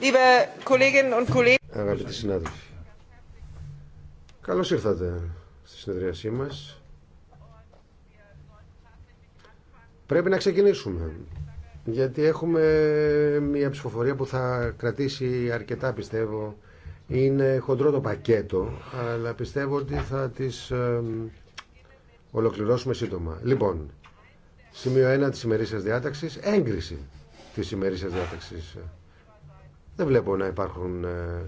Liebe Kolleginnen und Kollegen. Αγαπητοί συνάδελφοι, καλώς ήρθατε στη συνεδρίασή μας. Πρέπει να ξεκινήσουμε, γιατί έχουμε μια ψηφοφορία που θα κρατήσει αρκετά, πιστεύω. Είναι χοντρό το πακέτο, αλλά πιστεύω ότι θα τις ολοκληρώσουμε σύντομα. Λοιπόν, σημείο 1 της ημερήσιας διάταξης, έγκριση της ημερήσιας διάταξη δεν βλέπω να υπάρχουν ε,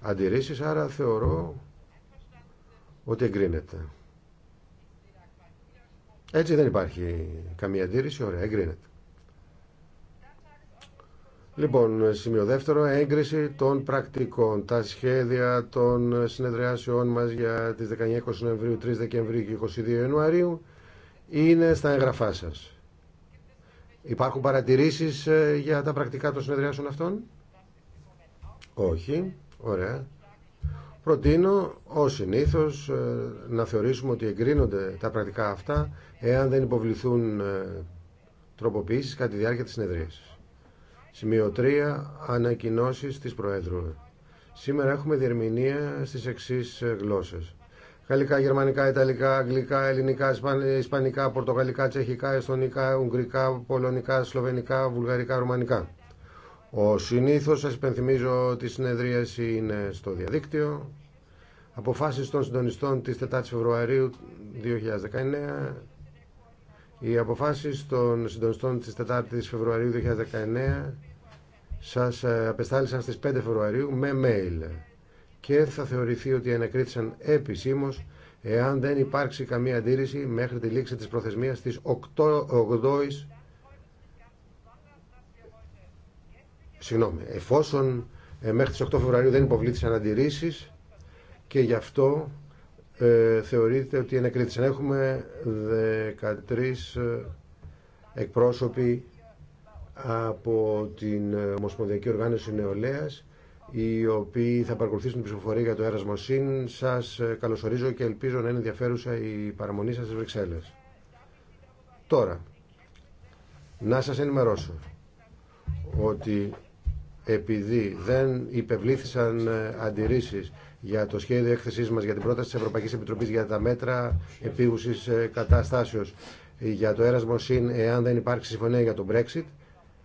αντιρρήσεις, άρα θεωρώ ότι εγκρίνεται. Έτσι δεν υπάρχει καμία αντίρρηση, ωραία, εγκρίνεται. Λοιπόν, σημείο δεύτερο, έγκριση των πρακτικών. Τα σχέδια των συνεδριάσεών μας για τις 19 Νοεμβρίου, 3 Δεκεμβρίου και 22 Ιανουαρίου είναι στα εγγραφά σας. Υπάρχουν παρατηρήσεις ε, για τα πρακτικά των συνεδριάσεων αυτών. Όχι. Ωραία. Προτείνω, ως συνήθως, ε, να θεωρήσουμε ότι εγκρίνονται τα πρακτικά αυτά εάν δεν υποβληθούν ε, τροποποιήσεις κατά τη διάρκεια της συνεδρίας. Σημείο 3. Ανακοινώσεις της Προέδρου. Σήμερα έχουμε διερμηνία στις εξής γλώσσες γαλλικά, γερμανικά, ιταλικά, αγγλικά, ελληνικά, ισπανικά, πορτογαλικά, τσεχικά, εστονικά, ουγγρικά, πολωνικά, σλοβενικά, βουλγαρικά, ρουμανικά. Ο Συνήθω σας υπενθυμίζω ότι η συνεδρίαση είναι στο διαδίκτυο. Αποφάσεις των συντονιστών της 4 Φεβρουαρίου 2019. Οι αποφάσεις των συντονιστών της 4 Φεβρουαρίου 2019 σας ε, απεστάλησαν στις 5 Φεβρουαρίου με mail και θα θεωρηθεί ότι ανακρίθησαν επισήμω εάν δεν υπάρξει καμία αντίρρηση μέχρι τη λήξη της προθεσμίας της 8 Συγγνώμη, εφόσον ε, μέχρι τις 8 Φεβρουαρίου δεν υποβλήθησαν αντιρρήσει και γι' αυτό ε, θεωρείται ότι ανακρίθησαν. Έχουμε 13 ε, εκπρόσωποι από την Ομοσπονδιακή Οργάνωση Νεολαίας οι οποίοι θα παρακολουθήσουν την ψηφοφορία για το έρασμο ΣΥΝ. Σας ε, καλωσορίζω και ελπίζω να είναι ενδιαφέρουσα η παραμονή σας στις Βρυξέλλε. Τώρα, να σας ενημερώσω ότι επειδή δεν υπευλήθησαν ε, αντιρρήσει για το σχέδιο έκθεσής μας για την πρόταση τη Ευρωπαϊκή Επιτροπή, για τα μέτρα επίγουσης ε, καταστάσεω για το έρασμο ΣΥΝ εάν δεν υπάρξει συμφωνία για το Brexit,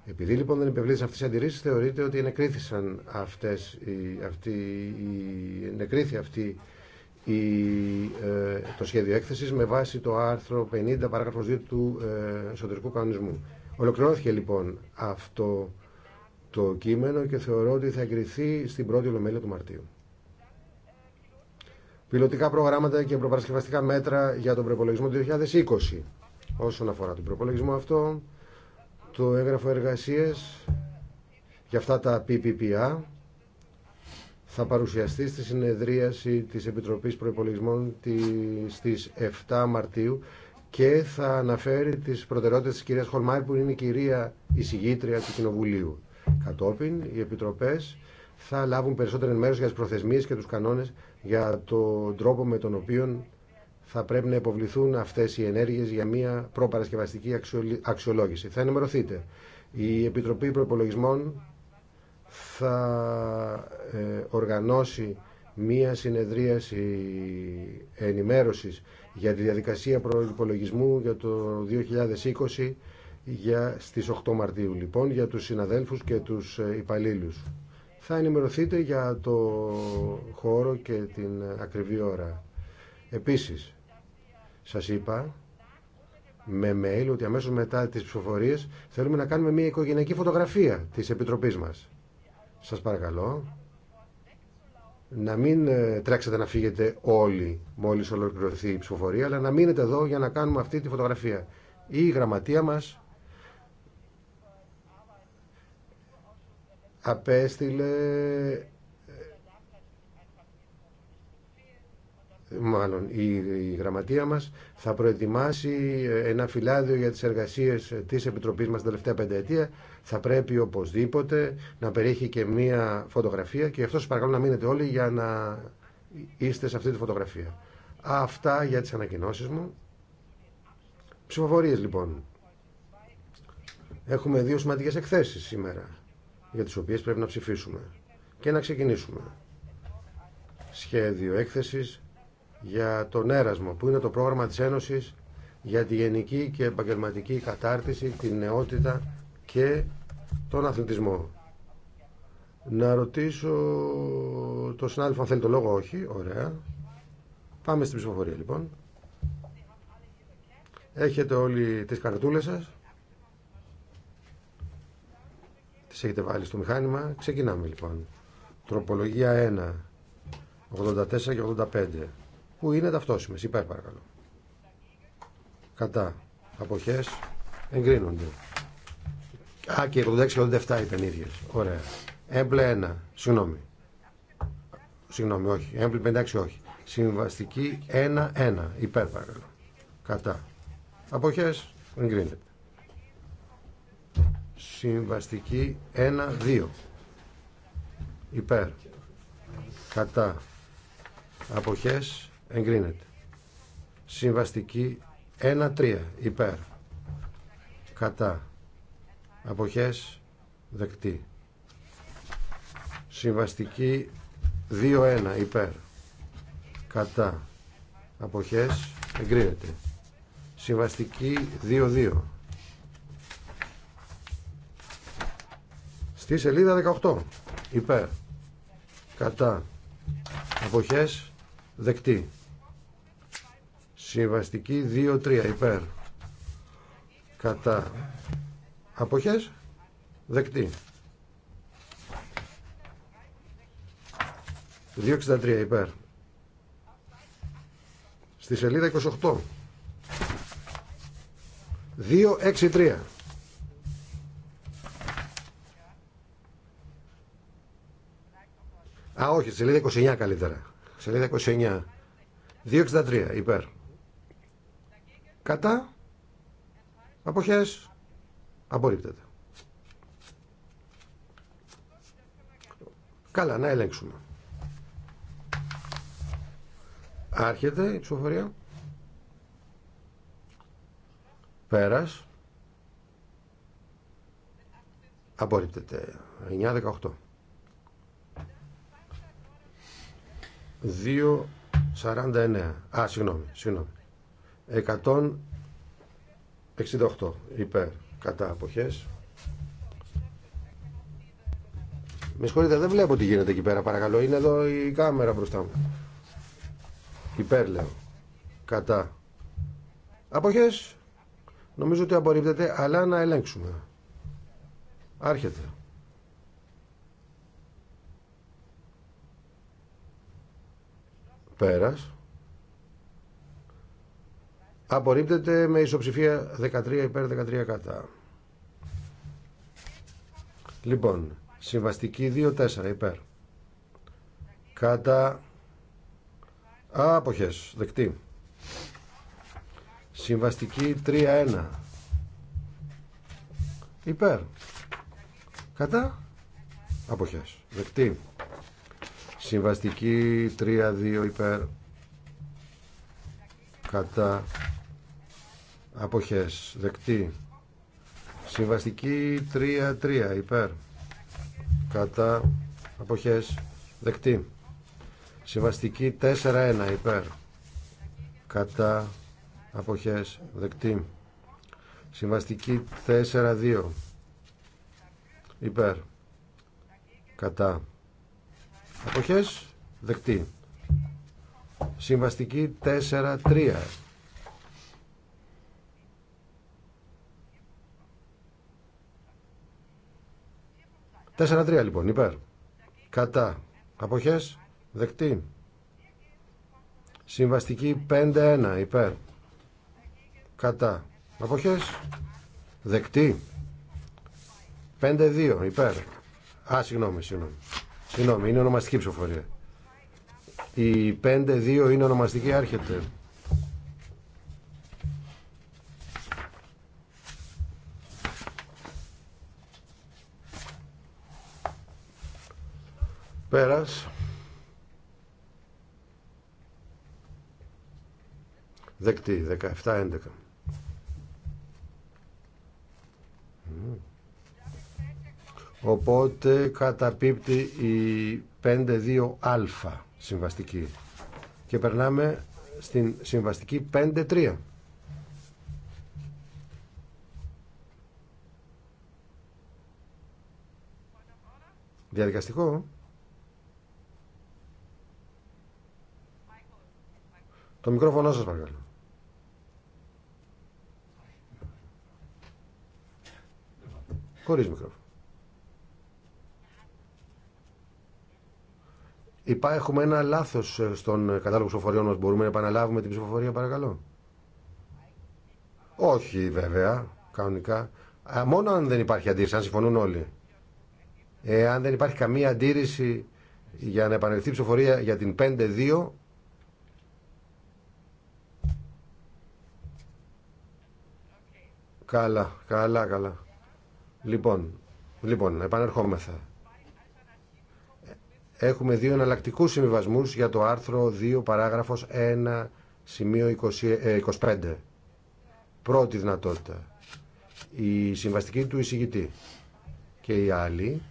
επειδή λοιπόν δεν υπευλήθησαν αυτέ τι αντιρρήσει, θεωρείται ότι ενεκρίθησαν αυτές, οι, αυτή, ενεκρίθη αυτή η, ε, το σχέδιο έκθεση με βάση το άρθρο 50 παράγραφος 2 του ε, εσωτερικού κανονισμού. Ολοκληρώθηκε λοιπόν αυτό το κείμενο και θεωρώ ότι θα εγκριθεί στην πρώτη ολομέλεια του Μαρτίου. Πιλωτικά προγράμματα και προπαρασκευαστικά μέτρα για τον προπολογισμό του 2020. Όσον αφορά τον προπολογισμό αυτό, το έγγραφο εργασίας για αυτά τα PPPA θα παρουσιαστεί στη συνεδρίαση της Επιτροπής Προϋπολογισμών στις 7 Μαρτίου και θα αναφέρει τις προτεραιότητες της κυρίας Χολμάρη που είναι η κυρία εισηγήτρια του Κοινοβουλίου. Κατόπιν οι Επιτροπές θα λάβουν περισσότερο ενημέρωση για τις προθεσμίες και τους κανόνες για τον τρόπο με τον οποίο θα πρέπει να υποβληθούν αυτές οι ενέργειες για μια προπαρασκευαστική αξιολόγηση. Θα ενημερωθείτε. Η Επιτροπή Προπολογισμών θα ε, οργανώσει μία συνεδρίαση ενημέρωσης για τη διαδικασία προϋπολογισμού για το 2020 για, στις 8 Μαρτίου λοιπόν για τους συναδέλφους και τους ε, υπαλλήλους. Θα ενημερωθείτε για το χώρο και την ακριβή ώρα. Επίσης, σας είπα με mail ότι αμέσως μετά τις ψηφοφορίες θέλουμε να κάνουμε μια οικογενειακή φωτογραφία της Επιτροπής μας. Σας παρακαλώ να μην ε, τρέξετε να φύγετε όλοι μόλις ολοκληρωθεί η ψηφοφορία, αλλά να μείνετε εδώ για να κάνουμε αυτή τη φωτογραφία. Η γραμματεία μας απέστειλε μάλλον η γραμματεία μας θα προετοιμάσει ένα φυλάδιο για τις εργασίες της Επιτροπής μας τα τελευταία πενταετία θα πρέπει οπωσδήποτε να περιέχει και μία φωτογραφία και γι' αυτό σας παρακαλώ να μείνετε όλοι για να είστε σε αυτή τη φωτογραφία αυτά για τις ανακοινώσεις μου ψηφοφορίες λοιπόν έχουμε δύο σημαντικές εκθέσεις σήμερα για τις οποίες πρέπει να ψηφίσουμε και να ξεκινήσουμε σχέδιο έκθεσης για τον έρασμο που είναι το πρόγραμμα της Ένωσης για τη γενική και επαγγελματική κατάρτιση, την νεότητα και τον αθλητισμό. Να ρωτήσω το συνάδελφο αν θέλει το λόγο όχι. Ωραία. Πάμε στην ψηφοφορία λοιπόν. Έχετε όλοι τις καρτούλες σας. Τις έχετε βάλει στο μηχάνημα. Ξεκινάμε λοιπόν. Τροπολογία 1. 84 και 85 που είναι ταυτόσιμες. Υπέρ παρακαλώ. Κατά. Αποχέ. εγκρίνονται. Α, και 86 και 87 ήταν ίδιες. Ωραία. Έμπλε 1. Συγγνώμη. Συγγνώμη, όχι. Έμπλε 56, όχι. Συμβαστική 1-1. Υπέρ παρακαλώ. Κατά. Αποχέ. εγκρινεται εγκρίνεται. Συμβαστική 1-2. Υπέρ. Κατά. Αποχές εγκρίνεται. Συμβαστική 1-3 υπέρ κατά αποχές δεκτή. Συμβαστική 2-1 υπέρ κατά αποχές εγκρίνεται. Συμβαστική 2-2 στη σελίδα 18 υπέρ κατά αποχές δεκτή Συμβαστική 2-3 υπέρ. Κατά. Αποχές. Δεκτή. 263 υπέρ. Στη σελίδα 28. 263. Α, όχι, σελίδα 29 καλύτερα. Σελίδα 29. 263 υπέρ. Κατά. Αποχές. Απορρίπτεται. Καλά, να ελέγξουμε. Άρχεται η ψηφοφορία. Πέρας. Απορρίπτεται. 9-18. 2-49. Α, συγγνώμη, συγγνώμη. 168 υπέρ κατά αποχές. Με συγχωρείτε, δεν βλέπω τι γίνεται εκεί πέρα, παρακαλώ. Είναι εδώ η κάμερα μπροστά μου. Υπέρ, λέω. Κατά. Αποχές. Νομίζω ότι απορρίπτεται, αλλά να ελέγξουμε. Άρχεται. Πέρας. Απορρίπτεται με ισοψηφία 13 υπέρ 13 κατά. Λοιπόν, συμβαστική 2-4 υπέρ. Κατά άποχες, δεκτή. Συμβαστική 3-1 υπέρ. Κατά άποχες, δεκτή. Συμβαστική 3-2 υπέρ. Κατά αποχές δεκτή συμβαστική 3-3 υπέρ κατά αποχές δεκτή συμβαστική 4-1 υπέρ κατά αποχές δεκτή συμβαστική 4-2 υπέρ κατά αποχές δεκτή συμβαστική 4-3 4-3 λοιπόν, υπέρ. Κατά. αποχε δεκτη Δεκτή. Συμβαστική 5-1 υπέρ. κατα αποχε Αποχές. Δεκτή. 5-2 υπέρ. Α, συγγνώμη, συγγνώμη. Συγγνώμη, είναι ονομαστική ψηφοφορία. Η 5-2 είναι ονομαστική, άρχεται. Πέρας. 17-11. Οπότε καταπίπτει η 5-2α συμβαστική. Και περνάμε στην συμβαστική 5-3. Διαδικαστικό. Το μικρόφωνο σας παρακαλώ. Χωρίς μικρόφωνο. Υπά, έχουμε ένα λάθος ε, στον ε, κατάλογο ψηφοφοριών μας. Μπορούμε να επαναλάβουμε την ψηφοφορία παρακαλώ. Όχι βέβαια, κανονικά. Μόνο αν δεν υπάρχει αντίρρηση, αν συμφωνούν όλοι. Ε, αν δεν υπάρχει καμία αντίρρηση για να επανελθεί η ψηφοφορία για την 5-2, Καλά, καλά, καλά. Λοιπόν, λοιπόν επανερχόμεθα. Έχουμε δύο εναλλακτικού συμβιβασμού για το άρθρο 2 παράγραφος 1 σημείο 20, 25. Ε, Πρώτη δυνατότητα. Η συμβαστική του εισηγητή. Και η άλλη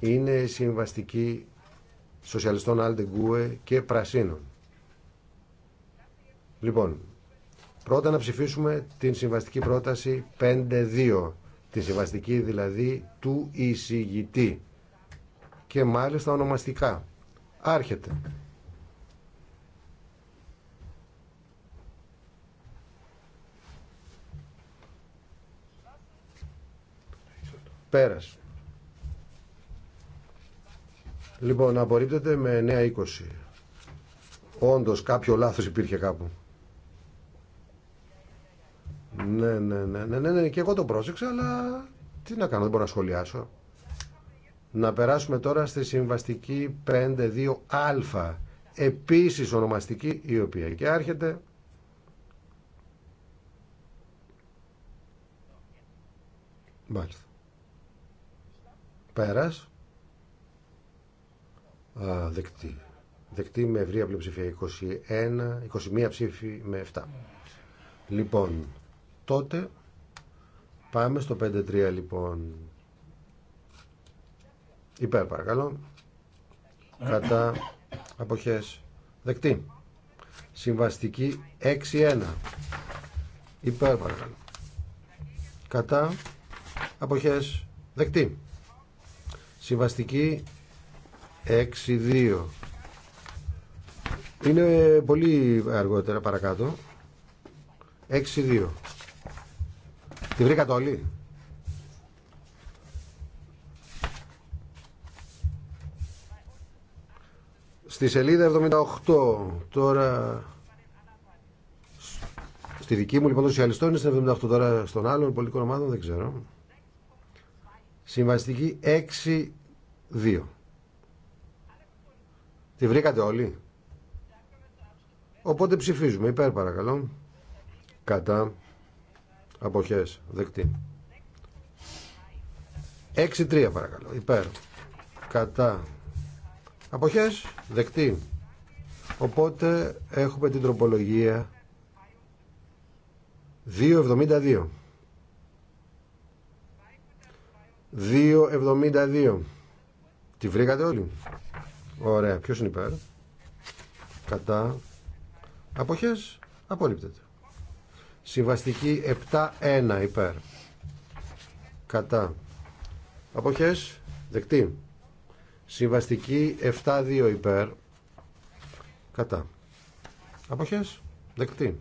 είναι η συμβαστική σοσιαλιστών Αλτεγκούε και Πρασίνων. Λοιπόν, Πρώτα να ψηφίσουμε την συμβαστική πρόταση 5-2, τη συμβαστική δηλαδή του εισηγητή και μάλιστα ονομαστικά. Άρχεται. Πέρας. Λοιπόν, απορρίπτεται με 9-20. Όντως κάποιο λάθος υπήρχε κάπου. Ναι, ναι, ναι, ναι, ναι, ναι, και εγώ το πρόσεξα, αλλά τι να κάνω, δεν μπορώ να σχολιάσω. Να περάσουμε τώρα στη συμβαστική 52α, επίσης ονομαστική, η οποία και άρχεται. Μάλιστα. Πέρας. Α, δεκτή. Δεκτή με ευρία πλειοψηφία 21, 21 ψήφι με 7. Λοιπόν, Τότε πάμε στο 5-3 λοιπόν. Υπέρ παρακαλώ. Κατά αποχές. Δεκτή. Συμβαστική 6-1. Υπέρ παρακαλώ. Κατά αποχές. Δεκτή. Συμβαστική 6-2. Είναι πολύ αργότερα παρακάτω. 6-2. Τη βρήκατε όλοι. Στη σελίδα 78, τώρα στη δική μου λοιπόν των σοσιαλιστών είναι στην 78, τώρα στον άλλον πολιτικό ομάδο δεν ξέρω. Συμβαστική 6-2. Τη βρήκατε όλοι. Οπότε ψηφίζουμε. Υπέρ παρακαλώ. Κατά αποχές δεκτή 6-3 παρακαλώ υπέρ κατά αποχές δεκτή οπότε έχουμε την τροπολογία 2.72 2.72 Τη βρήκατε όλοι Ωραία, ποιος είναι υπέρ Κατά Αποχές, απορρίπτεται Συμβαστική 7-1 υπέρ. Κατά. Αποχές. Δεκτή. Συμβαστική 7-2 υπέρ. Κατά. Αποχές. Δεκτή.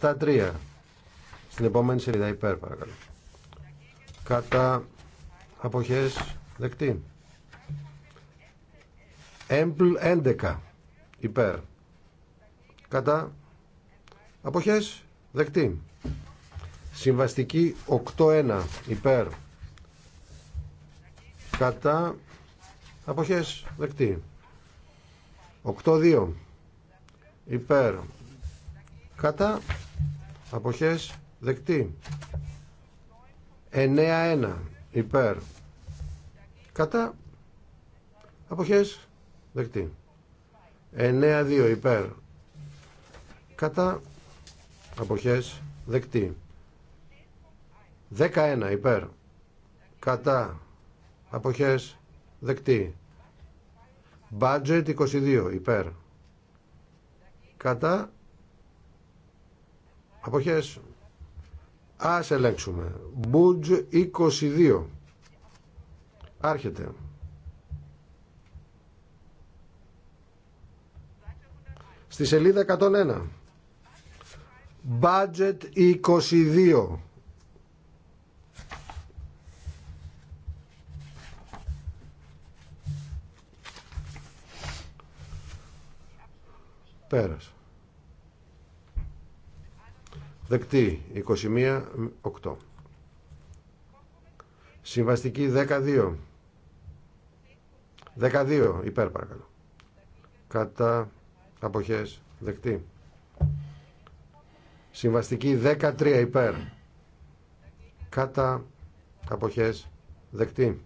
7-3. Στην επόμενη σελίδα υπέρ παρακαλώ. Κατά. Αποχές. Δεκτή. Έμπλ 11 υπέρ. Κατά Αποχές. Δεκτή. Συμβαστική 8-1 υπέρ. Κατά. Αποχές. Δεκτή. 8-2 υπέρ. Κατά. Αποχές. Δεκτή. 9-1 υπέρ. Κατά. Αποχές. Δεκτή. 9-2 υπέρ. Κατά αποχές δεκτή 11 υπέρ κατά αποχές δεκτή budget 22 υπέρ κατά αποχές ας ελέγξουμε Budget 22 άρχεται στη σελίδα 101 Budget 22. Πέρας. Δεκτή 21 8. Συμβαστική 12. 12 υπέρ παρακαλώ. Κατά αποχές δεκτή. Συμβαστική 13 υπέρ. Κατά αποχές δεκτή.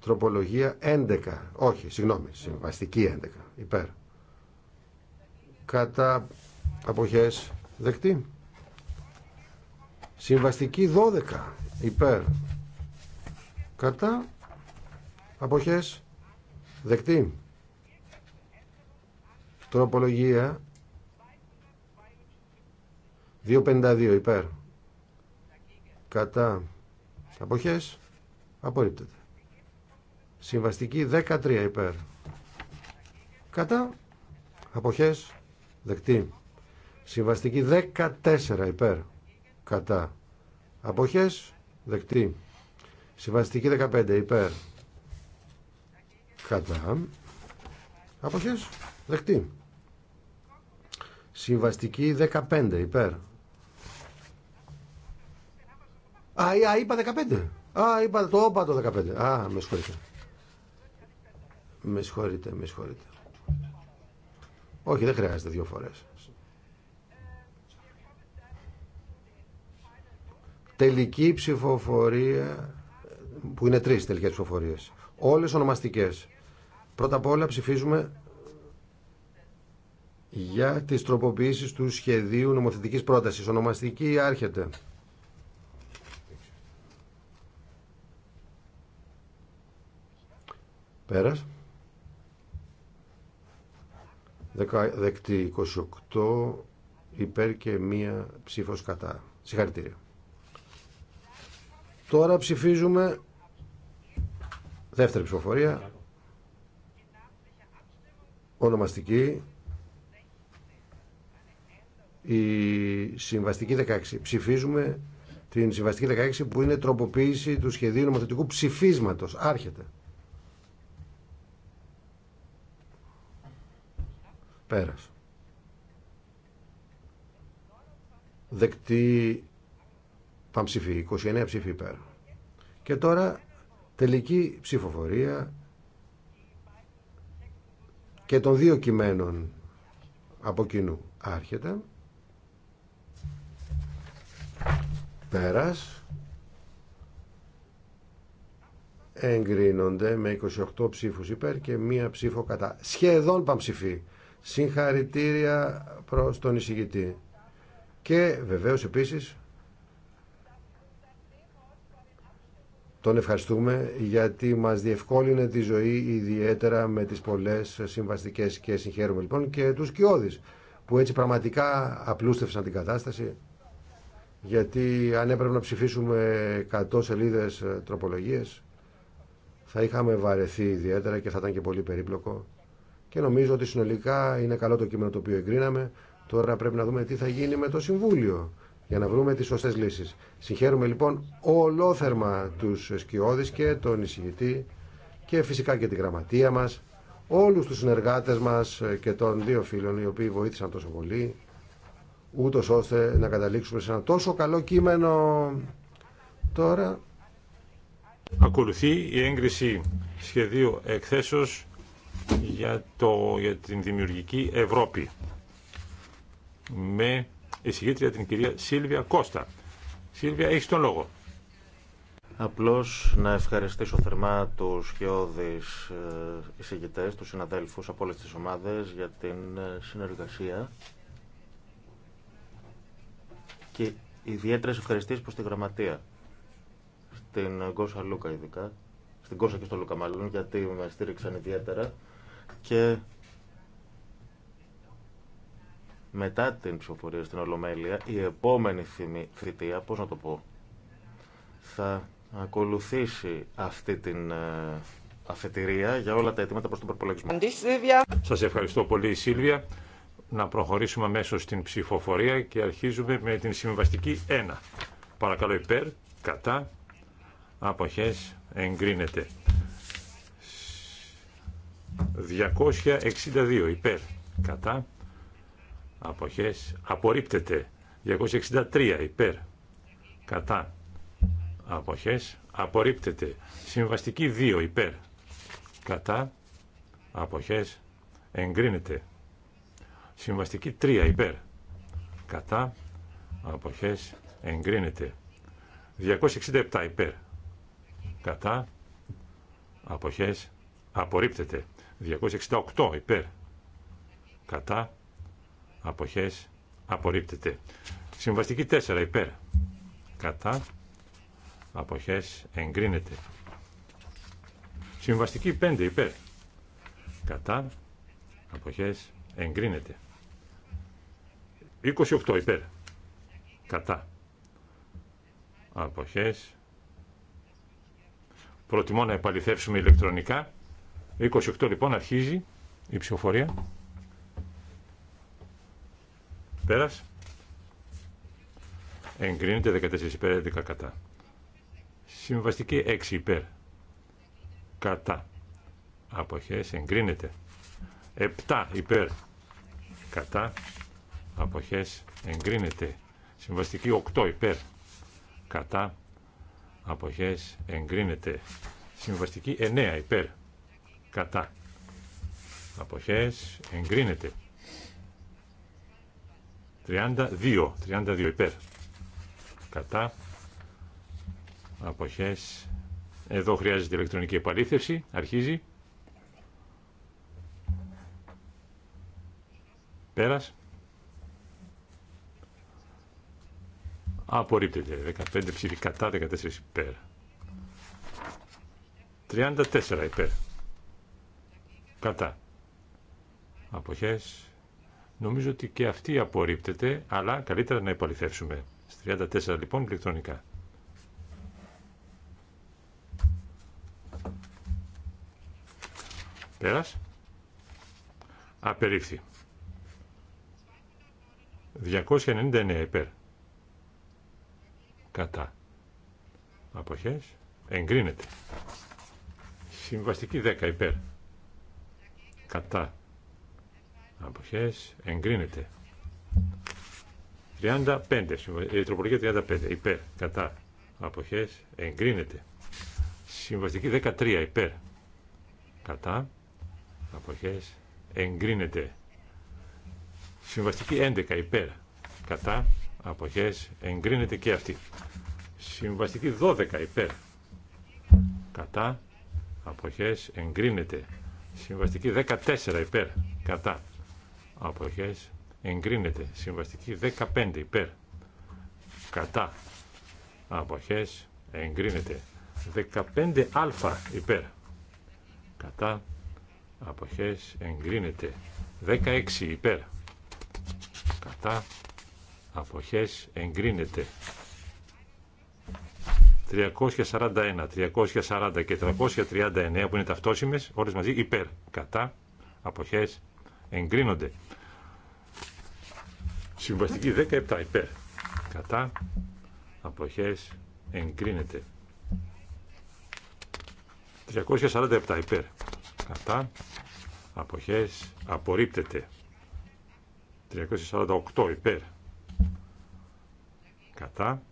Τροπολογία 11. Όχι, συγγνώμη. Συμβαστική 11 υπέρ. Κατά αποχές δεκτή. Συμβαστική 12 υπέρ. Κατά αποχές δεκτή. Τροπολογία 2.52 υπέρ. Κατά. Αποχές. Απορρίπτεται. Συμβαστική 13 υπέρ. Κατά. Αποχές. Δεκτή. Συμβαστική 14 υπέρ. Κατά. Αποχές. Δεκτή. Συμβαστική 15 υπέρ. Κατά. Αποχές. Δεκτή. Συμβαστική 15 υπέρ. Α, α, είπα 15. Α, είπα το όπα το 15. Α, με συγχωρείτε. Με συγχωρείτε, με συγχωρείτε. Όχι, δεν χρειάζεται δύο φορές. Τελική ψηφοφορία, που είναι τρεις τελικές ψηφοφορίες. Όλες ονομαστικές. Πρώτα απ' όλα ψηφίζουμε για τις τροποποιήσεις του σχεδίου νομοθετικής πρότασης. Ονομαστική άρχεται. Πέρας. Δεκτή 28 υπέρ και μία ψήφος κατά. Συγχαρητήρια. Τώρα ψηφίζουμε δεύτερη ψηφοφορία. Ονομαστική. Η συμβαστική 16. Ψηφίζουμε την συμβαστική 16 που είναι τροποποίηση του σχεδίου νομοθετικού ψηφίσματος. Άρχεται. Πέρας. Δεκτή τα ψηφί, 29 ψήφοι υπέρ. Και τώρα τελική ψηφοφορία και των δύο κειμένων από κοινού άρχεται. Πέρας. Εγκρίνονται με 28 ψήφους υπέρ και μία ψήφο κατά. Σχεδόν παμψηφί. Συγχαρητήρια προς τον εισηγητή. Και βεβαίως επίσης τον ευχαριστούμε γιατί μας διευκόλυνε τη ζωή ιδιαίτερα με τις πολλές συμβαστικές και συγχαίρουμε λοιπόν και τους κοιόδης που έτσι πραγματικά απλούστευσαν την κατάσταση γιατί αν έπρεπε να ψηφίσουμε 100 σελίδες τροπολογίες θα είχαμε βαρεθεί ιδιαίτερα και θα ήταν και πολύ περίπλοκο και νομίζω ότι συνολικά είναι καλό το κείμενο το οποίο εγκρίναμε. Τώρα πρέπει να δούμε τι θα γίνει με το Συμβούλιο για να βρούμε τις σωστές λύσεις. Συγχαίρουμε λοιπόν ολόθερμα τους σκιώδεις και τον εισηγητή και φυσικά και τη γραμματεία μας, όλους τους συνεργάτες μας και των δύο φίλων οι οποίοι βοήθησαν τόσο πολύ, ούτω ώστε να καταλήξουμε σε ένα τόσο καλό κείμενο τώρα. Ακολουθεί η έγκριση σχεδίου εκθέσεως για, το, για την δημιουργική Ευρώπη με εισηγήτρια την κυρία Σίλβια Κώστα. Σίλβια, έχεις τον λόγο. Απλώς να ευχαριστήσω θερμά τους χειώδεις ε, εισηγητές, τους συναδέλφους από όλες τις ομάδες για την ε, συνεργασία και ιδιαίτερες ευχαριστήσεις προς τη γραμματεία, στην Γκόσα Λούκα ειδικά, στην κόσα και στο Λούκα μάλλον, γιατί με στήριξαν ιδιαίτερα και μετά την ψηφοφορία στην Ολομέλεια, η επόμενη θητεία, πώς να το πω, θα ακολουθήσει αυτή την ε, αφετηρία για όλα τα αιτήματα προς τον προπολογισμό. Σας ευχαριστώ πολύ Σίλβια. Να προχωρήσουμε αμέσως στην ψηφοφορία και αρχίζουμε με την συμβαστική 1. Παρακαλώ υπέρ, κατά, αποχές, εγκρίνεται. 262 υπέρ κατά αποχές απορρίπτεται 263 υπέρ κατά αποχές απορρίπτεται συμβαστική 2 υπέρ κατά αποχές εγκρίνεται συμβαστική 3 υπέρ κατά αποχές εγκρίνεται 267 υπέρ κατά αποχές απορρίπτεται 268 υπέρ κατά αποχές απορρίπτεται. Συμβαστική 4 υπέρ κατά αποχές εγκρίνεται. Συμβαστική 5 υπέρ κατά αποχές εγκρίνεται. 28 υπέρ κατά αποχές προτιμώ να επαληθεύσουμε ηλεκτρονικά 28 λοιπόν αρχίζει η ψηφοφορία. Πέρας. Εγκρίνεται 14 υπέρ 11 κατά. Συμβαστική 6 υπέρ. Κατά. Αποχές εγκρίνεται. 7 υπέρ. Κατά. Αποχές εγκρίνεται. Συμβαστική 8 υπέρ. Κατά. Αποχές εγκρίνεται. Συμβαστική 9 υπέρ κατά αποχές εγκρίνεται 32 32 υπέρ κατά αποχές εδώ χρειάζεται ηλεκτρονική επαλήθευση αρχίζει πέρας απορρίπτεται 15 ψήφι κατά 14 υπέρ 34 υπέρ κατά αποχές νομίζω ότι και αυτή απορρίπτεται αλλά καλύτερα να επαληθεύσουμε στις 34 λοιπόν ηλεκτρονικά πέρας απερίφθη 299 υπέρ κατά αποχές εγκρίνεται συμβαστική 10 υπέρ κατά αποχές εγκρίνεται 35 ε, τροπολογία 35 υπέρ κατά αποχές εγκρίνεται συμβαστική 13 υπέρ κατά αποχές εγκρίνεται συμβαστική 11 υπέρ κατά αποχές εγκρίνεται και αυτή συμβαστική 12 υπέρ κατά αποχές εγκρίνεται Συμβαστική 14 υπέρ. Κατά. Αποχές. Εγκρίνεται. Συμβαστική 15 υπέρ. Κατά. Αποχές. Εγκρίνεται. 15α υπέρ. Κατά. Αποχές. Εγκρίνεται. 16 υπέρ. Κατά. Αποχές. Εγκρίνεται. 341, 340 και 339 που είναι ταυτόσιμες, όλες μαζί υπέρ, κατά, αποχές, εγκρίνονται. Συμβαστική 17 υπέρ, κατά, αποχές, εγκρίνεται. 347 υπέρ, κατά, αποχές, απορρίπτεται. 348 υπέρ, κατά,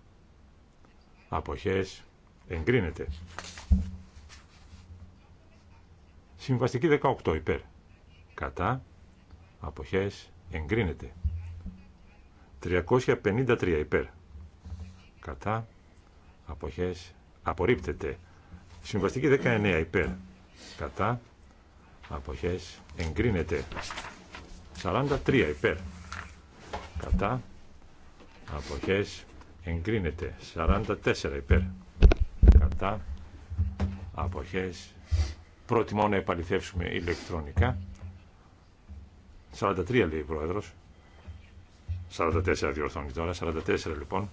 αποχές εγκρίνεται. Συμβαστική 18 υπέρ. Κατά. Αποχές. Εγκρίνεται. 353 υπέρ. Κατά. Αποχές. Απορρίπτεται. Συμβαστική 19 υπέρ. Κατά. Αποχές. Εγκρίνεται. 43 υπέρ. Κατά. Αποχές εγκρίνεται 44 υπέρ κατά αποχές προτιμώ να επαληθεύσουμε ηλεκτρονικά 43 λέει η πρόεδρος 44 διορθώνει τώρα 44 λοιπόν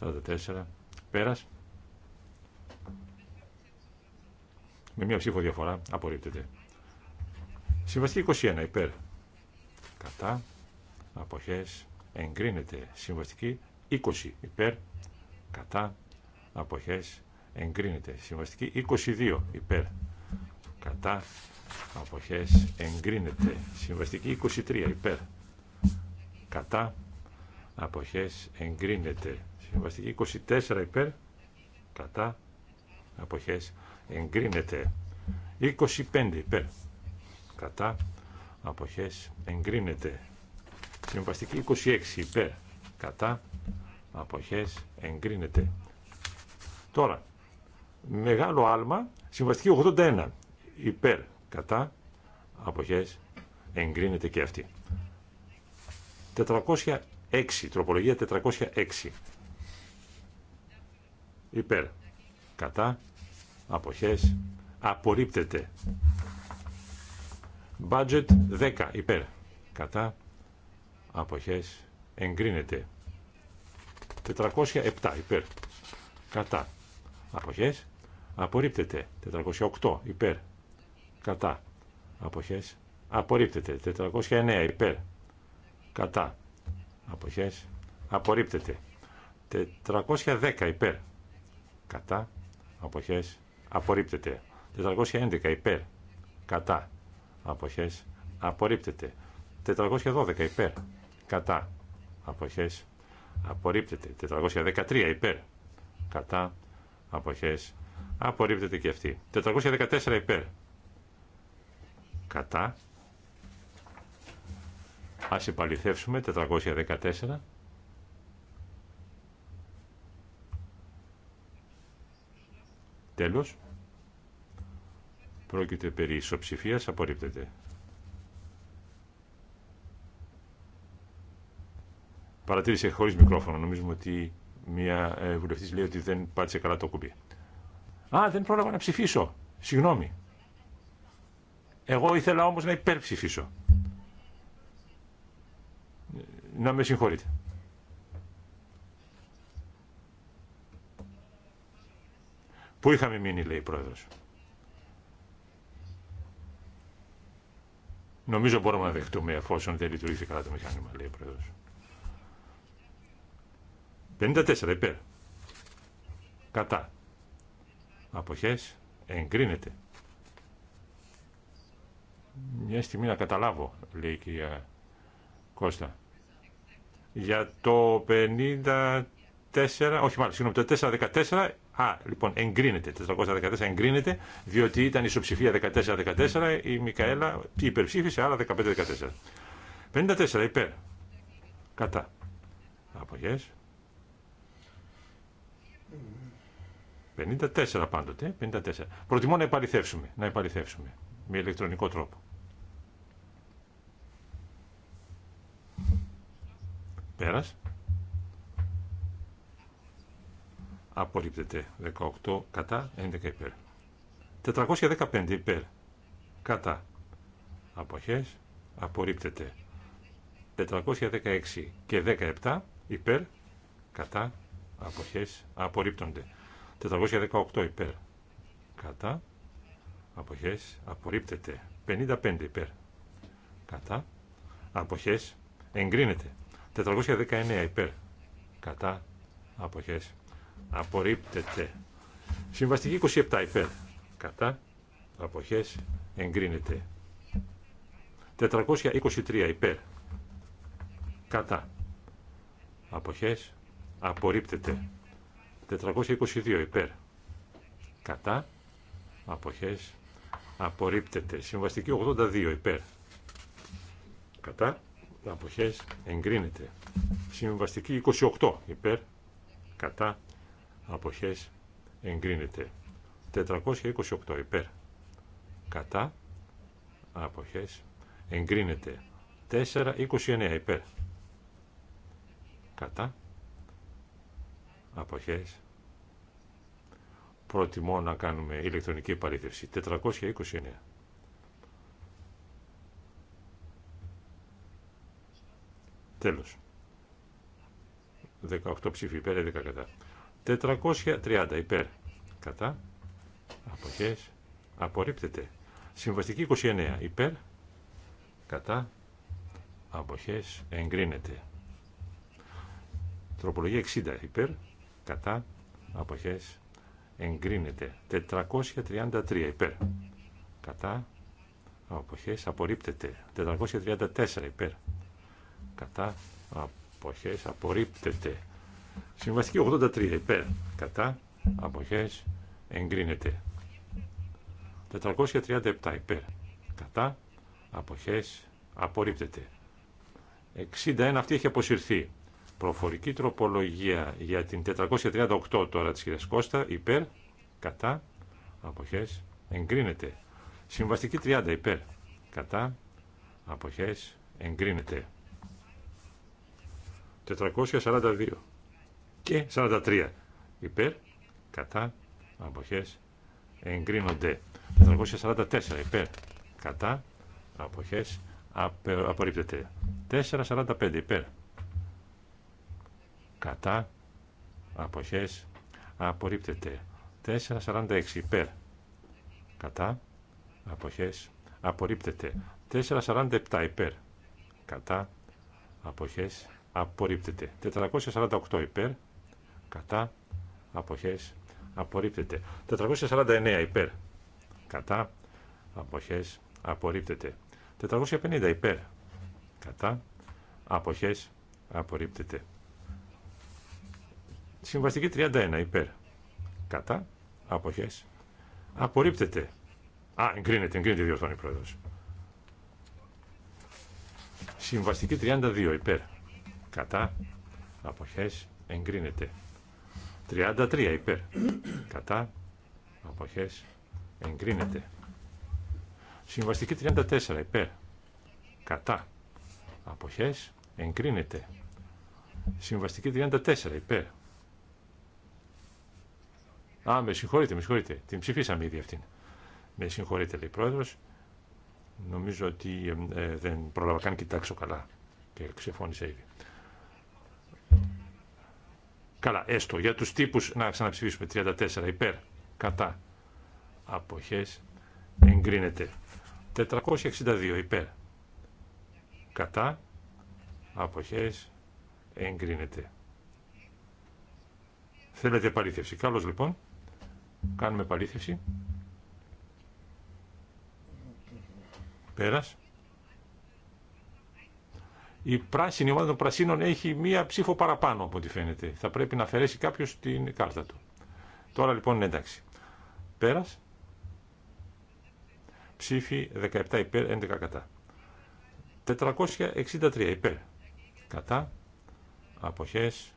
44 πέρας με μία ψήφο διαφορά απορρίπτεται συμβαστική 21 υπέρ κατά αποχές εγκρίνεται συμβαστική 20 υπέρ, κατά, αποχές, εγκρίνεται. Συμβαστική 22 υπέρ, κατά, αποχές, εγκρίνεται. Συμβαστική 23 υπέρ, κατά, αποχές, εγκρίνεται. Συμβαστική 24 υπέρ, κατά, αποχές, εγκρίνεται. 25 υπέρ, κατά, αποχές, εγκρίνεται. Συμβαστική 26 υπέρ, κατά, αποχές εγκρίνεται. Τώρα, μεγάλο άλμα, συμβαστική 81, υπέρ, κατά, αποχές εγκρίνεται και αυτή. 406, τροπολογία 406, υπέρ, κατά, αποχές απορρίπτεται. Budget 10, υπέρ, κατά, αποχές εγκρίνεται. 407 υπέρ. Κατά. Αποχές. Απορρίπτεται. 408 υπέρ. Κατά. Αποχές. Απορρίπτεται. 409 υπέρ. Κατά. Αποχές. Απορρίπτεται. 410 υπέρ. Κατά. Αποχές. Απορρίπτεται. 411 υπέρ. Κατά. Αποχές. Απορρίπτεται. 412 υπέρ. Κατά. Αποχές απορρίπτεται 413 υπέρ κατά αποχές απορρίπτεται και αυτή 414 υπέρ κατά ας επαληθεύσουμε 414 Τέλος, πρόκειται περί ισοψηφίας, απορρίπτεται. Παρατήρησε χωρίς μικρόφωνο. Νομίζω ότι μια ε, βουλευτής λέει ότι δεν πάτησε καλά το κουμπί. Α, δεν πρόλαβα να ψηφίσω. Συγγνώμη. Εγώ ήθελα όμως να υπερψηφίσω. Να με συγχωρείτε. Πού είχαμε μείνει, λέει η πρόεδρος. Νομίζω μπορούμε να δεχτούμε εφόσον δεν λειτουργήσε καλά το μηχάνημα, λέει ο πρόεδρος. 54 υπέρ. Κατά. Αποχές εγκρίνεται. Μια στιγμή να καταλάβω, λέει η κυρία Κώστα. Για το 54, όχι μάλλον, συγγνώμη, το 414, α, λοιπόν, εγκρίνεται, 414 εγκρίνεται, διότι ήταν ισοψηφία 14-14, η Μικαέλα υπερψήφισε, άλλα 15-14. 54 υπέρ. Κατά. Αποχές. 54 πάντοτε, 54. Προτιμώ να επαληθεύσουμε, να επαληθεύσουμε με ηλεκτρονικό τρόπο. Πέρας. Απορρίπτεται 18 κατά 11 υπέρ. 415 υπέρ κατά αποχές. Απορρίπτεται 416 και 17 υπέρ κατά αποχές. Απορρίπτονται. 418 υπέρ κατά αποχές απορρίπτεται 55 υπέρ κατά αποχές εγκρίνεται 419 υπέρ κατά αποχές απορρίπτεται συμβαστική 27 υπέρ κατά αποχές εγκρίνεται 423 υπέρ κατά αποχές απορρίπτεται 422 υπέρ. Κατά. Αποχές. Απορρίπτεται. Συμβαστική 82 υπέρ. Κατά. Αποχές. Εγκρίνεται. Συμβαστική 28 υπέρ. Κατά. Αποχές. Εγκρίνεται. 428 υπέρ. Κατά. Αποχές. Εγκρίνεται. 429 υπέρ. Κατά αποχές προτιμώ να κάνουμε ηλεκτρονική παρήθευση. 429 τέλος 18 ψήφι υπέρ 11 κατά 430 υπέρ κατά αποχές απορρίπτεται συμβαστική 29 υπέρ κατά αποχές εγκρίνεται τροπολογία 60 υπέρ κατά αποχές εγκρίνεται 433 υπέρ κατά αποχές απορρίπτεται 434 υπέρ κατά αποχές απορρίπτεται συμβαστική 83 υπέρ κατά αποχές εγκρίνεται 437 υπέρ κατά αποχές απορρίπτεται 61 αυτή έχει αποσυρθεί Προφορική τροπολογία για την 438 τώρα της κυρίας Κώστα, υπέρ, κατά, αποχές, εγκρίνεται. Συμβαστική 30 υπέρ, κατά, αποχές, εγκρίνεται. 442 και 43 υπέρ, κατά, αποχές, εγκρίνονται. 444 υπέρ, κατά, αποχές, απορρίπτεται. 445 υπέρ, κατά, αποχές, απορρίπτεται. 4.46 υπέρ, κατά, αποχές, απορρίπτεται. 4.47 υπέρ, κατά, αποχές, απορρίπτεται. 448 υπέρ, κατά, αποχές, απορρίπτεται. 449 υπέρ, κατά, αποχές, απορρίπτεται. 450 υπέρ, κατά, αποχές, απορρίπτεται. Συμβαστική 31 υπέρ. Κατά. Αποχές. Απορρίπτεται. Α, εγκρίνεται, εγκρίνεται διορθώνει πρόεδρο. Συμβαστική 32 υπέρ. Κατά. Αποχές. Εγκρίνεται. 33 υπέρ. Κατά. Αποχές. Εγκρίνεται. Συμβαστική 34 υπέρ. Κατά. Αποχές. Εγκρίνεται. Συμβαστική 34 υπέρ. Α, με συγχωρείτε, με συγχωρείτε. Την ψηφίσαμε ήδη αυτήν. Με συγχωρείτε, λέει πρόεδρο. Νομίζω ότι ε, ε, δεν πρόλαβα καν κοιτάξω καλά και ξεφώνησα ήδη. Καλά, έστω. Για τους τύπους να ξαναψηφίσουμε 34 υπέρ, κατά, αποχές, εγκρίνεται. 462 υπέρ, κατά, αποχές, εγκρίνεται. Θέλετε επαλήθευση. Καλώς λοιπόν. Κάνουμε επαλήθευση. Πέρας. Η πράσινη ομάδα των πρασίνων έχει μία ψήφο παραπάνω από ό,τι φαίνεται. Θα πρέπει να αφαιρέσει κάποιο την κάρτα του. Τώρα λοιπόν ναι, εντάξει. Πέρας. Ψήφι 17 υπέρ, 11 κατά. 463 υπέρ. Κατά. Αποχές.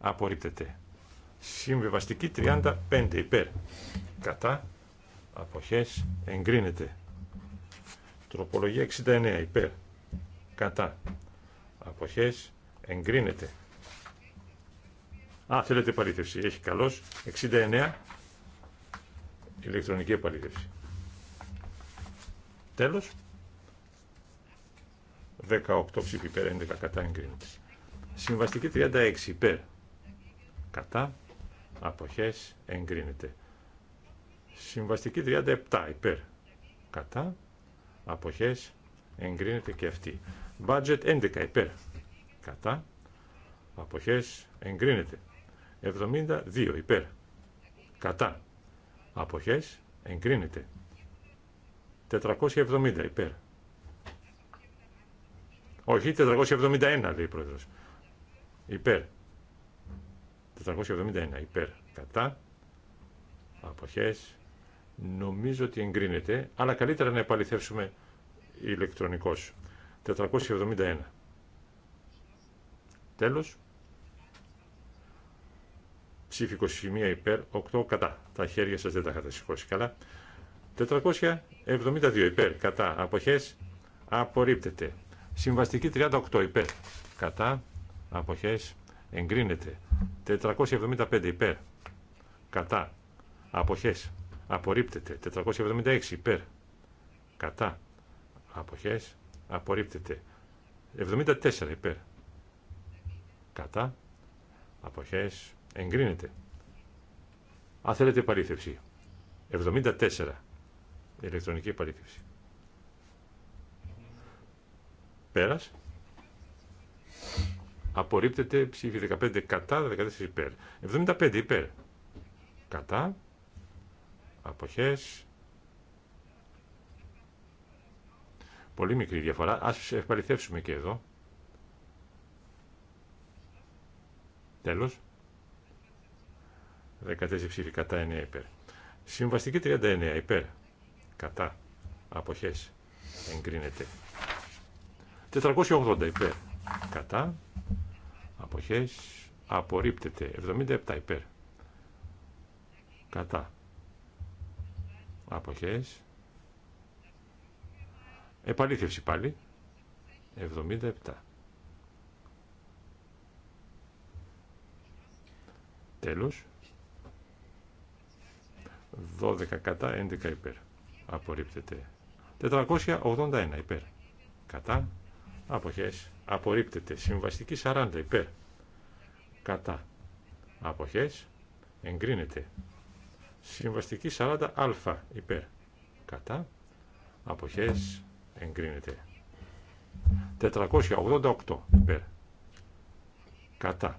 Απορρίπτεται. Συμβιβαστική 35 υπέρ. Κατά. Αποχές εγκρίνεται. Τροπολογία 69 υπέρ. Κατά. Αποχές εγκρίνεται. Α, θέλετε επαλήθευση. Έχει καλώς. 69 ηλεκτρονική επαλήθευση. Τέλος. 18 ψήφι υπέρ, 11 κατά εγκρίνεται. Συμβαστική 36 υπέρ. Κατά αποχές εγκρίνεται. Συμβαστική 37 υπέρ κατά αποχές εγκρίνεται και αυτή. Budget 11 υπέρ κατά αποχές εγκρίνεται. 72 υπέρ κατά αποχές εγκρίνεται. 470 υπέρ. Όχι, 471 λέει η πρόεδρος. Υπέρ. 471 υπέρ κατά αποχές νομίζω ότι εγκρίνεται αλλά καλύτερα να επαληθεύσουμε ηλεκτρονικός 471 τέλος ψήφι 21 υπέρ 8 κατά τα χέρια σας δεν τα είχατε σηκώσει καλά 472 υπέρ κατά αποχές απορρίπτεται συμβαστική 38 υπέρ κατά αποχές εγκρίνεται 475 υπέρ. Κατά. Αποχές. Απορρίπτεται. 476 υπέρ. Κατά. Αποχές. Απορρίπτεται. 74 υπέρ. Κατά. Αποχές. Εγκρίνεται. Αν θέλετε παρήθευση. 74. Ηλεκτρονική παρήθευση. Πέρας απορρίπτεται ψήφι 15 κατά, 14 υπέρ. 75 υπέρ. Κατά. Αποχές. Πολύ μικρή διαφορά. Ας ευπαληθεύσουμε και εδώ. Τέλος. 14 ψήφι κατά 9 υπέρ. Συμβαστική 39 υπέρ. Κατά. Αποχές. Εγκρίνεται. 480 υπέρ κατά αποχές απορρίπτεται 77 υπέρ κατά αποχές επαλήθευση πάλι 77 τέλος 12 κατά 11 υπέρ απορρίπτεται 481 υπέρ κατά αποχές απορρίπτεται. Συμβαστική 40 υπέρ κατά αποχές εγκρίνεται. Συμβαστική 40α υπέρ κατά αποχές εγκρίνεται. 488 υπέρ κατά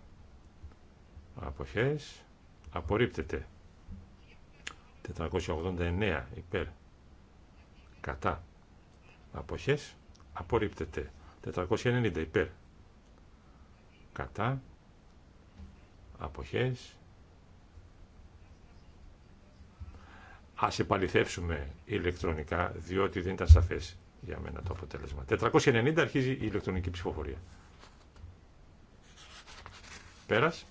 αποχές απορρίπτεται. 489 υπέρ κατά αποχές απορρίπτεται. 490 υπέρ κατά αποχές ας επαληθεύσουμε ηλεκτρονικά διότι δεν ήταν σαφές για μένα το αποτέλεσμα 490 αρχίζει η ηλεκτρονική ψηφοφορία πέρας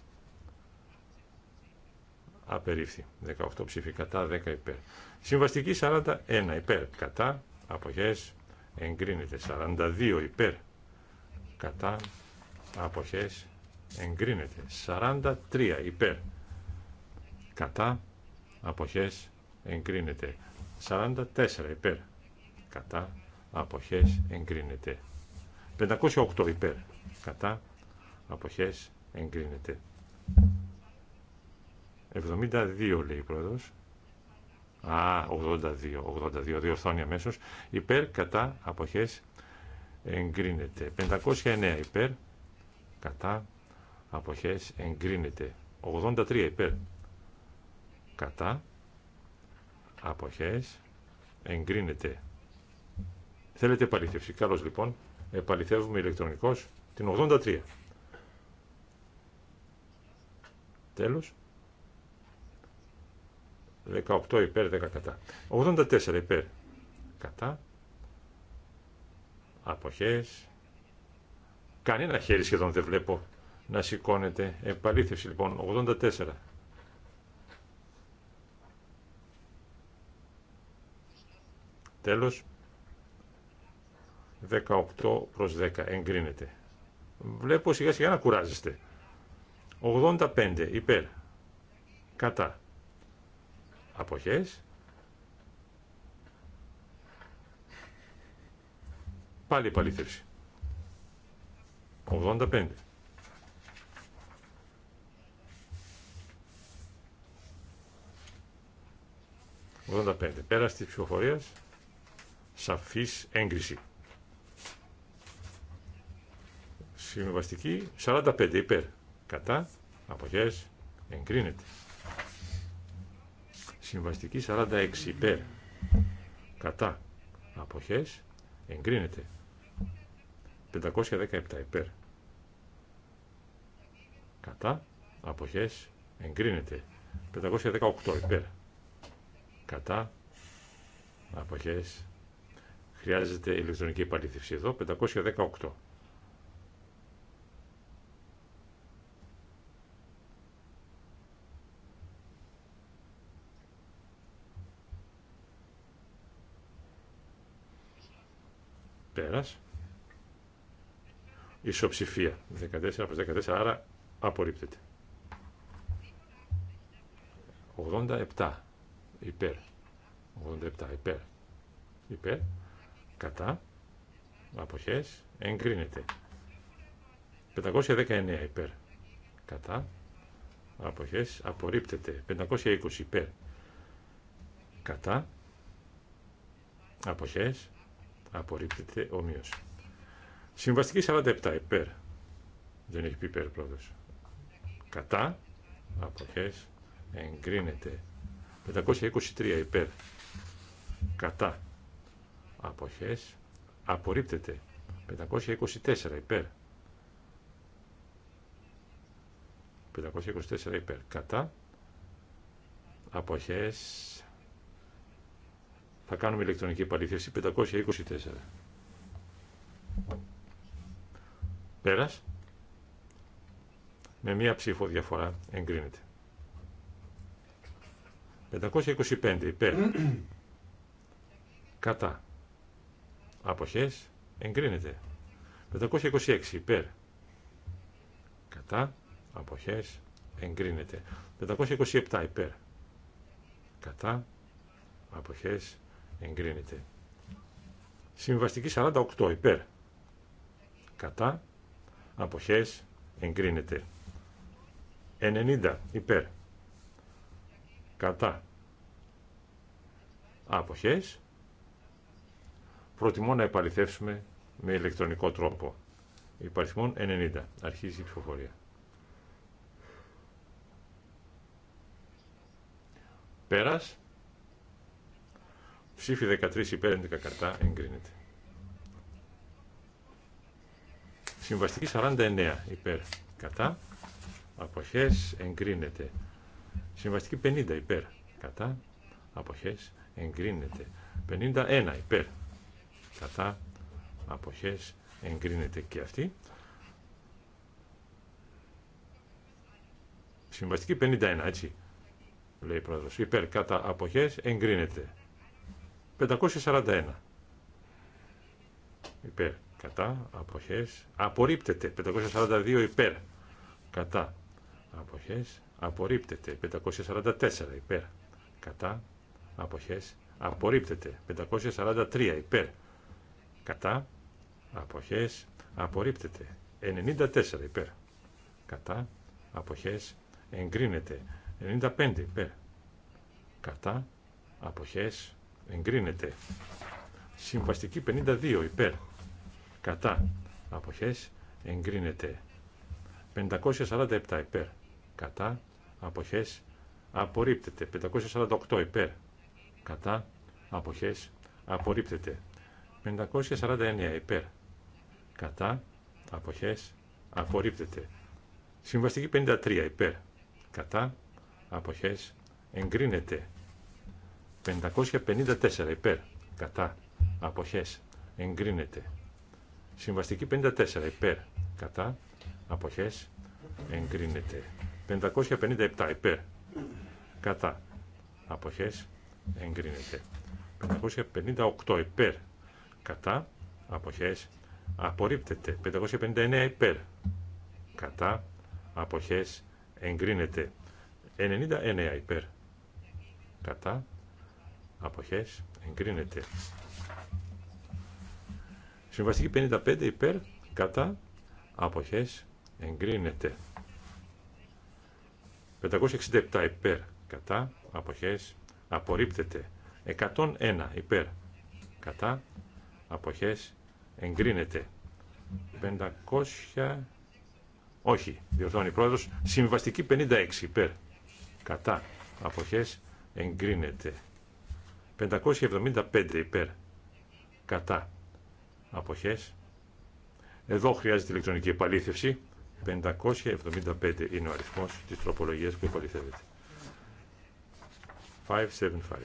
απερίφθη 18 ψήφοι κατά 10 υπέρ συμβαστική 41 υπέρ κατά αποχές εγκρίνεται 42 υπέρ κατά αποχές εγκρίνεται 43 υπέρ κατά αποχές εγκρίνεται 44 υπέρ κατά αποχές εγκρίνεται 508 υπέρ κατά αποχές εγκρίνεται 72 λέει η πρόεδρος Α, 82, 82 διορθώνει αμέσως. Υπέρ, κατά, αποχές, εγκρίνεται. 509 υπέρ, κατά, αποχές, εγκρίνεται. 83 υπέρ, κατά, αποχές, εγκρίνεται. Θέλετε επαλήθευση. Καλώς λοιπόν, επαληθεύουμε ηλεκτρονικώς την 83. Τέλος. 18 υπέρ, 10 κατά. 84 υπέρ, κατά. Αποχές. Κανένα χέρι σχεδόν δεν βλέπω να σηκώνεται. Επαλήθευση λοιπόν, 84. Τέλος, 18 προς 10 εγκρίνεται. Βλέπω σιγά σιγά να κουράζεστε. 85 υπέρ, κατά Αποχές. Πάλι επαλήθευση. 85. Πέρα τη ψηφοφορία, σαφή έγκριση. Συμβαστική 45 υπέρ. Κατά Αποχές. εγκρίνεται. Συμβαστική 46 υπέρ. Κατά. Αποχές. Εγκρίνεται. 517 υπέρ. Κατά. Αποχές. Εγκρίνεται. 518 υπέρ. Κατά. Αποχές. Χρειάζεται ηλεκτρονική επαλήθευση εδώ. 518. ισοψηφία. 14 προς 14, άρα απορρίπτεται. 87 υπέρ. 87 υπέρ. Υπέρ. Κατά. Αποχές. Εγκρίνεται. 519 υπέρ. Κατά. Αποχές. Απορρίπτεται. 520 υπέρ. Κατά. Αποχές. Απορρίπτεται ομοίως. Συμβαστική 47 υπέρ. Δεν έχει πει υπέρ Κατά. Αποχές. Εγκρίνεται. 523 υπέρ. Κατά. Αποχές. Απορρίπτεται. 524 υπέρ. 524 υπέρ. Κατά. Αποχές. Θα κάνουμε ηλεκτρονική επαλήθευση 524. Πέρας. Με μία ψήφο διαφορά εγκρίνεται. 525 υπέρ. Κατά. Αποχές. Εγκρίνεται. 526 υπέρ. Κατά. Αποχές. Εγκρίνεται. 527 υπέρ. Κατά. Αποχές. Εγκρίνεται. Συμβαστική 48 υπέρ. Κατά αποχές εγκρίνεται 90 υπέρ κατά αποχές προτιμώ να επαληθεύσουμε με ηλεκτρονικό τρόπο Υπαριθμόν 90 αρχίζει η ψηφοφορία πέρας ψήφι 13 υπέρ 11 κατά εγκρίνεται Συμβαστική 49 υπέρ κατά. Αποχές εγκρίνεται. Συμβαστική 50 υπέρ κατά. Αποχές εγκρίνεται. 51 υπέρ κατά. Αποχές εγκρίνεται και αυτή. Συμβαστική 51 έτσι λέει η πρόεδρος. Υπέρ κατά αποχές εγκρίνεται. 541 υπέρ κατά αποχές απορρίπτεται 542 υπέρ κατά αποχές απορρίπτεται 544 υπέρ κατά αποχές απορρίπτεται 543 υπέρ κατά αποχές απορρίπτεται 94 υπέρ κατά αποχές εγκρίνεται 95 υπέρ κατά αποχές εγκρίνεται συμβαστική 52 υπέρ κατά αποχές εγκρίνεται 547 υπέρ κατά αποχές απορρίπτεται 548 υπέρ κατά αποχές απορρίπτεται 549 υπέρ κατά αποχές απορρίπτεται συμβαστική 53 υπέρ κατά αποχές εγκρίνεται 554 υπέρ κατά αποχές εγκρίνεται Συμβαστική 54 υπέρ κατά αποχές εγκρίνεται. 557 υπέρ κατά αποχές εγκρίνεται. 558 υπέρ κατά αποχές απορρίπτεται. 559 υπέρ κατά αποχές εγκρίνεται. 99 υπέρ κατά αποχές εγκρίνεται. Συμβαστική 55 υπέρ κατά αποχές εγκρίνεται. 567 υπέρ κατά αποχές απορρίπτεται. 101 υπέρ κατά αποχές εγκρίνεται. 500 όχι, διορθώνει η πρόεδρος. Συμβαστική 56 υπέρ κατά αποχές εγκρίνεται. 575 υπέρ κατά αποχές. Εδώ χρειάζεται ηλεκτρονική επαλήθευση. 575 είναι ο αριθμός της τροπολογίας που επαληθεύεται. 575.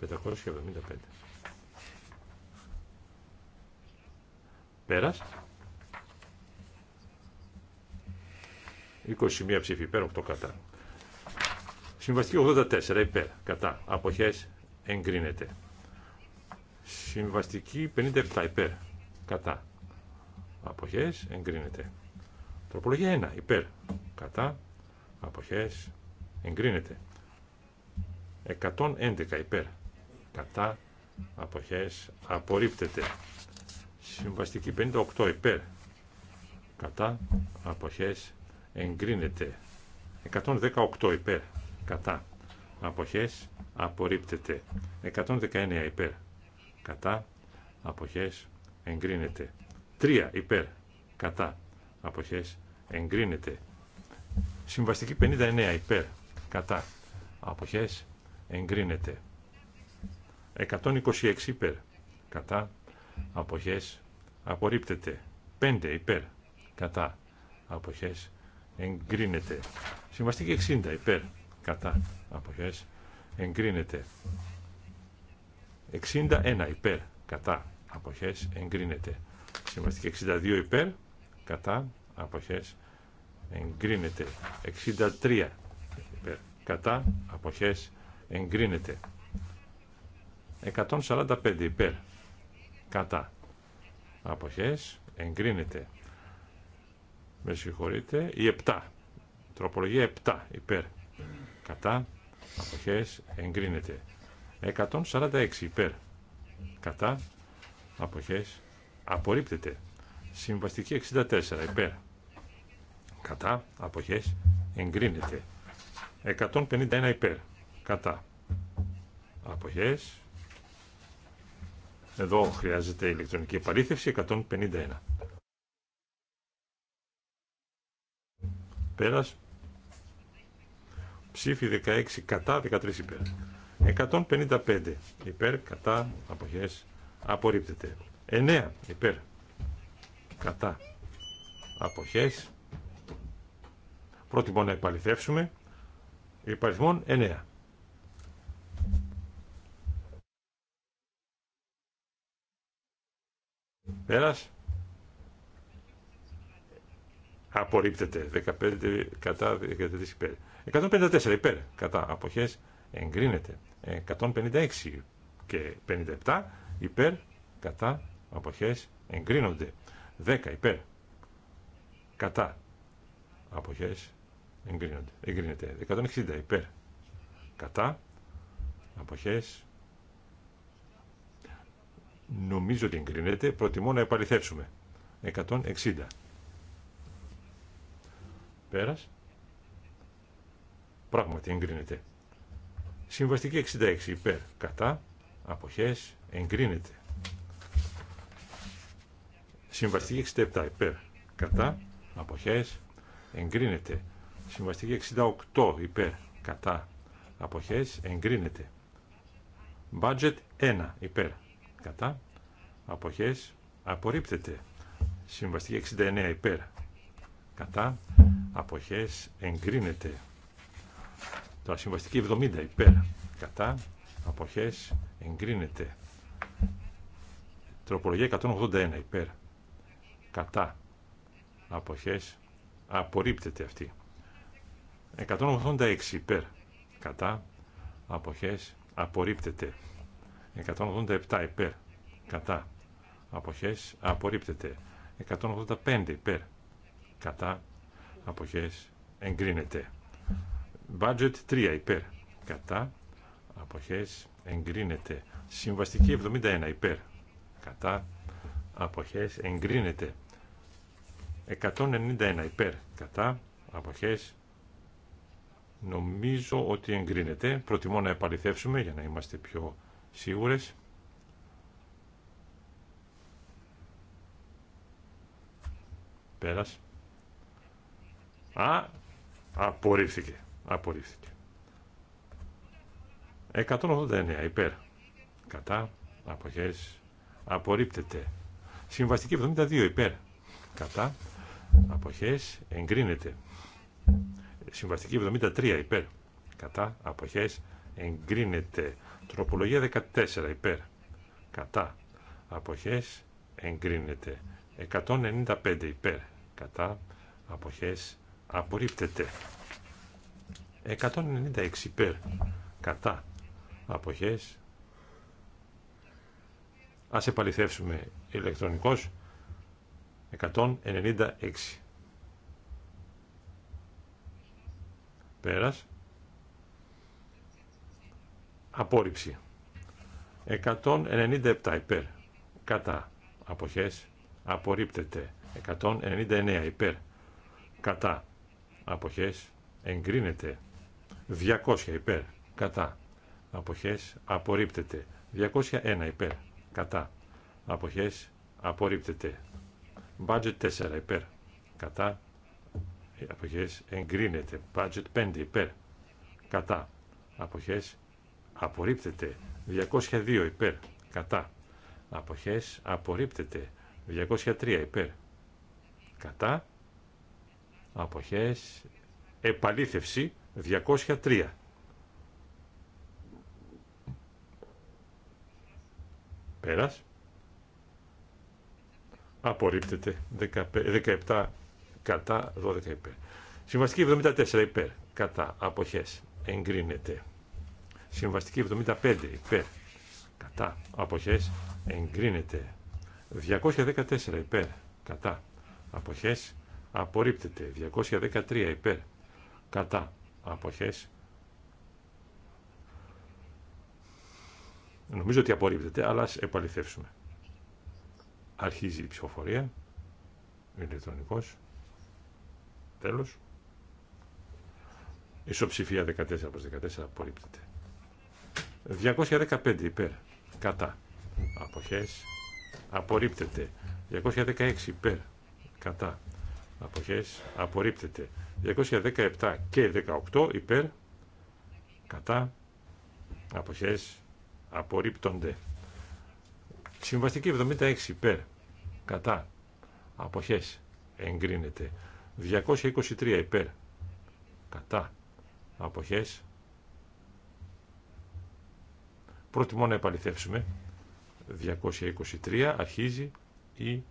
575. Πέρας. 21 ψήφοι υπέρ, 8 κατά. Συμβαστική 84 υπέρ, κατά. Αποχές εγκρίνεται. Συμβαστική 57 υπέρ. Κατά. Αποχές εγκρίνεται. Τροπολογία 1 υπέρ. Κατά. Αποχές εγκρίνεται. 111 υπέρ. Κατά. Αποχές απορρίπτεται. Συμβαστική 58 υπέρ. Κατά. Αποχές εγκρίνεται. 118 υπέρ. Κατά. Αποχές απορρίπτεται. 119 υπέρ κατά αποχές εγκρίνεται τρία υπέρ κατά αποχές εγκρίνεται συμβαστική 59 υπέρ κατά αποχές εγκρίνεται 126 υπέρ κατά αποχές απορρίπτεται 5 υπέρ κατά αποχές εγκρίνεται συμβαστική 60 υπέρ κατά αποχές εγκρίνεται 61 υπέρ κατά αποχές εγκρίνεται. Συμβαστική 62 υπέρ κατά αποχές εγκρίνεται. 63 υπέρ κατά αποχές εγκρίνεται. 145 υπέρ κατά αποχές εγκρίνεται. Με συγχωρείτε, η 7. Τροπολογία 7 υπέρ κατά αποχές εγκρίνεται. 146 υπέρ. Κατά. Αποχές. Απορρίπτεται. Συμβαστική 64 υπέρ. Κατά. Αποχές. Εγκρίνεται. 151 υπέρ. Κατά. Αποχές. Εδώ χρειάζεται ηλεκτρονική επαλήθευση 151. Πέρας. Ψήφι 16 κατά 13 υπέρ. 155 υπέρ κατά αποχές απορρίπτεται 9 υπέρ κατά αποχές πρότυπο να επαληθεύσουμε Υπαριθμόν 9 πέρας απορρίπτεται 15 κατά 154 υπέρ κατά αποχές εγκρίνεται 156 και 57 υπέρ κατά αποχές εγκρίνονται 10 υπέρ κατά αποχές εγκρίνονται εγκρίνεται 160 υπέρ κατά αποχές νομίζω ότι εγκρίνεται προτιμώ να επαληθεύσουμε 160 πέρας πράγματι εγκρίνεται Συμβαστική 66 υπέρ κατά αποχές εγκρίνεται. Συμβαστική 67 υπέρ κατά αποχές εγκρίνεται. Συμβαστική 68 υπέρ κατά αποχές εγκρίνεται. Budget 1 υπέρ κατά αποχές απορρίπτεται. Συμβαστική 69 υπέρ κατά αποχές εγκρίνεται. Τώρα συμβαστική 70 υπέρ κατά αποχές εγκρίνεται. Τροπολογία 181 υπέρ κατά αποχές απορρίπτεται αυτή. 186 υπέρ κατά αποχές απορρίπτεται. 187 υπέρ κατά αποχές απορρίπτεται. 185 υπέρ κατά αποχές εγκρίνεται. Budget 3 υπέρ. Κατά. Αποχές εγκρίνεται. Συμβαστική 71 υπέρ. Κατά. Αποχές εγκρίνεται. 191 υπέρ. Κατά. Αποχές νομίζω ότι εγκρίνεται. Προτιμώ να επαληθεύσουμε για να είμαστε πιο σίγουρες. Πέρας. Α, απορρίφθηκε. Απορρίφθηκε. 189 υπέρ. Κατά. Αποχές. Απορρίπτεται. Συμβαστική 72 υπέρ. Κατά. Αποχές. Εγκρίνεται. Συμβαστική 73 υπέρ. Κατά. Αποχές. Εγκρίνεται. Τροπολογία 14 υπέρ. Κατά. Αποχές. Εγκρίνεται. 195 υπέρ. Κατά. Αποχές. Απορρίπτεται. 196 υπέρ κατά αποχές ας επαληθεύσουμε ηλεκτρονικός 196 πέρας απόρριψη 197 υπέρ κατά αποχές απορρίπτεται 199 υπέρ κατά αποχές εγκρίνεται 200 υπέρ, κατά, αποχές, απορρίπτεται. 201 υπέρ, κατά, αποχές, απορρίπτεται. Budget 4 υπέρ, κατά, αποχές, εγκρίνεται. Budget 5 υπέρ, κατά, αποχές, απορρίπτεται. 202 υπέρ, κατά, αποχές, απορρίπτεται. 203 υπέρ, κατά, αποχές, επαλήθευση 203. Πέρας. Απορρίπτεται 17 κατά 12 υπέρ. Συμβαστική 74 υπέρ κατά αποχές. Εγκρίνεται. Συμβαστική 75 υπέρ κατά αποχές. Εγκρίνεται. 214 υπέρ κατά αποχές. Απορρίπτεται. 213 υπέρ κατά αποχές νομίζω ότι απορρίπτεται αλλά ας επαληθεύσουμε αρχίζει η ψηφοφορία ηλεκτρονικός τέλος ισοψηφία 14 προς 14 απορρίπτεται 215 υπέρ κατά αποχές απορρίπτεται 216 υπέρ κατά αποχές απορρίπτεται 217 και 18 υπέρ κατά αποχές απορρίπτονται συμβαστική 76 υπέρ κατά αποχές εγκρίνεται 223 υπέρ κατά αποχές προτιμώ να επαληθεύσουμε 223 αρχίζει η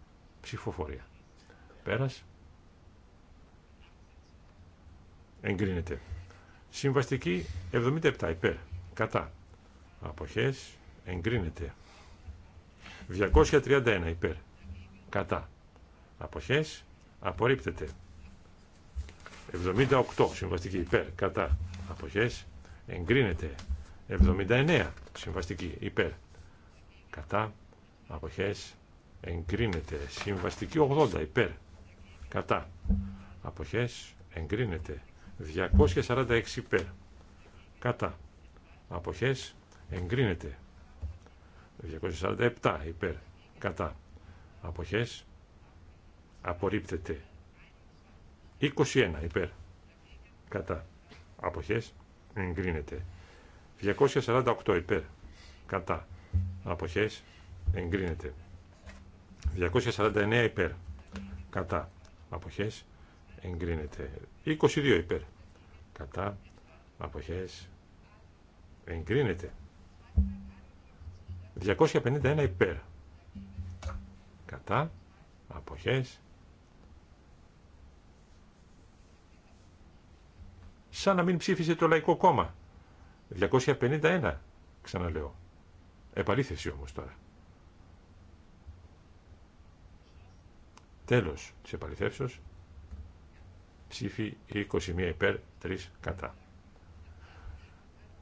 ψηφοφορία πέρας εγκρίνεται. Συμβαστική 77 υπέρ, κατά, αποχές, εγκρίνεται. 231 υπέρ, κατά, αποχές, απορρίπτεται. 78 συμβαστική υπέρ, κατά, αποχές, εγκρίνεται. 79 συμβαστική υπέρ, κατά, αποχές, εγκρίνεται. Συμβαστική 80 υπέρ, κατά, αποχές, εγκρίνεται. 246 υπέρ. Κατά. Αποχές εγκρίνεται. 247 υπέρ. Κατά. Αποχές απορρίπτεται. 21 υπέρ. Κατά. Αποχές εγκρίνεται. 248 υπέρ. Κατά. Αποχές εγκρίνεται. 249 υπέρ. Κατά. Αποχές εγκρίνεται. 22 υπέρ. Κατά αποχές εγκρίνεται. 251 υπέρ. Κατά αποχές σαν να μην ψήφισε το Λαϊκό Κόμμα. 251, ξαναλέω. Επαλήθευση όμως τώρα. Τέλος της επαληθεύσεως ψήφι 21 υπέρ, 3 κατά.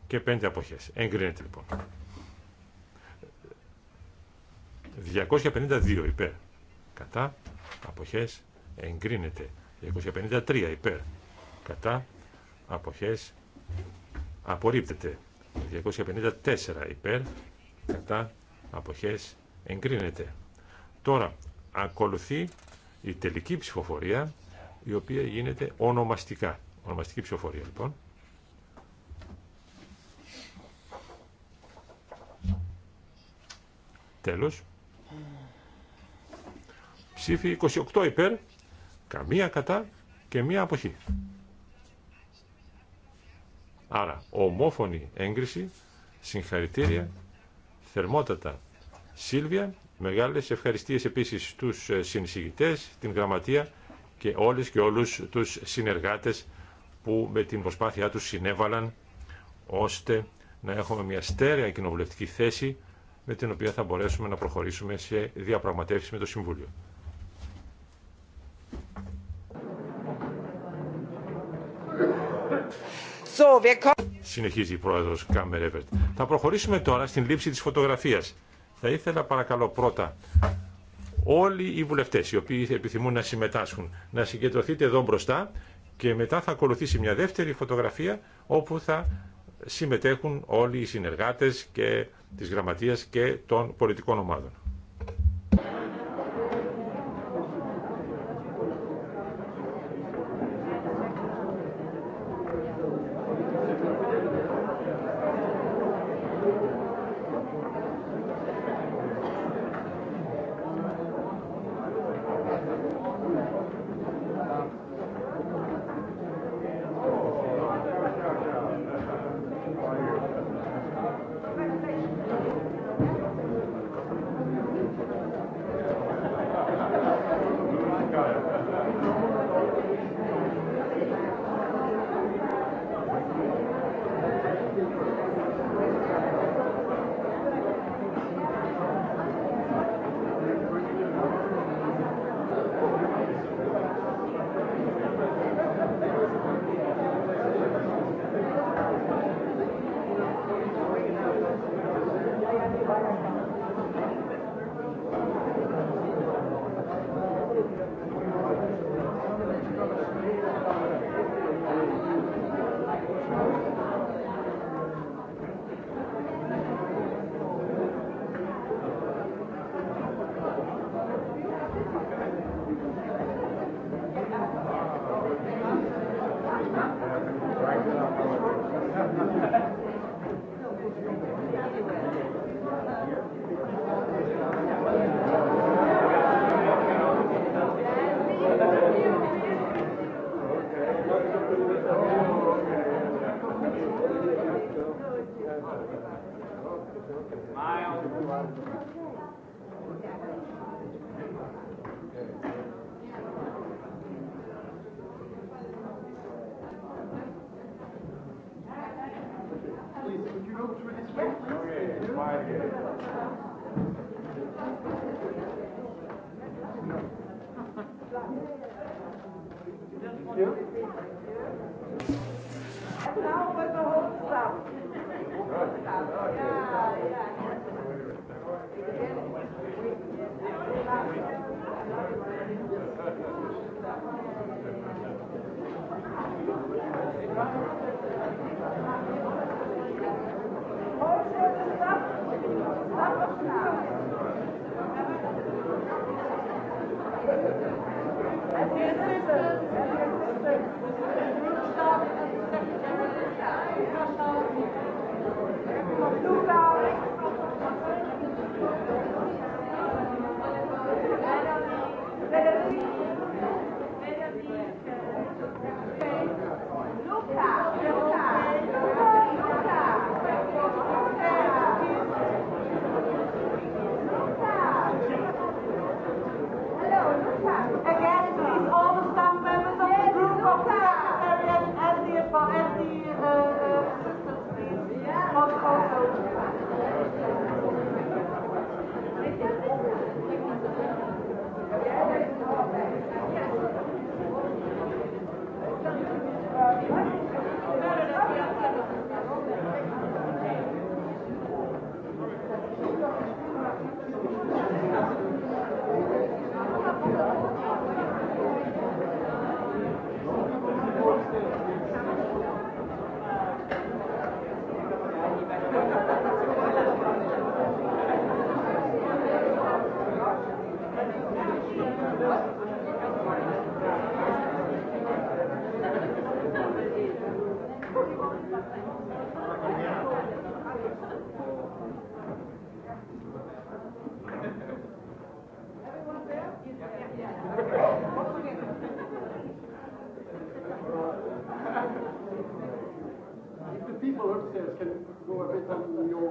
Και 5 αποχές. Εγκρίνεται λοιπόν. 252 υπέρ, κατά, αποχές, εγκρίνεται. 253 υπέρ, κατά, αποχές, απορρίπτεται. 254 υπέρ, κατά, αποχές, εγκρίνεται. Τώρα, ακολουθεί η τελική ψηφοφορία η οποία γίνεται ονομαστικά. Ονομαστική ψηφοφορία λοιπόν. Τέλος. Ψήφι 28 υπέρ, καμία κατά και μία αποχή. Άρα, ομόφωνη έγκριση, συγχαρητήρια, θερμότατα. Σίλβια, μεγάλες ευχαριστίες επίσης στους ε, συνεισηγητές, την γραμματεία, και όλες και όλους τους συνεργάτες που με την προσπάθειά τους συνέβαλαν ώστε να έχουμε μια στέρεα κοινοβουλευτική θέση με την οποία θα μπορέσουμε να προχωρήσουμε σε διαπραγματεύσεις με το Συμβούλιο. Συνεχίζει η πρόεδρος Κάμερ Θα προχωρήσουμε τώρα στην λήψη της φωτογραφίας. Θα ήθελα παρακαλώ πρώτα όλοι οι βουλευτές οι οποίοι επιθυμούν να συμμετάσχουν να συγκεντρωθείτε εδώ μπροστά και μετά θα ακολουθήσει μια δεύτερη φωτογραφία όπου θα συμμετέχουν όλοι οι συνεργάτες και της γραμματείας και των πολιτικών ομάδων.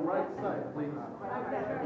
right side, please.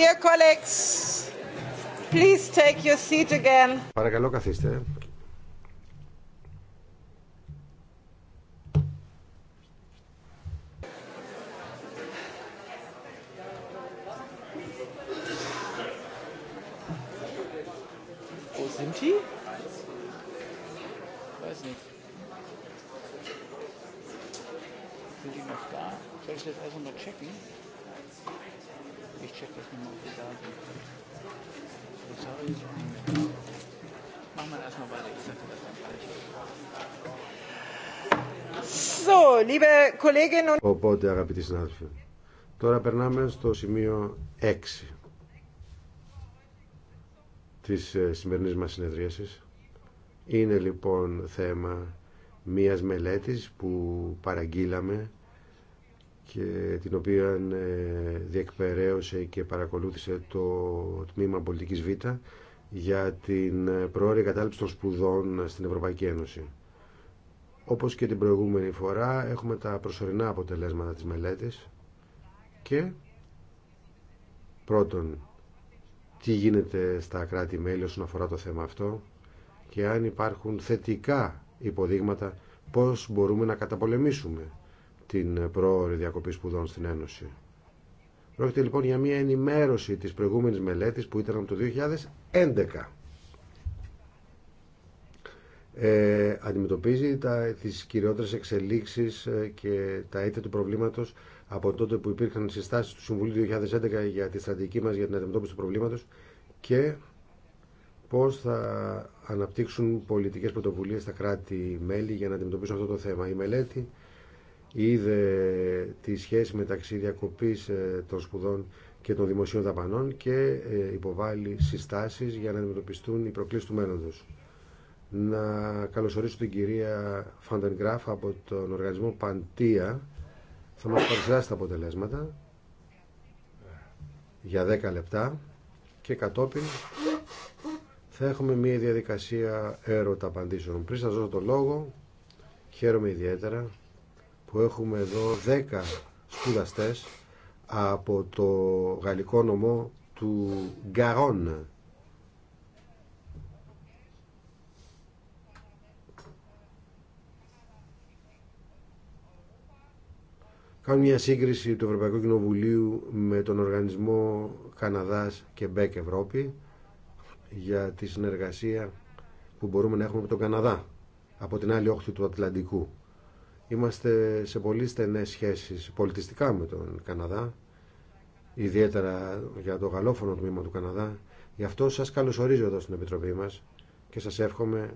Dear colleagues, please take your seat again. Παρακαλώ καθίστε. Οπότε αγαπητοί συνάδελφοι, τώρα περνάμε στο σημείο 6 της ε, σημερινής μας συνεδρίασης. Είναι λοιπόν θέμα μίας μελέτης που παραγγείλαμε και την οποία ε, διεκπαιρέωσε και παρακολούθησε το τμήμα πολιτικής Β για την ε, πρόορια κατάληψη των σπουδών στην Ευρωπαϊκή Ένωση. Όπως και την προηγούμενη φορά έχουμε τα προσωρινά αποτελέσματα της μελέτης και πρώτον τι γίνεται στα κράτη-μέλη όσον αφορά το θέμα αυτό και αν υπάρχουν θετικά υποδείγματα πώς μπορούμε να καταπολεμήσουμε την πρόορη διακοπή σπουδών στην Ένωση. Πρόκειται λοιπόν για μια ενημέρωση της προηγούμενης μελέτης που ήταν από το 2011 ε, αντιμετωπίζει τα, τις κυριότερες εξελίξεις ε, και τα αίτια του προβλήματος από τότε που υπήρχαν συστάσεις του Συμβουλίου 2011 για τη στρατηγική μας για την αντιμετώπιση του προβλήματος και πώς θα αναπτύξουν πολιτικές πρωτοβουλίες στα κράτη-μέλη για να αντιμετωπίσουν αυτό το θέμα. Η μελέτη είδε τη σχέση μεταξύ διακοπής ε, των σπουδών και των δημοσίων δαπανών και ε, υποβάλλει συστάσεις για να αντιμετωπιστούν οι προκλήσεις του μέλλοντος να καλωσορίσω την κυρία Φαντενγκράφ από τον οργανισμό Παντία. Θα μας παρουσιάσει τα αποτελέσματα για 10 λεπτά και κατόπιν θα έχουμε μία διαδικασία έρωτα απαντήσεων. Πριν σας δώσω το λόγο, χαίρομαι ιδιαίτερα που έχουμε εδώ 10 σπουδαστές από το γαλλικό νομό του Γκαρόν Κάνουμε μια σύγκριση του Ευρωπαϊκού Κοινοβουλίου με τον οργανισμό Καναδάς και Μπέκ Ευρώπη για τη συνεργασία που μπορούμε να έχουμε με τον Καναδά από την άλλη όχθη του Ατλαντικού. Είμαστε σε πολύ στενές σχέσεις πολιτιστικά με τον Καναδά, ιδιαίτερα για το γαλλόφωνο τμήμα του Καναδά. Γι' αυτό σας καλωσορίζω εδώ στην Επιτροπή μας και σας εύχομαι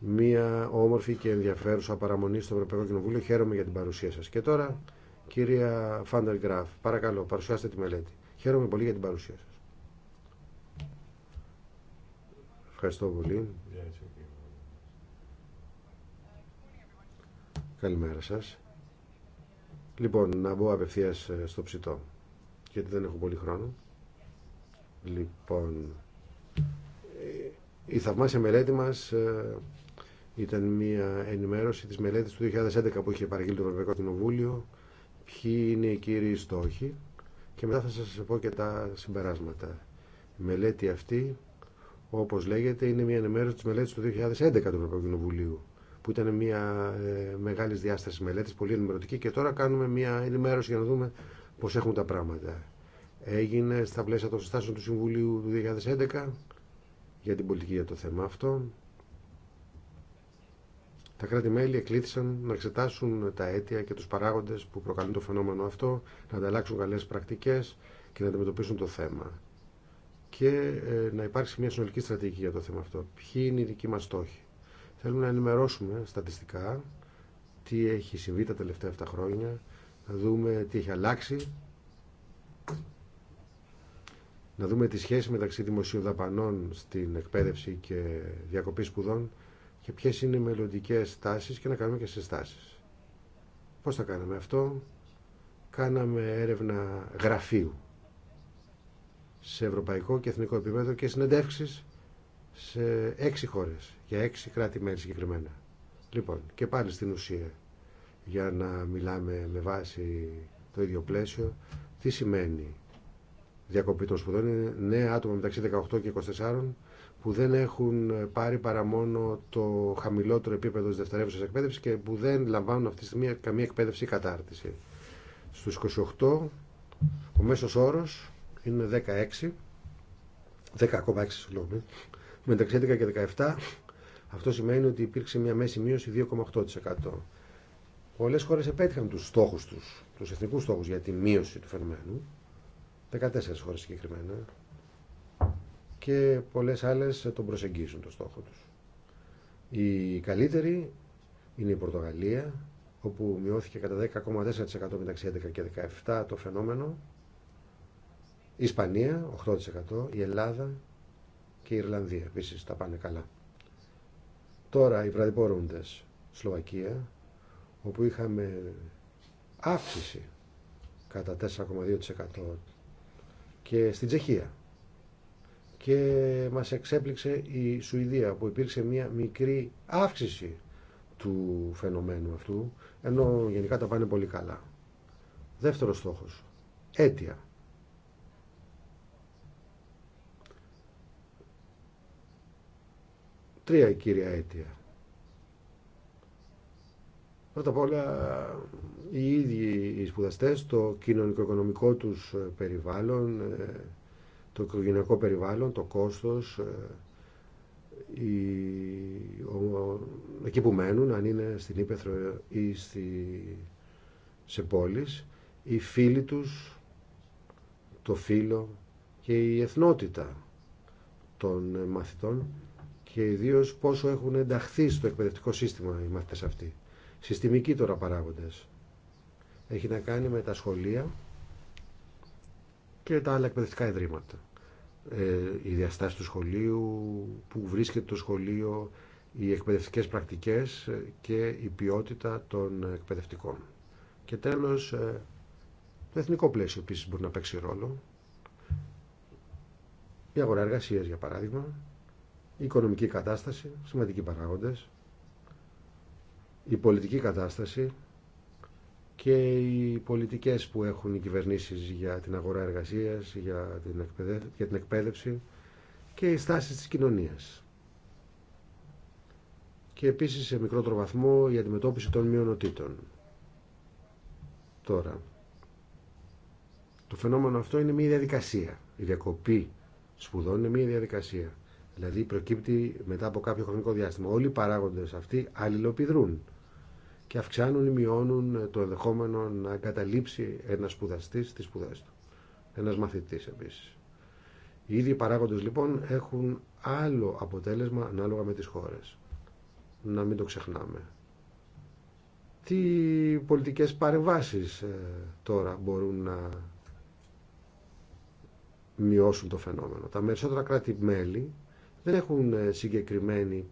μία όμορφη και ενδιαφέρουσα παραμονή στο Ευρωπαϊκό Κοινοβούλιο. Χαίρομαι για την παρουσία σας. Και τώρα, κυρία Φάντερ Γκράφ, παρακαλώ, παρουσιάστε τη μελέτη. Χαίρομαι πολύ για την παρουσία σας. Ευχαριστώ πολύ. Καλημέρα σας. Λοιπόν, να μπω απευθεία ε, στο ψητό, γιατί δεν έχω πολύ χρόνο. Λοιπόν, ε, η θαυμάσια μελέτη μας ε, ήταν μια ενημέρωση της μελέτης του 2011 που είχε παραγγείλει το Ευρωπαϊκό Κοινοβούλιο ποιοι είναι οι κύριοι στόχοι και μετά θα σας πω και τα συμπεράσματα. Η μελέτη αυτή, όπως λέγεται, είναι μια ενημέρωση της μελέτης του 2011 του Ευρωπαϊκού Κοινοβουλίου που ήταν μια ε, μεγάλη διάσταση μελέτης, πολύ ενημερωτική και τώρα κάνουμε μια ενημέρωση για να δούμε πώς έχουν τα πράγματα. Έγινε στα πλαίσια των συστάσεων του Συμβουλίου του 2011 για την πολιτική για το θέμα αυτό. Τα κράτη-μέλη εκλήθησαν να εξετάσουν τα αίτια και του παράγοντε που προκαλούν το φαινόμενο αυτό, να ανταλλάξουν καλέ πρακτικέ και να αντιμετωπίσουν το θέμα. Και ε, να υπάρξει μια συνολική στρατηγική για το θέμα αυτό. Ποιοι είναι οι δικοί μα στόχοι. Θέλουμε να ενημερώσουμε στατιστικά τι έχει συμβεί τα τελευταία 7 χρόνια, να δούμε τι έχει αλλάξει, να δούμε τη σχέση μεταξύ δημοσίου δαπανών στην εκπαίδευση και διακοπή σπουδών και ποιε είναι οι μελλοντικέ τάσει και να κάνουμε και συστάσει. Πώς θα κάναμε αυτό. Κάναμε έρευνα γραφείου σε ευρωπαϊκό και εθνικό επίπεδο και συνεντεύξει σε έξι χώρε για έξι κράτη-μέλη συγκεκριμένα. Λοιπόν, και πάλι στην ουσία, για να μιλάμε με βάση το ίδιο πλαίσιο, τι σημαίνει διακοπή των σπουδών είναι νέα άτομα μεταξύ 18 και 24 που δεν έχουν πάρει παρά μόνο το χαμηλότερο επίπεδο τη δευτερεύουσα εκπαίδευση και που δεν λαμβάνουν αυτή τη στιγμή καμία εκπαίδευση ή κατάρτιση. Στους 28 ο μέσο όρο είναι 16, 10,6 συγγνώμη, μεταξύ 11 και 17. Αυτό σημαίνει ότι υπήρξε μια μέση μείωση 2,8%. Πολλέ χώρε επέτυχαν του στόχου του, του εθνικού στόχου για τη μείωση του φαινομένου. 14 χώρες συγκεκριμένα και πολλές άλλες τον προσεγγίζουν το στόχο τους. Η καλύτερη είναι η Πορτογαλία, όπου μειώθηκε κατά 10,4% μεταξύ 11 και 17 το φαινόμενο, η Ισπανία 8%, η Ελλάδα και η Ιρλανδία επίση τα πάνε καλά. Τώρα οι βραδιπορούντες, Σλοβακία, όπου είχαμε αύξηση κατά 4,2% και στην Τσεχία και μας εξέπληξε η Σουηδία που υπήρξε μια μικρή αύξηση του φαινομένου αυτού ενώ γενικά τα πάνε πολύ καλά. Δεύτερος στόχος, αίτια. Τρία κύρια αίτια. Πρώτα απ' όλα οι ίδιοι οι σπουδαστές, το κοινωνικο-οικονομικό τους περιβάλλον, ε, το οικογενειακό περιβάλλον, το κόστος, ε, οι, ο, εκεί που μένουν, αν είναι στην Ήπεθρο ή στη, σε πόλεις, οι φίλοι τους, το φίλο και η εθνότητα των ε, μαθητών και ιδίω πόσο έχουν ενταχθεί στο εκπαιδευτικό σύστημα οι μαθητές αυτοί. Συστημικοί τώρα παράγοντες. Έχει να κάνει με τα σχολεία και τα άλλα εκπαιδευτικά ιδρύματα οι ε, διαστάσεις του σχολείου, που βρίσκεται το σχολείο, οι εκπαιδευτικές πρακτικές και η ποιότητα των εκπαιδευτικών. Και τέλος, ε, το εθνικό πλαίσιο επίσης μπορεί να παίξει ρόλο. Η αγορά εργασίας, για παράδειγμα, η οικονομική κατάσταση, σημαντικοί παράγοντες, η πολιτική κατάσταση, και οι πολιτικές που έχουν οι κυβερνήσεις για την αγορά εργασίας, για την, για την εκπαίδευση και οι στάσεις της κοινωνίας. Και επίσης σε μικρότερο βαθμό η αντιμετώπιση των μειονοτήτων. Τώρα, το φαινόμενο αυτό είναι μια διαδικασία. Η διακοπή σπουδών είναι μια διαδικασία. Δηλαδή προκύπτει μετά από κάποιο χρονικό διάστημα. Όλοι οι παράγοντες αυτοί αλληλοπιδρούν και αυξάνουν ή μειώνουν το ενδεχόμενο να καταλήψει ένα σπουδαστή τι σπουδέ του. Ένας μαθητής επίσης. Οι ίδιοι παράγοντες λοιπόν έχουν άλλο αποτέλεσμα ανάλογα με τις χώρες. Να μην το ξεχνάμε. Τι πολιτικές παρεμβάσεις ε, τώρα μπορούν να μειώσουν το φαινόμενο. Τα περισσότερα κράτη-μέλη δεν έχουν ε, συγκεκριμένη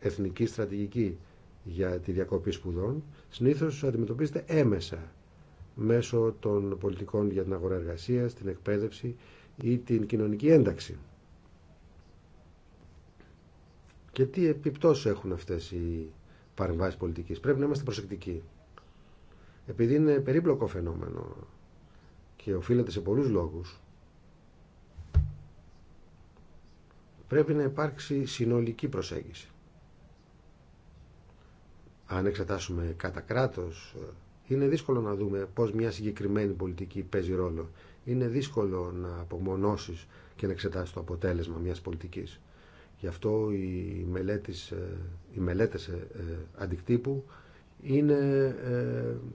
εθνική στρατηγική για τη διακοπή σπουδών συνήθως αντιμετωπίζεται έμεσα μέσω των πολιτικών για την αγορά εργασία, την εκπαίδευση ή την κοινωνική ένταξη. Και τι επιπτώσεις έχουν αυτές οι παρεμβάσεις πολιτικής. Πρέπει να είμαστε προσεκτικοί. Επειδή είναι περίπλοκο φαινόμενο και οφείλεται σε πολλούς λόγους, πρέπει να υπάρξει συνολική προσέγγιση αν εξετάσουμε κατά κράτο, είναι δύσκολο να δούμε πώ μια συγκεκριμένη πολιτική παίζει ρόλο. Είναι δύσκολο να απομονώσει και να εξετάσει το αποτέλεσμα μια πολιτική. Γι' αυτό οι, μελέτες, ε, οι μελέτες ε, ε, αντικτύπου είναι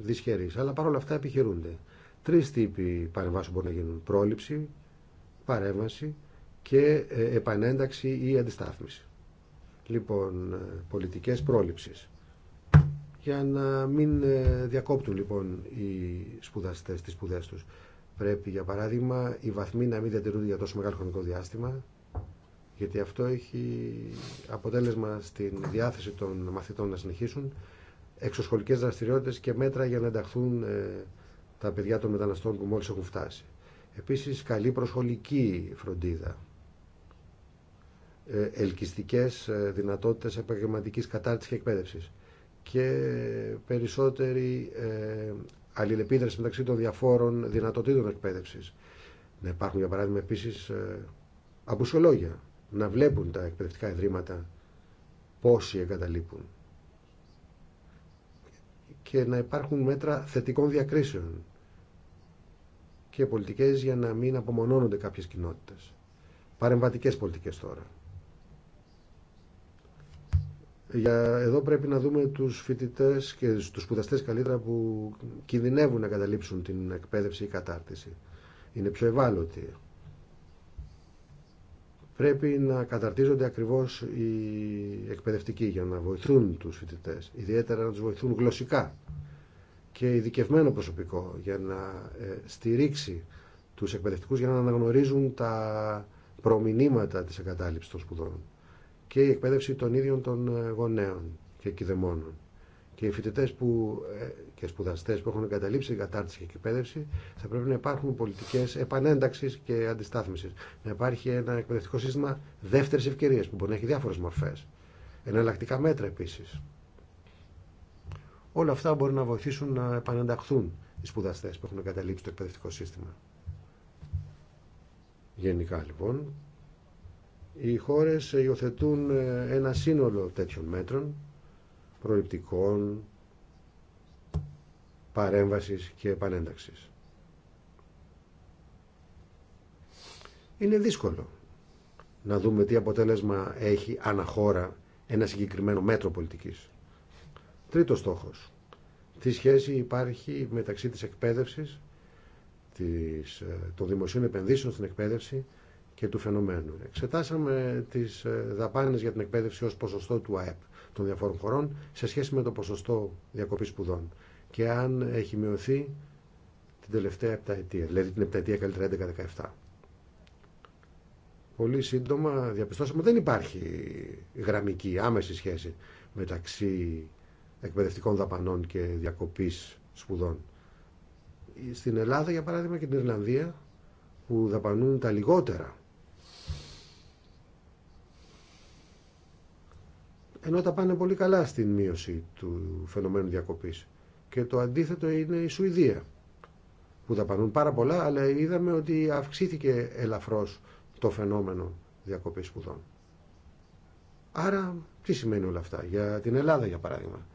δυσχερείς, αλλά παρόλα αυτά επιχειρούνται. Τρεις τύποι παρεμβάσεων μπορούν να γίνουν. Πρόληψη, παρέμβαση και επανένταξη ή αντιστάθμιση. Λοιπόν, πολιτικές πρόληψης για να μην ε, διακόπτουν λοιπόν οι σπουδαστές τις σπουδές τους. Πρέπει για παράδειγμα οι βαθμοί να μην διατηρούνται για τόσο μεγάλο χρονικό διάστημα γιατί αυτό έχει αποτέλεσμα στην διάθεση των μαθητών να συνεχίσουν εξωσχολικές δραστηριότητες και μέτρα για να ενταχθούν ε, τα παιδιά των μεταναστών που μόλις έχουν φτάσει. Επίσης καλή προσχολική φροντίδα ε, ελκυστικές δυνατότητες επαγγελματικής κατάρτισης και εκπαίδευσης και περισσότερη ε, αλληλεπίδραση μεταξύ των διαφόρων δυνατοτήτων εκπαίδευση, Να υπάρχουν, για παράδειγμα, επίσης ε, απουσιολόγια, να βλέπουν τα εκπαιδευτικά ιδρύματα πόσοι εγκαταλείπουν και να υπάρχουν μέτρα θετικών διακρίσεων και πολιτικές για να μην απομονώνονται κάποιες κοινότητες. Παρεμβατικές πολιτικές τώρα. Για, εδώ πρέπει να δούμε τους φοιτητέ και τους σπουδαστέ καλύτερα που κινδυνεύουν να καταλήψουν την εκπαίδευση ή κατάρτιση. Είναι πιο ευάλωτοι. Πρέπει να καταρτίζονται ακριβώς οι εκπαιδευτικοί για να βοηθούν τους φοιτητέ, Ιδιαίτερα να τους βοηθούν γλωσσικά και ειδικευμένο προσωπικό για να ε, στηρίξει τους εκπαιδευτικούς για να αναγνωρίζουν τα προμηνύματα της εγκατάλειψης των σπουδών και η εκπαίδευση των ίδιων των ε, γονέων και κηδεμόνων. Και οι φοιτητέ ε, και σπουδαστέ που έχουν εγκαταλείψει την κατάρτιση και εκπαίδευση θα πρέπει να υπάρχουν πολιτικέ επανένταξη και αντιστάθμιση. Να υπάρχει ένα εκπαιδευτικό σύστημα δεύτερη ευκαιρία που μπορεί να έχει διάφορε μορφέ. Εναλλακτικά μέτρα επίση. Όλα αυτά μπορεί να βοηθήσουν να επανενταχθούν οι σπουδαστέ που έχουν εγκαταλείψει το εκπαιδευτικό σύστημα. Γενικά λοιπόν, οι χώρες υιοθετούν ε, ένα σύνολο τέτοιων μέτρων προληπτικών παρέμβασης και επανένταξης. Είναι δύσκολο να δούμε τι αποτέλεσμα έχει αναχώρα ένα συγκεκριμένο μέτρο πολιτικής. Τρίτος στόχος. Τι σχέση υπάρχει μεταξύ της εκπαίδευσης, της, ε, των δημοσίων επενδύσεων στην εκπαίδευση και του φαινομένου. Εξετάσαμε τι ε, δαπάνε για την εκπαίδευση ω ποσοστό του ΑΕΠ των διαφόρων χωρών σε σχέση με το ποσοστό διακοπή σπουδών και αν έχει μειωθεί την τελευταία επταετία, δηλαδή την επταετία καλύτερα 11-17. Πολύ σύντομα διαπιστώσαμε ότι δεν υπάρχει γραμμική άμεση σχέση μεταξύ εκπαιδευτικών δαπανών και διακοπής σπουδών. Στην Ελλάδα, για παράδειγμα, και την Ιρλανδία, που δαπανούν τα λιγότερα ενώ τα πάνε πολύ καλά στην μείωση του φαινομένου διακοπής. Και το αντίθετο είναι η Σουηδία, που τα πάνουν πάρα πολλά, αλλά είδαμε ότι αυξήθηκε ελαφρώς το φαινόμενο διακοπής σπουδών. Άρα, τι σημαίνει όλα αυτά για την Ελλάδα, για παράδειγμα.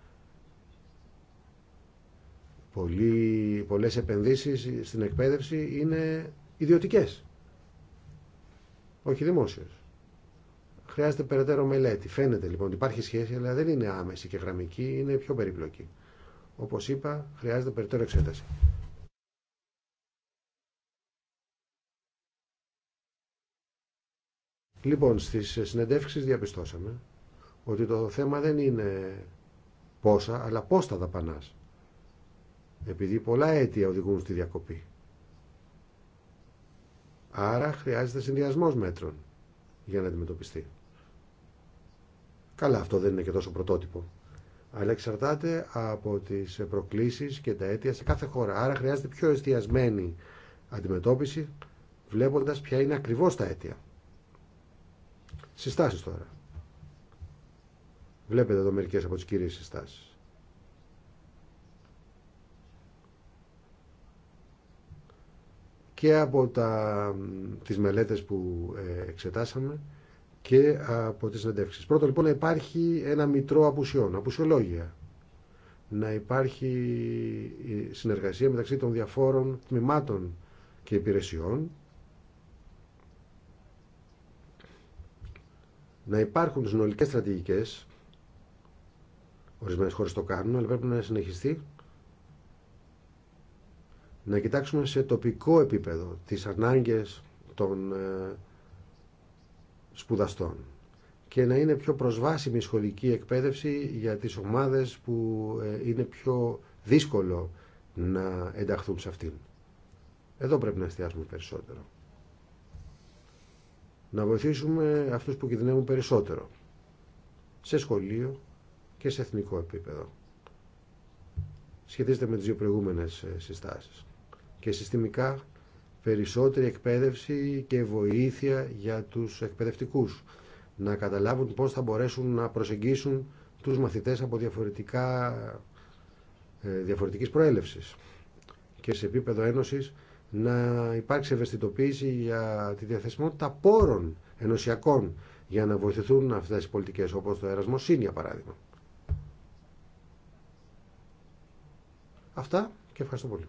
Πολύ, πολλές επενδύσεις στην εκπαίδευση είναι ιδιωτικές, όχι δημόσιες χρειάζεται περαιτέρω μελέτη. Φαίνεται λοιπόν ότι υπάρχει σχέση, αλλά δεν είναι άμεση και γραμμική, είναι πιο περιπλοκή. Όπω είπα, χρειάζεται περαιτέρω εξέταση. Λοιπόν, στις συνεντεύξει διαπιστώσαμε ότι το θέμα δεν είναι πόσα, αλλά πώς θα δαπανά. Επειδή πολλά αίτια οδηγούν στη διακοπή. Άρα χρειάζεται συνδυασμό μέτρων για να αντιμετωπιστεί. Καλά, αυτό δεν είναι και τόσο πρωτότυπο. Αλλά εξαρτάται από τι προκλήσει και τα αίτια σε κάθε χώρα. Άρα χρειάζεται πιο εστιασμένη αντιμετώπιση, βλέποντα ποια είναι ακριβώ τα αίτια. Συστάσει τώρα. Βλέπετε εδώ μερικέ από τι κύριε συστάσει. και από τα, τις μελέτες που ε, εξετάσαμε και από τις συνεντεύξεις. Πρώτον λοιπόν να υπάρχει ένα μητρό απουσιών, απουσιολόγια. Να υπάρχει συνεργασία μεταξύ των διαφόρων τμήματων και υπηρεσιών. Να υπάρχουν συνολικές στρατηγικές. Ορισμένες χωρίς το κάνουν, αλλά πρέπει να συνεχιστεί. Να κοιτάξουμε σε τοπικό επίπεδο τις ανάγκες των ε, σπουδαστών και να είναι πιο προσβάσιμη η σχολική εκπαίδευση για τις ομάδες που ε, είναι πιο δύσκολο να ενταχθούν σε αυτήν. Εδώ πρέπει να εστιάσουμε περισσότερο. Να βοηθήσουμε αυτούς που κινδυνεύουν περισσότερο. Σε σχολείο και σε εθνικό επίπεδο. Σχετίζεται με τις δύο προηγούμενες ε, συστάσεις. Και συστημικά περισσότερη εκπαίδευση και βοήθεια για τους εκπαιδευτικούς να καταλάβουν πώς θα μπορέσουν να προσεγγίσουν τους μαθητές από διαφορετικά, ε, διαφορετικής προέλευσης και σε επίπεδο ένωσης να υπάρξει ευαισθητοποίηση για τη διαθεσιμότητα πόρων ενωσιακών για να βοηθηθούν αυτές οι πολιτικές όπως το Ερασμό για παράδειγμα. Αυτά και ευχαριστώ πολύ.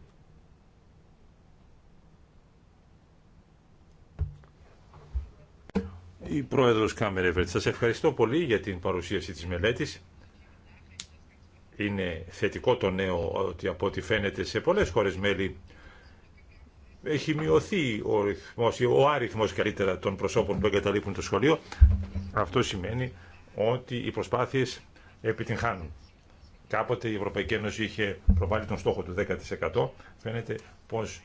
Η Πρόεδρος Κάμερεβερτ, σας ευχαριστώ πολύ για την παρουσίαση της μελέτης. Είναι θετικό το νέο ότι από ό,τι φαίνεται σε πολλές χώρες μέλη έχει μειωθεί ο, ρυθμός, ο άριθμος καλύτερα των προσώπων που εγκαταλείπουν το σχολείο. Αυτό σημαίνει ότι οι προσπάθειες επιτυγχάνουν. Κάποτε η Ευρωπαϊκή Ένωση είχε προβάλει τον στόχο του 10%. Φαίνεται πως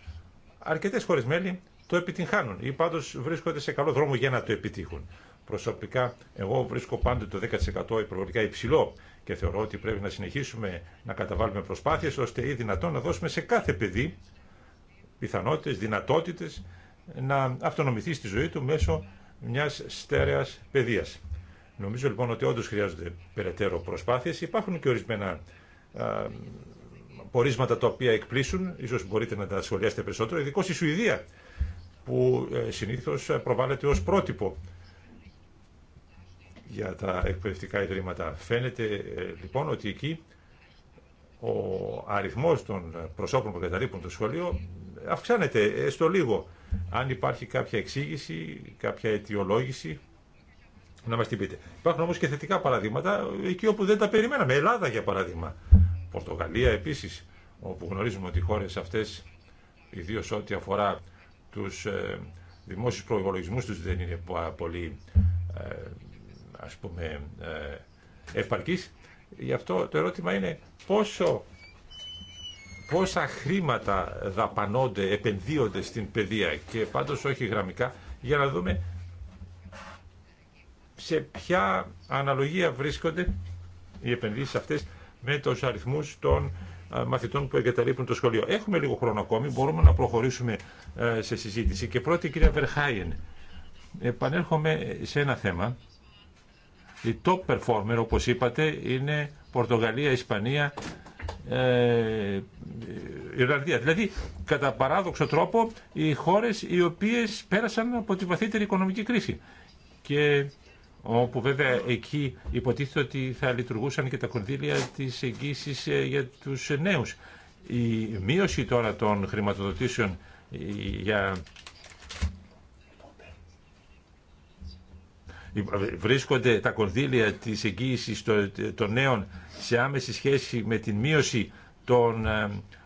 αρκετές χώρες μέλη το επιτυγχάνουν ή πάντω βρίσκονται σε καλό δρόμο για να το επιτύχουν. Προσωπικά, εγώ βρίσκω πάντοτε το 10% υπερβολικά υψηλό και θεωρώ ότι πρέπει να συνεχίσουμε να καταβάλουμε προσπάθειες ώστε ή δυνατόν να δώσουμε σε κάθε παιδί πιθανότητε, δυνατότητε, να αυτονομηθεί στη ζωή του μέσω μια στέρεα παιδείας. Νομίζω λοιπόν ότι όντω χρειάζονται περαιτέρω προσπάθειε. Υπάρχουν και ορισμένα α, πορίσματα τα οποία εκπλήσουν, ίσω μπορείτε να τα σχολιάσετε περισσότερο, ειδικό στη Σουηδία που ε, συνήθως ε, προβάλλεται ως πρότυπο για τα εκπαιδευτικά ιδρύματα. Φαίνεται ε, λοιπόν ότι εκεί ο αριθμός των προσώπων που καταλήπουν το σχολείο αυξάνεται στο λίγο. Αν υπάρχει κάποια εξήγηση, κάποια αιτιολόγηση, να μας την πείτε. Υπάρχουν όμως και θετικά παραδείγματα εκεί όπου δεν τα περιμέναμε. Ελλάδα για παράδειγμα, Πορτογαλία επίσης, όπου γνωρίζουμε ότι οι χώρες αυτές, ιδίως ό,τι αφορά τους ε, δημόσιους προϋπολογισμούς τους δεν είναι πολύ ε, ας πούμε ευπαρκής. Γι' αυτό το ερώτημα είναι πόσο, πόσα χρήματα δαπανώνται, επενδύονται στην παιδεία και πάντως όχι γραμμικά για να δούμε σε ποια αναλογία βρίσκονται οι επενδύσεις αυτές με τους αριθμούς των ε, μαθητών που εγκαταλείπουν το σχολείο. Έχουμε λίγο χρόνο ακόμη, μπορούμε να προχωρήσουμε ε, σε συζήτηση. Και πρώτη, κυρία Βερχάιεν, επανέρχομαι σε ένα θέμα. Οι top performer, όπως είπατε, είναι Πορτογαλία, Ισπανία, ε, Ιρλανδία. Δηλαδή, κατά παράδοξο τρόπο, οι χώρες οι οποίες πέρασαν από τη βαθύτερη οικονομική κρίση. Και όπου βέβαια εκεί υποτίθεται ότι θα λειτουργούσαν και τα κονδύλια της εγγύησης ε, για τους νέους. Η μείωση τώρα των χρηματοδοτήσεων ε, για... Βρίσκονται τα κονδύλια της εγγύησης ε, των νέων σε άμεση σχέση με την μείωση των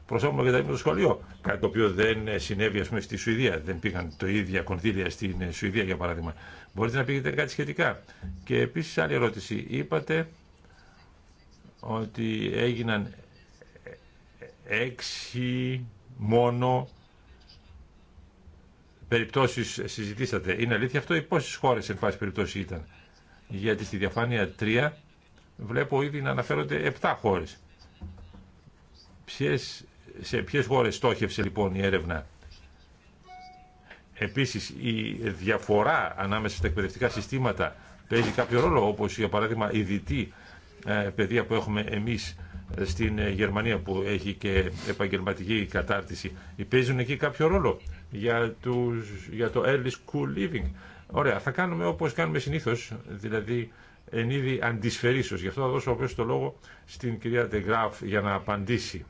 προσώπημα για τα το σχολείο. Κάτι το οποίο δεν συνέβη, α πούμε, στη Σουηδία. Δεν πήγαν το ίδια κονδύλια στην Σουηδία, για παράδειγμα. Μπορείτε να πείτε κάτι σχετικά. Και επίση, άλλη ερώτηση. Είπατε ότι έγιναν έξι μόνο περιπτώσει. συζητήσατε. Είναι αλήθεια αυτό ή πόσε χώρε εν πάση περιπτώσει ήταν. Γιατί στη διαφάνεια 3 βλέπω ήδη να αναφέρονται 7 χώρε. Ποιες σε ποιες χώρες στόχευσε λοιπόν η έρευνα. Επίσης η διαφορά ανάμεσα στα εκπαιδευτικά συστήματα παίζει κάποιο ρόλο όπως για παράδειγμα η δυτή ε, παιδεία που έχουμε εμείς στην ε, Γερμανία που έχει και επαγγελματική κατάρτιση ε, παίζουν εκεί κάποιο ρόλο για, τους, για το early school living. Ωραία, θα κάνουμε όπως κάνουμε συνήθως, δηλαδή εν είδη αντισφαιρίσως. Γι' αυτό θα δώσω απέσως το λόγο στην κυρία Ντεγκράφ για να απαντήσει.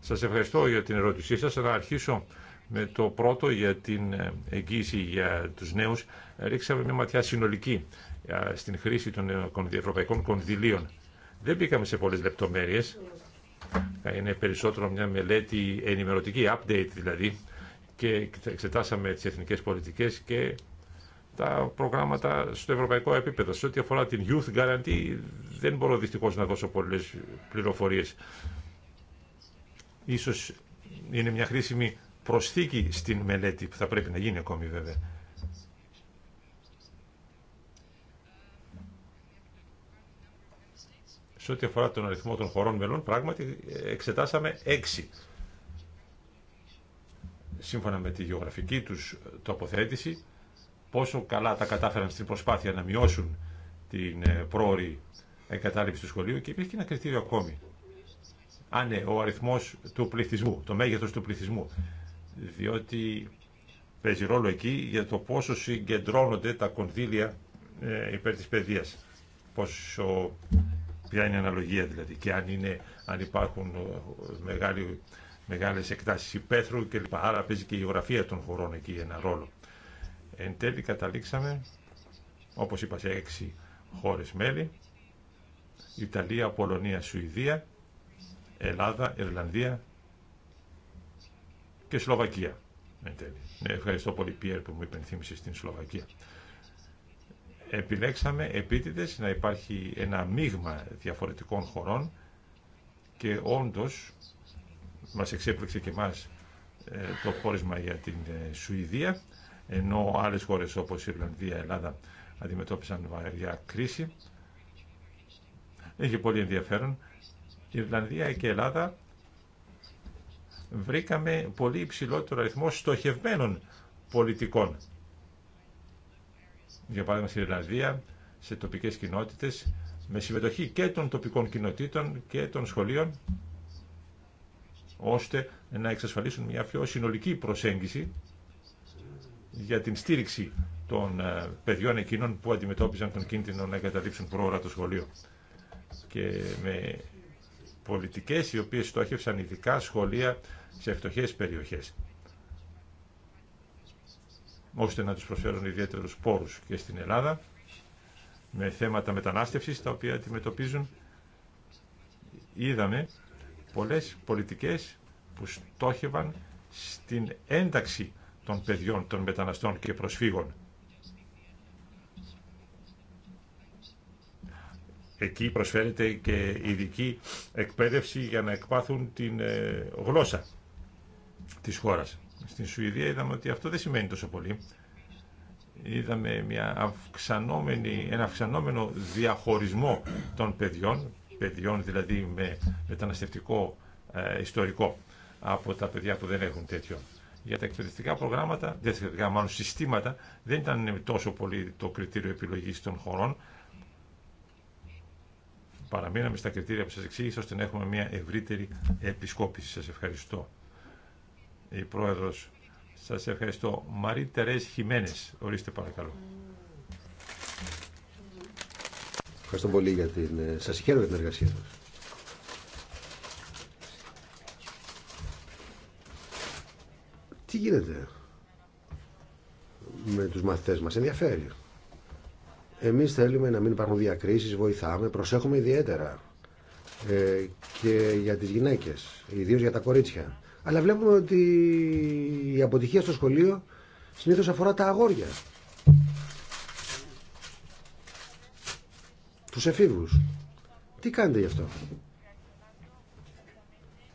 Σας ευχαριστώ για την ερώτησή σας. Θα αρχίσω με το πρώτο για την ε, εγγύηση για τους νέους. Ρίξαμε μια ματιά συνολική ε, στην χρήση των ε, ευρωπαϊκών κονδυλίων. Δεν μπήκαμε σε πολλές λεπτομέρειες. Είναι περισσότερο μια μελέτη ενημερωτική, update δηλαδή, και εξετάσαμε τις εθνικές πολιτικές και τα προγράμματα στο ευρωπαϊκό επίπεδο. Σε ό,τι αφορά την Youth Guarantee δεν μπορώ δυστυχώς να δώσω πολλές πληροφορίες. Ίσως είναι μια χρήσιμη προσθήκη στην μελέτη που θα πρέπει να γίνει ακόμη βέβαια. Σε ό,τι αφορά τον αριθμό των χωρών μελών, πράγματι εξετάσαμε έξι. Σύμφωνα με τη γεωγραφική τους τοποθέτηση, πόσο καλά τα κατάφεραν στην προσπάθεια να μειώσουν την ε, πρόορη εγκατάλειψη του σχολείου και υπήρχε και ένα κριτήριο ακόμη άνε ναι, ο αριθμός του πληθυσμού, το μέγεθος του πληθυσμού. Διότι παίζει ρόλο εκεί για το πόσο συγκεντρώνονται τα κονδύλια ε, υπέρ της παιδείας. Πόσο, ποια είναι η αναλογία δηλαδή και αν, είναι, αν υπάρχουν ε, μεγάλε μεγάλες εκτάσεις υπαίθρου κλπ. Άρα παίζει και η γεωγραφία των χωρών εκεί ένα ρόλο. Εν τέλει καταλήξαμε, όπως είπα, σε έξι χώρες μέλη. Ιταλία, Πολωνία, Σουηδία Ελλάδα, Ιρλανδία και Σλοβακία. Ναι, ευχαριστώ πολύ, Πιέρ, που μου υπενθύμησε στην Σλοβακία. Επιλέξαμε επίτηδε να υπάρχει ένα μείγμα διαφορετικών χωρών και όντως μας εξέπληξε και μας ε, το χώρισμα για την ε, Σουηδία, ενώ άλλε χώρε όπως η Ιρλανδία, η Ελλάδα αντιμετώπισαν βαριά κρίση. Έχει πολύ ενδιαφέρον Ιρλανδία και Ελλάδα βρήκαμε πολύ υψηλότερο αριθμό στοχευμένων πολιτικών. Για παράδειγμα στην Ιρλανδία, σε τοπικές κοινότητες, με συμμετοχή και των τοπικών κοινοτήτων και των σχολείων, ώστε να εξασφαλίσουν μια πιο συνολική προσέγγιση για την στήριξη των ε, παιδιών εκείνων που αντιμετώπιζαν τον κίνδυνο να εγκαταλείψουν πρόωρα το σχολείο. Και με πολιτικές οι οποίες στόχευσαν ειδικά σχολεία σε φτωχές περιοχές ώστε να τους προσφέρουν ιδιαίτερους πόρους και στην Ελλάδα με θέματα μετανάστευσης τα οποία αντιμετωπίζουν είδαμε πολλές πολιτικές που στόχευαν στην ένταξη των παιδιών των μεταναστών και προσφύγων Εκεί προσφέρεται και ειδική εκπαίδευση για να εκπάθουν την ε, γλώσσα της χώρας. Στην Σουηδία είδαμε ότι αυτό δεν σημαίνει τόσο πολύ. Είδαμε μια ένα αυξανόμενο διαχωρισμό των παιδιών, παιδιών δηλαδή με μεταναστευτικό ε, ιστορικό, από τα παιδιά που δεν έχουν τέτοιο. Για τα εκπαιδευτικά προγράμματα, μάλλον συστήματα, δεν ήταν τόσο πολύ το κριτήριο επιλογής των χωρών, παραμείναμε στα κριτήρια που σας εξήγησα ώστε να έχουμε μια ευρύτερη επισκόπηση. Σας ευχαριστώ. Η Πρόεδρος, σας ευχαριστώ. Μαρή Τερέζ Χιμένες, ορίστε παρακαλώ. Ευχαριστώ πολύ για την... Ε, σας ευχαριστώ για την εργασία σας. Τι γίνεται με τους μαθητές μας, ενδιαφέρει. Εμείς θέλουμε να μην υπάρχουν διακρίσεις, βοηθάμε, προσέχουμε ιδιαίτερα ε, και για τις γυναίκες, ιδίως για τα κορίτσια. Αλλά βλέπουμε ότι η αποτυχία στο σχολείο συνήθως αφορά τα αγόρια. Τους εφήβους. Τι κάνετε γι' αυτό.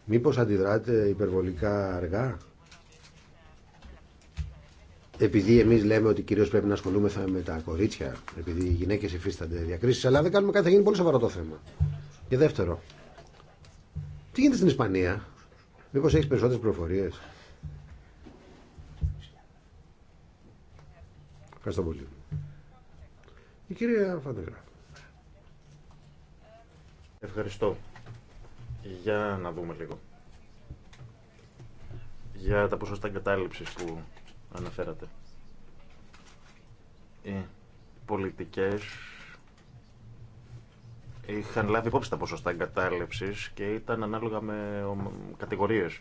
Μήπως αντιδράτε υπερβολικά αργά επειδή εμεί λέμε ότι κυρίω πρέπει να ασχολούμεθα με τα κορίτσια, επειδή οι γυναίκε υφίστανται διακρίσει, αλλά δεν κάνουμε κάτι, θα γίνει πολύ σοβαρό το θέμα. Και δεύτερο, τι γίνεται στην Ισπανία, Μήπω έχει περισσότερε πληροφορίε. Ευχαριστώ πολύ. Η κυρία Φαντεγράφ. Ευχαριστώ. Για να δούμε λίγο. Για τα ποσοστά εγκατάλειψης που αναφέρατε. Οι πολιτικές είχαν λάβει υπόψη τα ποσοστά εγκατάλειψη και ήταν ανάλογα με κατηγορίες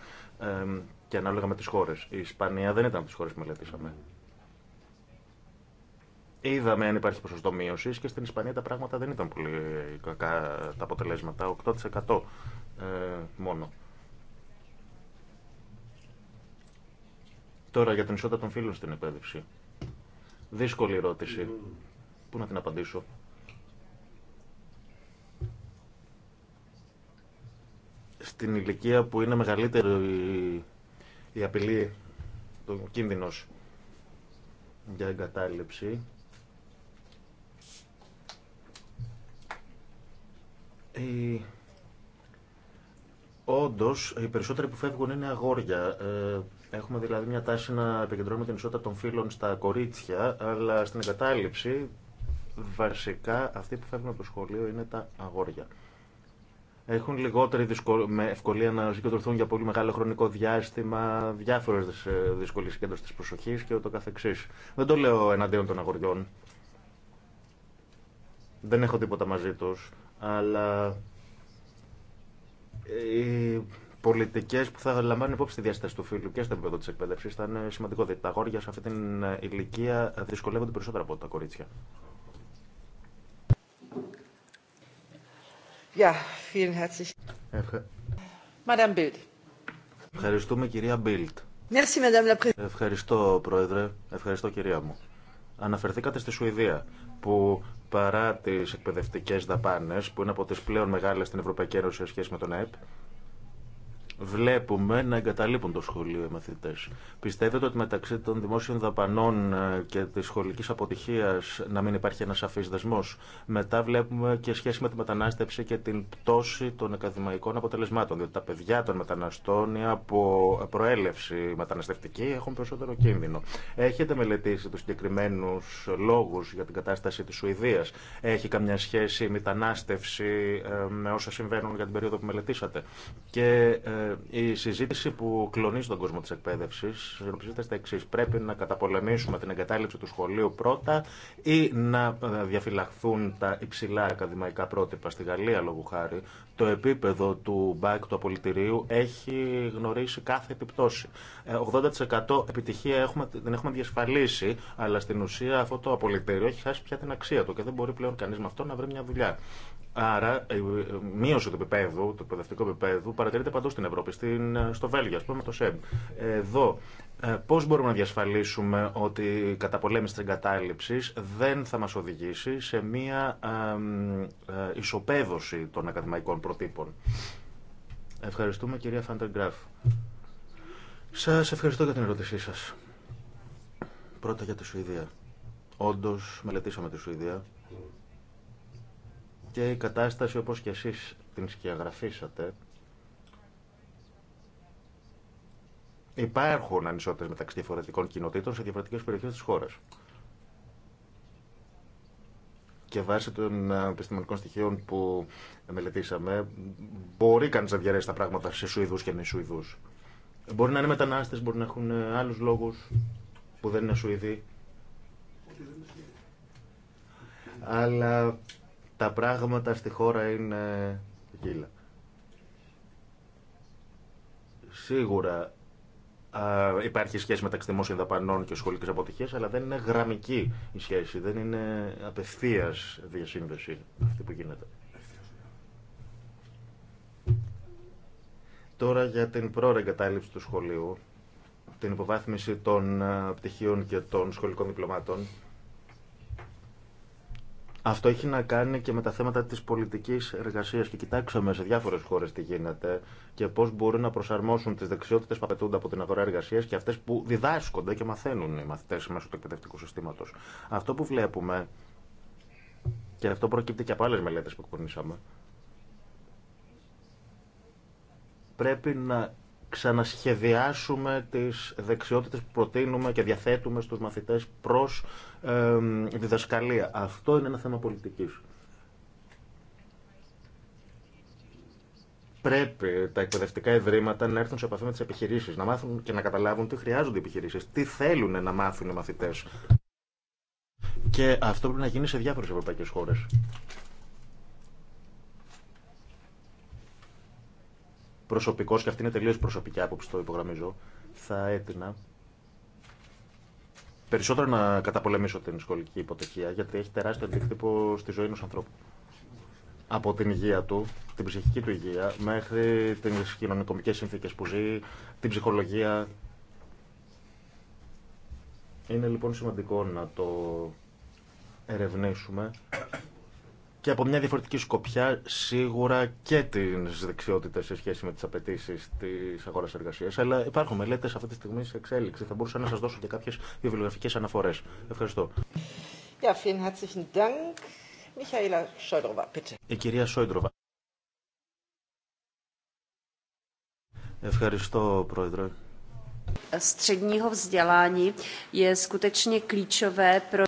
και ανάλογα με τις χώρες. Η Ισπανία δεν ήταν από τις χώρες που μελετήσαμε. Είδαμε αν υπάρχει ποσοστό μείωση και στην Ισπανία τα πράγματα δεν ήταν πολύ κακά τα αποτελέσματα. 8% ε, μόνο. Τώρα για την ισότητα των φίλων στην εκπαίδευση. Δύσκολη ερώτηση. Πού να την απαντήσω. Στην ηλικία που είναι μεγαλύτερη η απειλή, το κίνδυνος για εγκατάλειψη, Όντω όντως οι περισσότεροι που φεύγουν είναι αγόρια. Ε, Έχουμε δηλαδή μια τάση να επικεντρώνουμε την ισότητα των φύλων στα κορίτσια, αλλά στην εγκατάλειψη βασικά αυτοί που φεύγουν από το σχολείο είναι τα αγόρια. Έχουν λιγότερη δυσκολία, ευκολία να συγκεντρωθούν για πολύ μεγάλο χρονικό διάστημα, διάφορε δυσκολίε συγκέντρωση τη προσοχή και ούτω καθεξής. Δεν το λέω εναντίον των αγοριών. Δεν έχω τίποτα μαζί του, αλλά ε, η πολιτικέ που θα λαμβάνουν υπόψη τη διάσταση του φίλου και στο επίπεδο τη εκπαίδευση θα είναι σημαντικό. Διότι τα αγόρια σε αυτή την ε, ηλικία δυσκολεύονται περισσότερο από τα κορίτσια. vielen Bild. Ευχαριστούμε κυρία Μπίλτ. Ευχαριστώ πρόεδρε, ευχαριστώ κυρία μου. Αναφερθήκατε στη Σουηδία που παρά τις εκπαιδευτικές δαπάνες που είναι από τις πλέον μεγάλες στην Ευρωπαϊκή Ένωση σε σχέση με τον ΑΕΠ βλέπουμε να εγκαταλείπουν το σχολείο οι μαθητές. Πιστεύετε ότι μεταξύ των δημόσιων δαπανών ε, και της σχολικής αποτυχίας να μην υπάρχει ένας σαφής δεσμός. Μετά βλέπουμε και σχέση με τη μετανάστευση και την πτώση των ακαδημαϊκών αποτελεσμάτων. Διότι τα παιδιά των μεταναστών ή από προέλευση μεταναστευτική έχουν περισσότερο κίνδυνο. Έχετε μελετήσει τους συγκεκριμένου λόγους για την κατάσταση της Σουηδίας. Έχει καμιά σχέση η μετανάστευση ε, με όσα συμβαίνουν για την περίοδο που μελετήσατε. Και ε, ε, η συζήτηση που κλονίζει τον κόσμο τη εκπαίδευση συνοψίζεται στα εξή. Πρέπει να καταπολεμήσουμε την εγκατάλειψη του σχολείου πρώτα ή να διαφυλαχθούν τα υψηλά ακαδημαϊκά πρότυπα. Στη Γαλλία, λόγου χάρη, το επίπεδο του μπακ του απολυτηρίου έχει γνωρίσει κάθε επιπτώση. 80% ε, επιτυχία έχουμε, την έχουμε διασφαλίσει, αλλά στην ουσία αυτό το απολυτήριο έχει χάσει πια την αξία του και δεν μπορεί πλέον κανεί με αυτό να βρει μια δουλειά. Άρα, η ε, ε, μείωση του επίπεδου, του εκπαιδευτικού επίπεδου, παρατηρείται παντού στην Ευρώπη, στην, ε, στο Βέλγιο, α πούμε, το ΣΕΜ. Εδώ, πώ μπορούμε να διασφαλίσουμε ότι η καταπολέμηση τη εγκατάλειψη δεν θα μα οδηγήσει σε μία ισοπαίδωση των ακαδημαϊκών προτύπων. Ευχαριστούμε, κυρία Φαντεγκράφ. Σα ευχαριστώ για την ερώτησή σα. Πρώτα για τη Σουηδία. Όντω, μελετήσαμε τη Σουηδία και η κατάσταση όπως και εσείς την σκιαγραφίσατε υπάρχουν ανισότητες μεταξύ διαφορετικών κοινοτήτων σε διαφορετικές περιοχές της χώρας. Και βάσει των ε, επιστημονικών στοιχείων που μελετήσαμε, μπορεί κανεί να διαρρέσει τα πράγματα σε Σουηδούς και με Σουηδού. Μπορεί να είναι μετανάστες, μπορεί να έχουν ε, άλλους λόγους, που δεν είναι Σουηδοί. Αλλά τα πράγματα στη χώρα είναι γύλα. Σίγουρα υπάρχει σχέση μεταξύ δημόσιων δαπανών και σχολικής αποτυχίας, αλλά δεν είναι γραμμική η σχέση, δεν είναι απευθείας διασύνδεση αυτή που γίνεται. Τώρα για την πρόορα εγκατάλειψη του σχολείου, την υποβάθμιση των πτυχίων και των σχολικών διπλωμάτων, αυτό έχει να κάνει και με τα θέματα της πολιτικής εργασίας και κοιτάξαμε σε διάφορες χώρες τι γίνεται και πώς μπορούν να προσαρμόσουν τις δεξιότητες που απαιτούνται από την αγορά εργασίας και αυτές που διδάσκονται και μαθαίνουν οι μαθητές μέσω του εκπαιδευτικού συστήματος. Αυτό που βλέπουμε και αυτό προκύπτει και από άλλες μελέτες που εκπονήσαμε πρέπει να ξανασχεδιάσουμε τις δεξιότητες που προτείνουμε και διαθέτουμε στους μαθητές προς διδασκαλία. Αυτό είναι ένα θέμα πολιτικής. πρέπει τα εκπαιδευτικά ιδρύματα να έρθουν σε επαφή με τις επιχειρήσεις. να μάθουν και να καταλάβουν τι χρειάζονται οι επιχειρήσεις. τι θέλουν να μάθουν οι μαθητές. Και αυτό πρέπει να γίνει σε διάφορες ευρωπαϊκές χώρες. Προσωπικός, και αυτή είναι τελείως προσωπική άποψη, το υπογραμμίζω, θα έτεινα περισσότερο να καταπολεμήσω την σχολική υποτυχία, γιατί έχει τεράστιο αντίκτυπο στη ζωή ενό ανθρώπου. Από την υγεία του, την ψυχική του υγεία, μέχρι τι κοινωνικομικέ συνθήκε που ζει, την ψυχολογία. Είναι λοιπόν σημαντικό να το ερευνήσουμε και από μια διαφορετική σκοπιά σίγουρα και τι δεξιότητε σε σχέση με τι απαιτήσει τη αγορά εργασία. Αλλά υπάρχουν μελέτε αυτή τη στιγμή σε εξέλιξη. Θα μπορούσα να σα δώσω και κάποιε βιβλιογραφικέ αναφορέ. Ευχαριστώ. Η κυρία Ευχαριστώ, Πρόεδρε.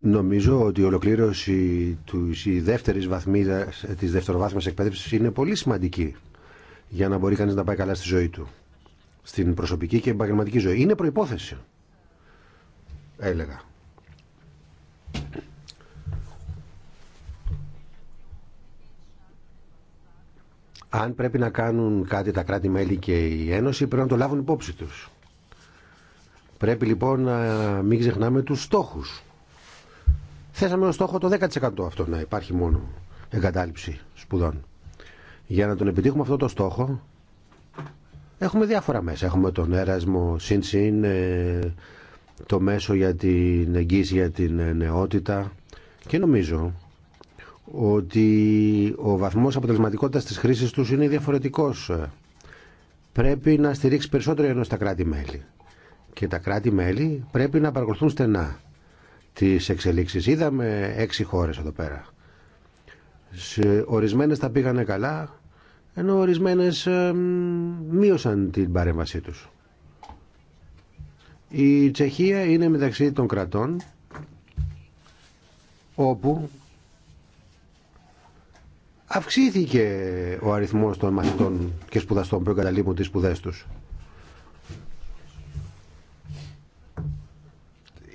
Νομίζω ότι η ολοκλήρωση της δεύτερης βαθμίδας, εκπαίδευσης είναι πολύ σημαντική για να μπορεί κανείς να πάει καλά στη ζωή του. Στην προσωπική και επαγγελματική ζωή. Είναι προϋπόθεση, έλεγα. Αν πρέπει να κάνουν κάτι τα κράτη-μέλη και η Ένωση, πρέπει να το λάβουν υπόψη τους. Πρέπει λοιπόν να μην ξεχνάμε τους στόχους. Θέσαμε ως στόχο το 10% αυτό να υπάρχει μόνο εγκατάλειψη σπουδών. Για να τον επιτύχουμε αυτό το στόχο έχουμε διάφορα μέσα. Έχουμε τον έρασμο συν συν, ε, το μέσο για την εγγύηση για την νεότητα και νομίζω ότι ο βαθμός αποτελεσματικότητας της χρήσης τους είναι διαφορετικός. Πρέπει να στηρίξει περισσότερο ενώ στα κράτη-μέλη και τα κράτη-μέλη πρέπει να παρακολουθούν στενά τις εξελίξεις. Είδαμε έξι χώρες εδώ πέρα. Ορισμένε ορισμένες τα πήγανε καλά, ενώ ορισμένες μείωσαν την παρέμβασή τους. Η Τσεχία είναι μεταξύ των κρατών όπου αυξήθηκε ο αριθμός των μαθητών και σπουδαστών που εγκαταλείπουν τις σπουδές τους.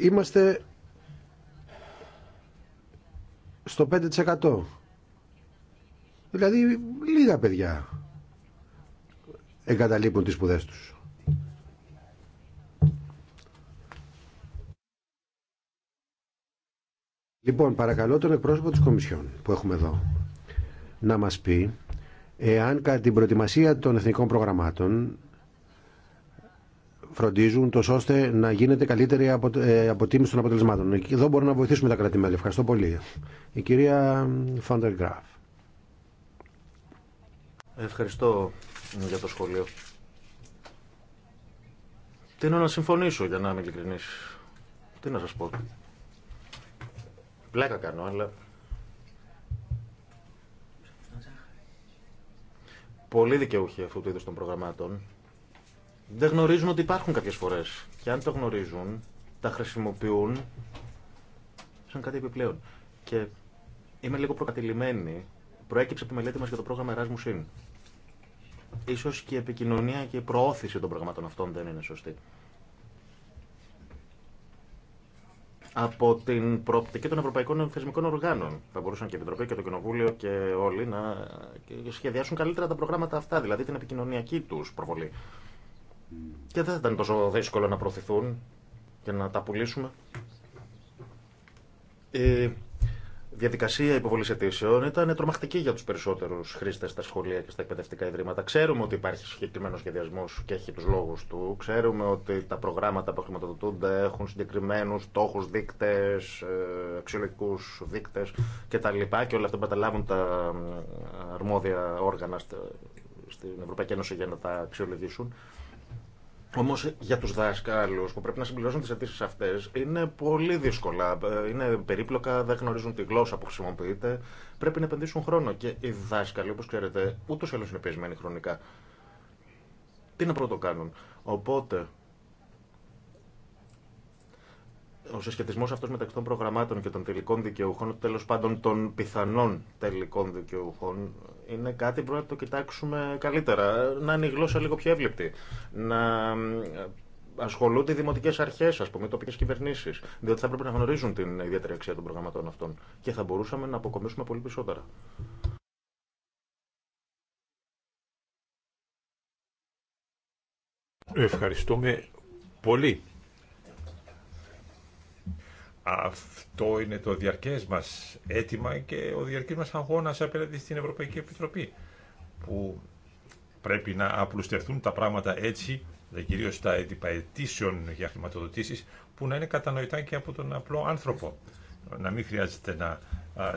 Είμαστε στο 5%. Δηλαδή λίγα παιδιά εγκαταλείπουν τις σπουδές τους. Λοιπόν, παρακαλώ τον εκπρόσωπο της Κομισιόν που έχουμε εδώ να μας πει εάν κατά την προετοιμασία των εθνικών προγραμμάτων φροντίζουν τόσο ώστε να γίνεται καλύτερη ε, αποτίμηση των αποτελεσμάτων. Εδώ μπορούμε να βοηθήσουμε τα κράτη-μέλη. Ευχαριστώ πολύ. Η κυρία Φάντερ Γκράφ. Ευχαριστώ για το σχολείο. Τι να συμφωνήσω για να είμαι ειλικρινής. Τι να σας πω. Πλάκα κάνω, αλλά... Πολύ δικαιούχοι αυτού του είδους των προγραμμάτων δεν γνωρίζουν ότι υπάρχουν κάποιες φορές. Και αν το γνωρίζουν, τα χρησιμοποιούν σαν κάτι επιπλέον. Και είμαι λίγο προκατηλημένη. Προέκυψε από τη μελέτη μας για το πρόγραμμα Erasmus In. Ίσως και η επικοινωνία και η προώθηση των προγραμμάτων αυτών δεν είναι σωστή. από την προοπτική των Ευρωπαϊκών Θεσμικών Οργάνων. Θα μπορούσαν και η Επιτροπή και το Κοινοβούλιο και όλοι να σχεδιάσουν καλύτερα τα προγράμματα αυτά, δηλαδή την επικοινωνιακή του προβολή. Και δεν θα ήταν τόσο δύσκολο να προωθηθούν και να τα πουλήσουμε. Η διαδικασία υποβολή αιτήσεων ήταν τρομακτική για του περισσότερου χρήστε στα σχολεία και στα εκπαιδευτικά ιδρύματα. Ξέρουμε ότι υπάρχει συγκεκριμένο σχεδιασμό και έχει του λόγου του. Ξέρουμε ότι τα προγράμματα που χρηματοδοτούνται έχουν συγκεκριμένου στόχου, δείκτε, αξιολογικού δείκτε κτλ. Και όλα αυτά που καταλάβουν τα ε, αρμόδια όργανα στην Ευρωπαϊκή Ένωση για να τα αξιολογήσουν. Όμω για του δάσκαλου που πρέπει να συμπληρώσουν τι αιτήσει αυτέ είναι πολύ δύσκολα. Είναι περίπλοκα, δεν γνωρίζουν τη γλώσσα που χρησιμοποιείται. Πρέπει να επενδύσουν χρόνο. Και οι δάσκαλοι, όπω ξέρετε, ούτω ή άλλω είναι πιεσμένοι χρονικά. Τι να πρώτο κάνουν. Οπότε ο συσχετισμό αυτό μεταξύ των προγραμμάτων και των τελικών δικαιούχων, τέλο πάντων των πιθανών τελικών δικαιούχων, είναι κάτι που πρέπει να το κοιτάξουμε καλύτερα. Να είναι η γλώσσα λίγο πιο εύληπτη. Να ασχολούνται οι δημοτικέ αρχέ, α πούμε, οι τοπικέ κυβερνήσει. Διότι θα έπρεπε να γνωρίζουν την ιδιαίτερη αξία των προγραμματών αυτών. Και θα μπορούσαμε να αποκομίσουμε πολύ περισσότερα. Ευχαριστούμε πολύ αυτό είναι το διαρκές μας αίτημα και ο διαρκής μας αγώνας απέναντι στην Ευρωπαϊκή Επιτροπή που πρέπει να απλουστευτούν τα πράγματα έτσι, κυρίως τα έντυπα αιτήσεων για χρηματοδοτήσεις που να είναι κατανοητά και από τον απλό άνθρωπο. Να μην χρειάζεται να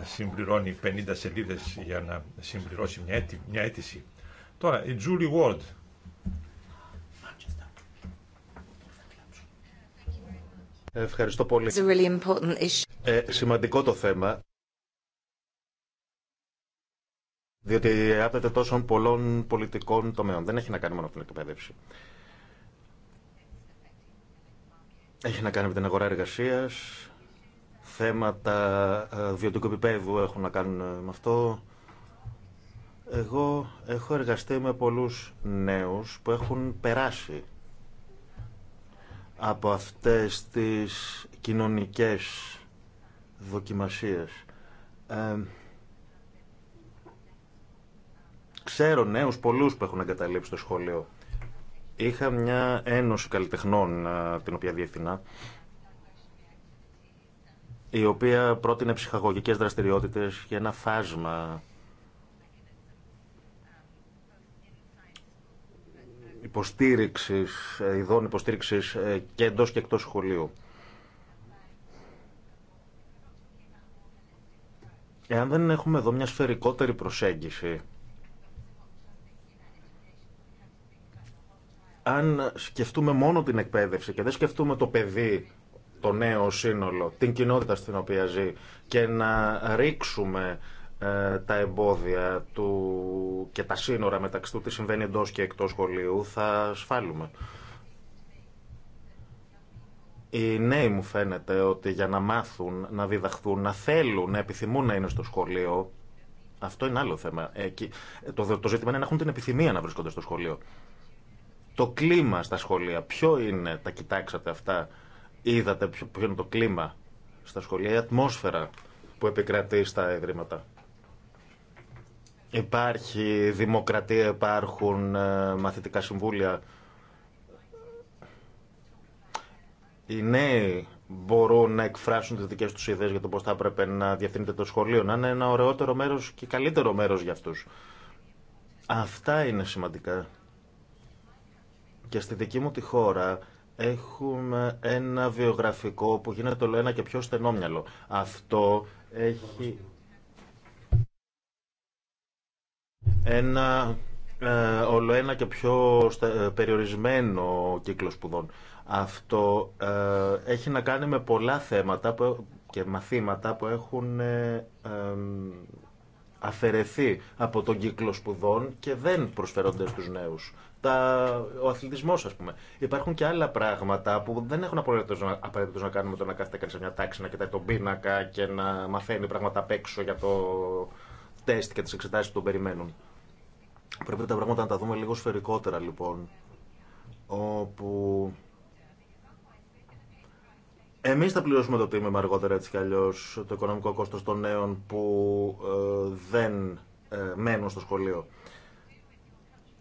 συμπληρώνει 50 σελίδες για να συμπληρώσει μια αίτηση. Τώρα, η Julie Ward, Ευχαριστώ πολύ. Ε, σημαντικό το θέμα. Διότι άπτεται τόσων πολλών πολιτικών τομέων. Δεν έχει να κάνει μόνο με την εκπαίδευση. Έχει να κάνει με την αγορά εργασία. Θέματα βιωτικού ε, επίπεδου έχουν να κάνουν ε, με αυτό. Εγώ έχω εργαστεί με πολλούς νέους που έχουν περάσει από αυτές τις κοινωνικές δοκιμασίες. Ε, ξέρω νέους πολλούς που έχουν εγκαταλείψει το σχολείο. Είχα μια ένωση καλλιτεχνών, ε, την οποία διευθυνά, η οποία πρότεινε ψυχαγωγικές δραστηριότητες για ένα φάσμα υποστήριξης, ε, ειδών υποστήριξης ε, και εντός και εκτός σχολείου. Εάν δεν έχουμε εδώ μια σφαιρικότερη προσέγγιση, αν σκεφτούμε μόνο την εκπαίδευση και δεν σκεφτούμε το παιδί, το νέο σύνολο, την κοινότητα στην οποία ζει και να ρίξουμε ε, τα εμπόδια του και τα σύνορα μεταξύ του τι συμβαίνει εντός και εκτός σχολείου θα σφάλουμε. Οι νέοι μου φαίνεται ότι για να μάθουν, να διδαχθούν, να θέλουν, να επιθυμούν να είναι στο σχολείο, αυτό είναι άλλο θέμα. το, ζήτημα είναι να έχουν την επιθυμία να βρίσκονται στο σχολείο. Το κλίμα στα σχολεία, ποιο είναι, τα κοιτάξατε αυτά, είδατε ποιο, είναι το κλίμα στα σχολεία, η ατμόσφαιρα που επικρατεί στα ιδρύματα. Υπάρχει δημοκρατία, υπάρχουν ε, μαθητικά συμβούλια. Οι νέοι μπορούν να εκφράσουν τι δικέ του ιδέες για το πώ θα έπρεπε να διευθύνεται το σχολείο, να είναι ένα ωραιότερο μέρο και καλύτερο μέρο για αυτούς. Αυτά είναι σημαντικά. Και στη δική μου τη χώρα έχουμε ένα βιογραφικό που γίνεται όλο ένα και πιο στενόμυαλο. Αυτό έχει ένα ε, όλο ένα και πιο ε, περιορισμένο κύκλο σπουδών. Αυτό ε, έχει να κάνει με πολλά θέματα και μαθήματα που έχουν ε, αφαιρεθεί από τον κύκλο σπουδών και δεν προσφέρονται στους νέους. Τα, ο αθλητισμός, ας πούμε. Υπάρχουν και άλλα πράγματα που δεν έχουν απαραίτητο να κάνουν με το να κάθεται κανείς σε μια τάξη, να κοιτάει τον πίνακα και να μαθαίνει πράγματα απ' έξω για το τεστ και τις εξετάσεις που τον περιμένουν. Πρέπει τα πράγματα να τα δούμε λίγο σφαιρικότερα λοιπόν, όπου Εμεί θα πληρώσουμε το τίμημα αργότερα έτσι κι αλλιώ το οικονομικό κόστο των νέων που ε, δεν ε, μένουν στο σχολείο.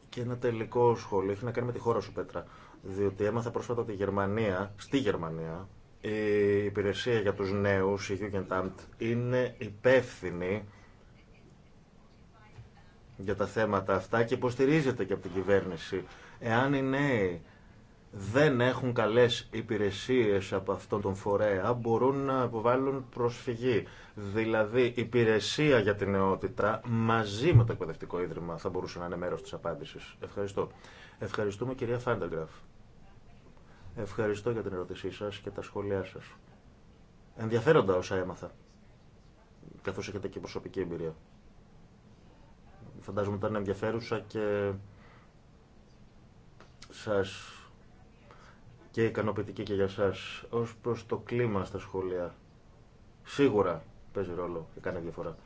Και ένα τελικό σχόλιο έχει να κάνει με τη χώρα σου, Πέτρα. Διότι έμαθα πρόσφατα ότι η Γερμανία, στη Γερμανία, η υπηρεσία για του νέου, η Jugendamt, είναι υπεύθυνη για τα θέματα αυτά και υποστηρίζεται και από την κυβέρνηση. Εάν οι νέοι δεν έχουν καλές υπηρεσίες από αυτόν τον φορέα, μπορούν να υποβάλουν προσφυγή. Δηλαδή, υπηρεσία για την νεότητα μαζί με το εκπαιδευτικό ίδρυμα θα μπορούσε να είναι μέρος της απάντησης. Ευχαριστώ. Ευχαριστούμε κυρία Φάνταγκραφ. Ευχαριστώ για την ερώτησή σας και τα σχόλιά σας. Ενδιαφέροντα όσα έμαθα, καθώς έχετε και προσωπική εμπειρία φαντάζομαι ήταν ενδιαφέρουσα και σας και ικανοποιητική και για σας ως προς το κλίμα στα σχολεία σίγουρα παίζει ρόλο και κάνει διαφορά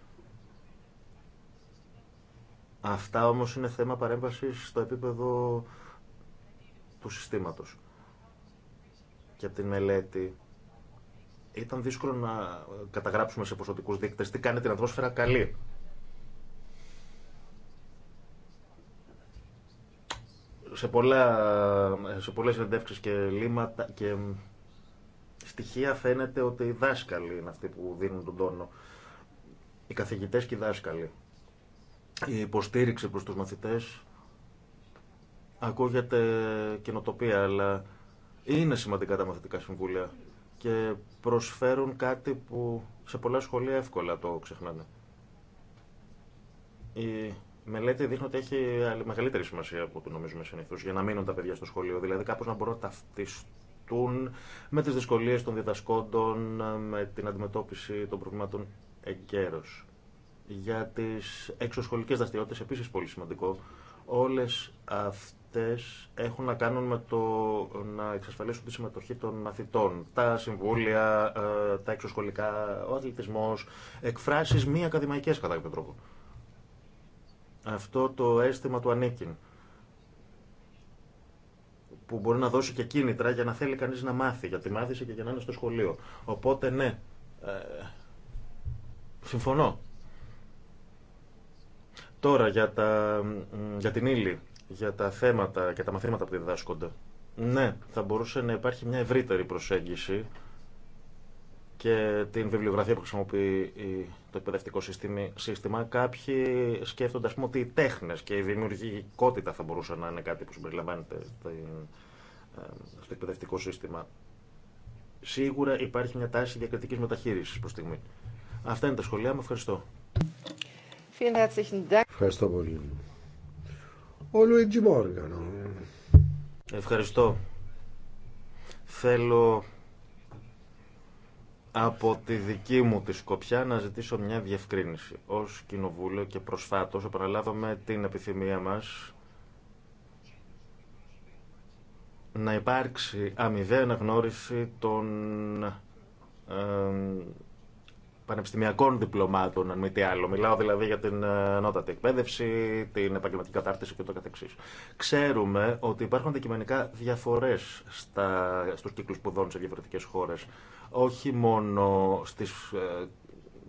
αυτά όμως είναι θέμα παρέμβασης στο επίπεδο του συστήματος και από την μελέτη ήταν δύσκολο να καταγράψουμε σε ποσοτικούς δείκτες τι κάνει την ατμόσφαιρα καλή σε, πολλά, σε πολλές συνεντεύξεις και λίματα και στοιχεία φαίνεται ότι οι δάσκαλοι είναι αυτοί που δίνουν τον τόνο. Οι καθηγητές και οι δάσκαλοι. Η υποστήριξη προς τους μαθητές ακούγεται καινοτοπία, αλλά είναι σημαντικά τα μαθητικά συμβούλια και προσφέρουν κάτι που σε πολλά σχολεία εύκολα το ξεχνάνε μελέτη δείχνει ότι έχει μεγαλύτερη σημασία από ό,τι νομίζουμε συνήθω για να μείνουν τα παιδιά στο σχολείο. Δηλαδή, κάπω να μπορούν να ταυτιστούν με τι δυσκολίε των διδασκόντων, με την αντιμετώπιση των προβλημάτων εγκαίρω. Για τι εξωσχολικέ δραστηριότητε, επίση πολύ σημαντικό, όλε αυτέ έχουν να κάνουν με το να εξασφαλίσουν τη συμμετοχή των μαθητών. Τα συμβούλια, ε, τα εξωσχολικά, ο αθλητισμό, εκφράσει μη ακαδημαϊκέ κατά κάποιο τρόπο. Αυτό το αίσθημα του ανήκειν που μπορεί να δώσει και κίνητρα για να θέλει κανείς να μάθει, για τη μάθηση και για να είναι στο σχολείο. Οπότε ναι, ε, συμφωνώ. Τώρα για, τα, για την ύλη, για τα θέματα και τα μαθήματα που διδάσκονται. Ναι, θα μπορούσε να υπάρχει μια ευρύτερη προσέγγιση και την βιβλιογραφία που χρησιμοποιεί το εκπαιδευτικό σύστημα, κάποιοι σκέφτονται ας πούμε, ότι οι τέχνες και η δημιουργικότητα θα μπορούσε να είναι κάτι που συμπεριλαμβάνεται ε, στο εκπαιδευτικό σύστημα. Σίγουρα υπάρχει μια τάση διακριτικής μεταχείρισης προς στιγμή. Αυτά είναι τα σχολεία μου. Ευχαριστώ. Ευχαριστώ πολύ. Ο Λουίτζι Μόργανο. Ευχαριστώ. Θέλω από τη δική μου τη σκοπιά να ζητήσω μια διευκρίνηση. Ως Κοινοβούλιο και προσφάτω επαναλάβαμε την επιθυμία μας να υπάρξει αμοιβαία αναγνώριση των ε, πανεπιστημιακών διπλωμάτων, αν μη τι άλλο. Μιλάω δηλαδή για την ε, ανώτατη εκπαίδευση, την επαγγελματική κατάρτιση και το κ.ο.κ. Ξέρουμε ότι υπάρχουν αντικειμενικά διαφορέ στου κύκλου σπουδών σε διαφορετικέ χώρε. Όχι μόνο στι ε,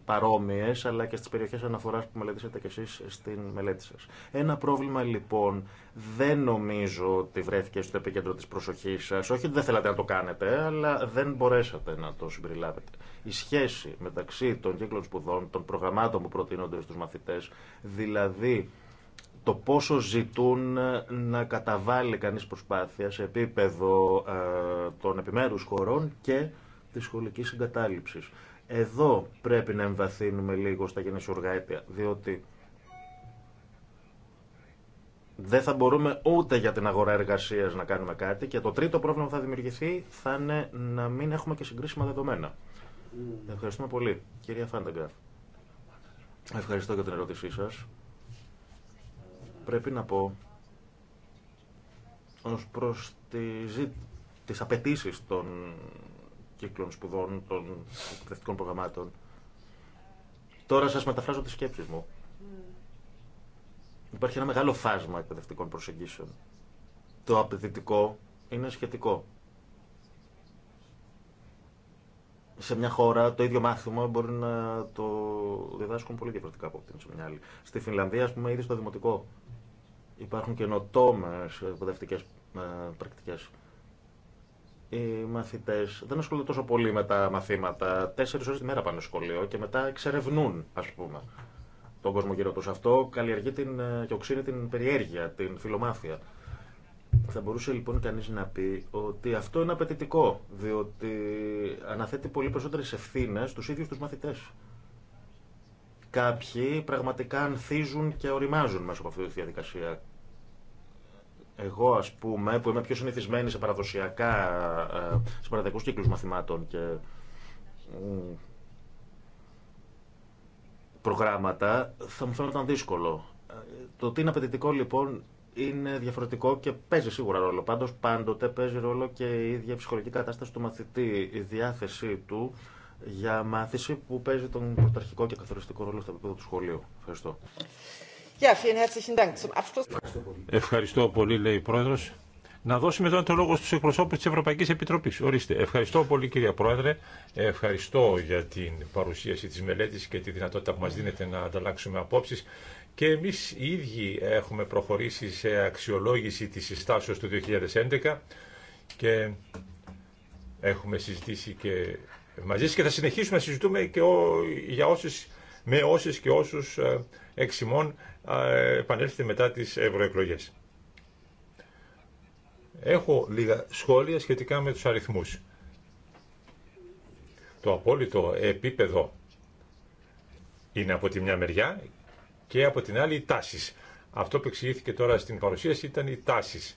παρόμοιε, αλλά και στι περιοχέ αναφορά που μελετήσατε κι εσεί στην μελέτη σα. Ένα πρόβλημα λοιπόν δεν νομίζω ότι βρέθηκε στο επίκεντρο τη προσοχή σα. Όχι ότι δεν θέλατε να το κάνετε, αλλά δεν μπορέσατε να το συμπεριλάβετε η σχέση μεταξύ των κύκλων σπουδών, των προγραμμάτων που προτείνονται στους μαθητές, δηλαδή το πόσο ζητούν ε, να καταβάλει κανείς προσπάθεια σε επίπεδο ε, των επιμέρους χωρών και της σχολικής εγκατάλειψης. Εδώ πρέπει να εμβαθύνουμε λίγο στα γενεσιουργά αίτια, διότι δεν θα μπορούμε ούτε για την αγορά εργασίας να κάνουμε κάτι και το τρίτο πρόβλημα που θα δημιουργηθεί θα είναι να μην έχουμε και συγκρίσιμα δεδομένα. Ευχαριστούμε πολύ. Κυρία Φάνταγ. ευχαριστώ για την ερώτησή σας. Πρέπει να πω ως προς τις, τις απαιτήσει των κύκλων σπουδών, των εκπαιδευτικών προγραμμάτων. Τώρα σας μεταφράζω τις σκέψεις μου. Υπάρχει ένα μεγάλο φάσμα εκπαιδευτικών προσεγγίσεων. Το απαιτητικό είναι σχετικό. σε μια χώρα το ίδιο μάθημα μπορεί να το διδάσκουν πολύ διαφορετικά από την σε μια άλλη. Στη Φινλανδία, α πούμε, ήδη στο δημοτικό υπάρχουν καινοτόμε εκπαιδευτικέ ε, πρακτικέ. Οι μαθητέ δεν ασχολούνται τόσο πολύ με τα μαθήματα. Τέσσερι ώρε τη μέρα πάνε στο σχολείο και μετά εξερευνούν, α πούμε, τον κόσμο γύρω του. Αυτό καλλιεργεί την, ε, και οξύνει την περιέργεια, την φιλομάθεια. Θα μπορούσε λοιπόν κανείς να πει ότι αυτό είναι απαιτητικό, διότι αναθέτει πολύ περισσότερες ευθύνες στους ίδιους τους μαθητές. Κάποιοι πραγματικά ανθίζουν και οριμάζουν μέσα από αυτή τη διαδικασία. Εγώ, ας πούμε, που είμαι πιο συνηθισμένη σε παραδοσιακά, ε, σε παραδοσιακούς κύκλους μαθημάτων και προγράμματα, θα μου φαίνονταν δύσκολο. Ε, το τι είναι απαιτητικό λοιπόν είναι διαφορετικό και παίζει σίγουρα ρόλο. Πάντως πάντοτε παίζει ρόλο και η ίδια ψυχολογική κατάσταση του μαθητή, η διάθεσή του για μάθηση που παίζει τον πρωταρχικό και καθοριστικό ρόλο στο επίπεδο του σχολείου. Ευχαριστώ. Ευχαριστώ πολύ, λέει η Πρόεδρος. Να δώσουμε τώρα το λόγο στους εκπροσώπους της Ευρωπαϊκής Επιτροπής. Ορίστε. Ευχαριστώ πολύ κυρία Πρόεδρε. Ευχαριστώ για την παρουσίαση της μελέτης και τη δυνατότητα που μας δίνεται να ανταλλάξουμε απόψεις και εμείς οι ίδιοι έχουμε προχωρήσει σε αξιολόγηση της συστάσεως του 2011 και έχουμε συζητήσει και μαζί και θα συνεχίσουμε να συζητούμε και για όσους, με όσες και όσους ε, εξημών ε, επανέλθετε μετά τις ευρωεκλογές. Έχω λίγα σχόλια σχετικά με τους αριθμούς. Το απόλυτο επίπεδο είναι από τη μια μεριά και από την άλλη οι τάσει. Αυτό που εξηγήθηκε τώρα στην παρουσίαση ήταν οι τάσει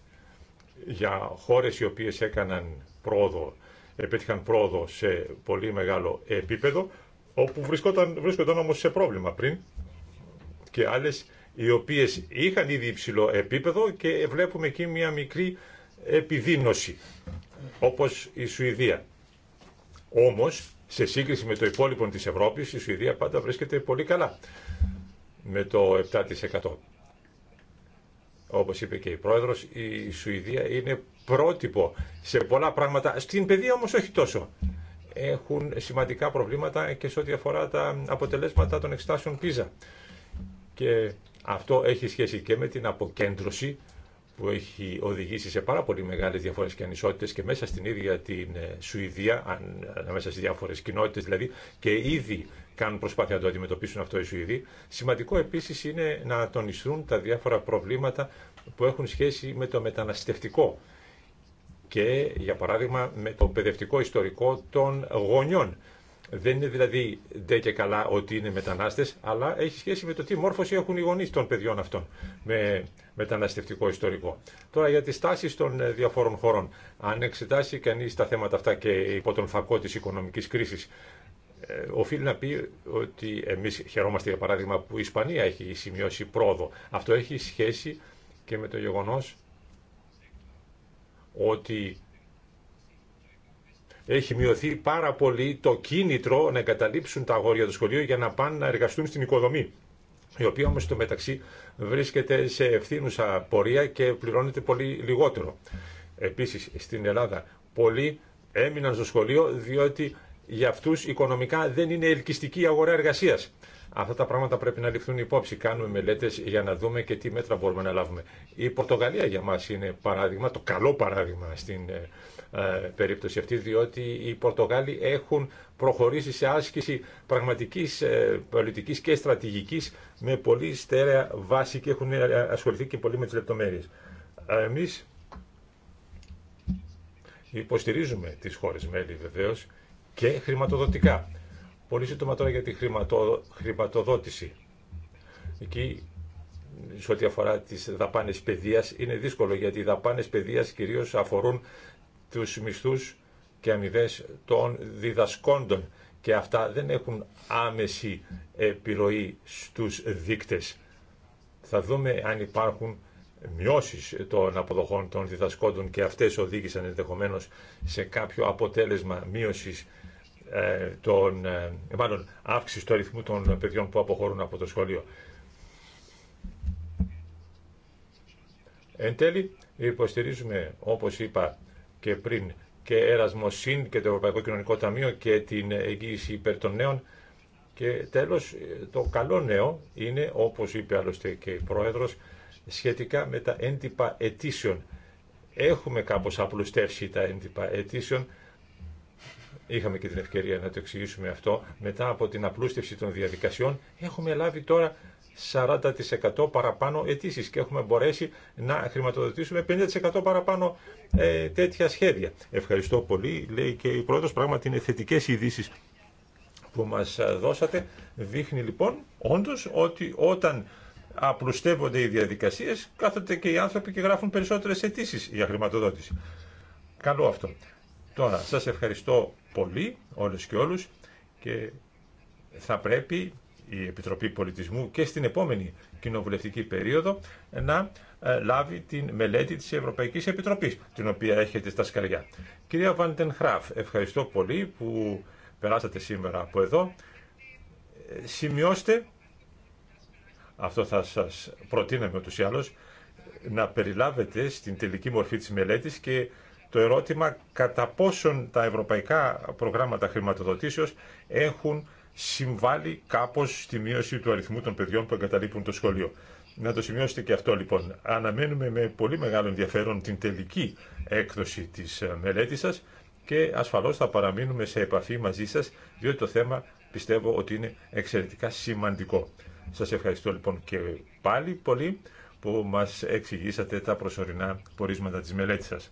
για χώρες οι οποίες έκαναν πρόοδο, επέτυχαν πρόοδο σε πολύ μεγάλο επίπεδο, όπου βρισκόταν, βρίσκονταν όμως σε πρόβλημα πριν και άλλες οι οποίες είχαν ήδη υψηλό επίπεδο και βλέπουμε εκεί μια μικρή επιδείνωση, όπω η Σουηδία. Όμω, σε σύγκριση με το υπόλοιπο τη Ευρώπη, η Σουηδία πάντα βρίσκεται πολύ καλά με το 7%. Όπως είπε και η πρόεδρος, η Σουηδία είναι πρότυπο σε πολλά πράγματα. Στην παιδεία όμως όχι τόσο. Έχουν σημαντικά προβλήματα και σε ό,τι αφορά τα αποτελέσματα των εξτάσεων πίζα. Και αυτό έχει σχέση και με την αποκέντρωση που έχει οδηγήσει σε πάρα πολύ μεγάλες διαφορές και ανισότητες και μέσα στην ίδια την ε, Σουηδία, αν, ε, μέσα στις διάφορες κοινότητες δηλαδή, και ήδη κάνουν προσπάθεια να το αντιμετωπίσουν αυτό οι Σουηδοί. Σημαντικό επίσης είναι να τονιστούν τα διάφορα προβλήματα που έχουν σχέση με το μεταναστευτικό και για παράδειγμα με το παιδευτικό ιστορικό των γονιών δεν είναι δηλαδή ντε και καλά ότι είναι μετανάστε, αλλά έχει σχέση με το τι μόρφωση έχουν οι γονεί των παιδιών αυτών με μεταναστευτικό ιστορικό. Τώρα για τι τάσει των ε, διαφόρων χωρών. Αν εξετάσει κανεί τα θέματα αυτά και υπό τον φακό τη οικονομική κρίση, ε, οφείλει να πει ότι εμεί χαιρόμαστε για παράδειγμα που η Ισπανία έχει σημειώσει πρόοδο. Αυτό έχει σχέση και με το γεγονό ότι έχει μειωθεί πάρα πολύ το κίνητρο να εγκαταλείψουν τα αγόρια του σχολείου για να πάνε να εργαστούν στην οικοδομή, η οποία όμω στο μεταξύ βρίσκεται σε ευθύνουσα πορεία και πληρώνεται πολύ λιγότερο. Επίση, στην Ελλάδα πολλοί έμειναν στο σχολείο διότι για αυτού οικονομικά δεν είναι ελκυστική η αγορά εργασία. Αυτά τα πράγματα πρέπει να ληφθούν υπόψη. Κάνουμε μελέτε για να δούμε και τι μέτρα μπορούμε να λάβουμε. Η Πορτογαλία για μα είναι παράδειγμα, το καλό παράδειγμα στην ε, ε, περίπτωση αυτή, διότι οι Πορτογάλοι έχουν προχωρήσει σε άσκηση πραγματικής ε, πολιτικής και στρατηγικής με πολύ στέρεα βάση και έχουν ε, ασχοληθεί και πολύ με τις λεπτομέρειες. Εμείς υποστηρίζουμε τις χώρες μέλη βεβαίως και χρηματοδοτικά. Πολύ σύντομα τώρα για τη χρηματοδότηση. Εκεί σε ό,τι αφορά τις δαπάνες παιδείας Είναι δύσκολο γιατί οι δαπάνες παιδείας κυρίως αφορούν τους μισθούς και αμοιβέ των διδασκόντων και αυτά δεν έχουν άμεση επιρροή στους δείκτες. Θα δούμε αν υπάρχουν μειώσεις των αποδοχών των διδασκόντων και αυτές οδήγησαν ενδεχομένως σε κάποιο αποτέλεσμα μείωσης ε, των, ε, μάλλον αύξηση του αριθμού των παιδιών που αποχωρούν από το σχολείο. Εν τέλει, υποστηρίζουμε, όπως είπα, και πριν και Ερασμοσύν και το Ευρωπαϊκό Κοινωνικό Ταμείο και την εγγύηση υπέρ των νέων. Και τέλος, το καλό νέο είναι, όπως είπε άλλωστε και η Πρόεδρος, σχετικά με τα έντυπα αιτήσεων. Έχουμε κάπως απλουστεύσει τα έντυπα αιτήσεων. Είχαμε και την ευκαιρία να το εξηγήσουμε αυτό. Μετά από την απλούστευση των διαδικασιών, έχουμε λάβει τώρα 40% παραπάνω αιτήσει και έχουμε μπορέσει να χρηματοδοτήσουμε 50% παραπάνω ε, τέτοια σχέδια. Ευχαριστώ πολύ, λέει και η πρόεδρος, πράγματι είναι θετικέ ειδήσει που μας ε, δώσατε. Δείχνει λοιπόν όντω ότι όταν απλουστεύονται οι διαδικασίες, κάθονται και οι άνθρωποι και γράφουν περισσότερες αιτήσει για χρηματοδότηση. Καλό αυτό. Τώρα, σας ευχαριστώ πολύ όλες και όλους και θα πρέπει η Επιτροπή Πολιτισμού και στην επόμενη κοινοβουλευτική περίοδο να ε, λάβει την μελέτη της Ευρωπαϊκής Επιτροπής, την οποία έχετε στα σκαριά. Κυρία Βάντεν Χράφ, ευχαριστώ πολύ που περάσατε σήμερα από εδώ. Ε, σημειώστε, αυτό θα σας προτείναμε ούτως ή άλλως, να περιλάβετε στην τελική μορφή της μελέτης και το ερώτημα κατά πόσον τα ευρωπαϊκά προγράμματα χρηματοδοτήσεως έχουν συμβάλλει κάπως στη μείωση του αριθμού των παιδιών που εγκαταλείπουν το σχολείο. Να το σημειώσετε και αυτό λοιπόν. Αναμένουμε με πολύ μεγάλο ενδιαφέρον την τελική έκδοση της ε, μελέτης σας και ασφαλώς θα παραμείνουμε σε επαφή μαζί σας, διότι το θέμα πιστεύω ότι είναι εξαιρετικά σημαντικό. Σας ευχαριστώ λοιπόν και πάλι πολύ που μας εξηγήσατε τα προσωρινά πορίσματα της μελέτης σας.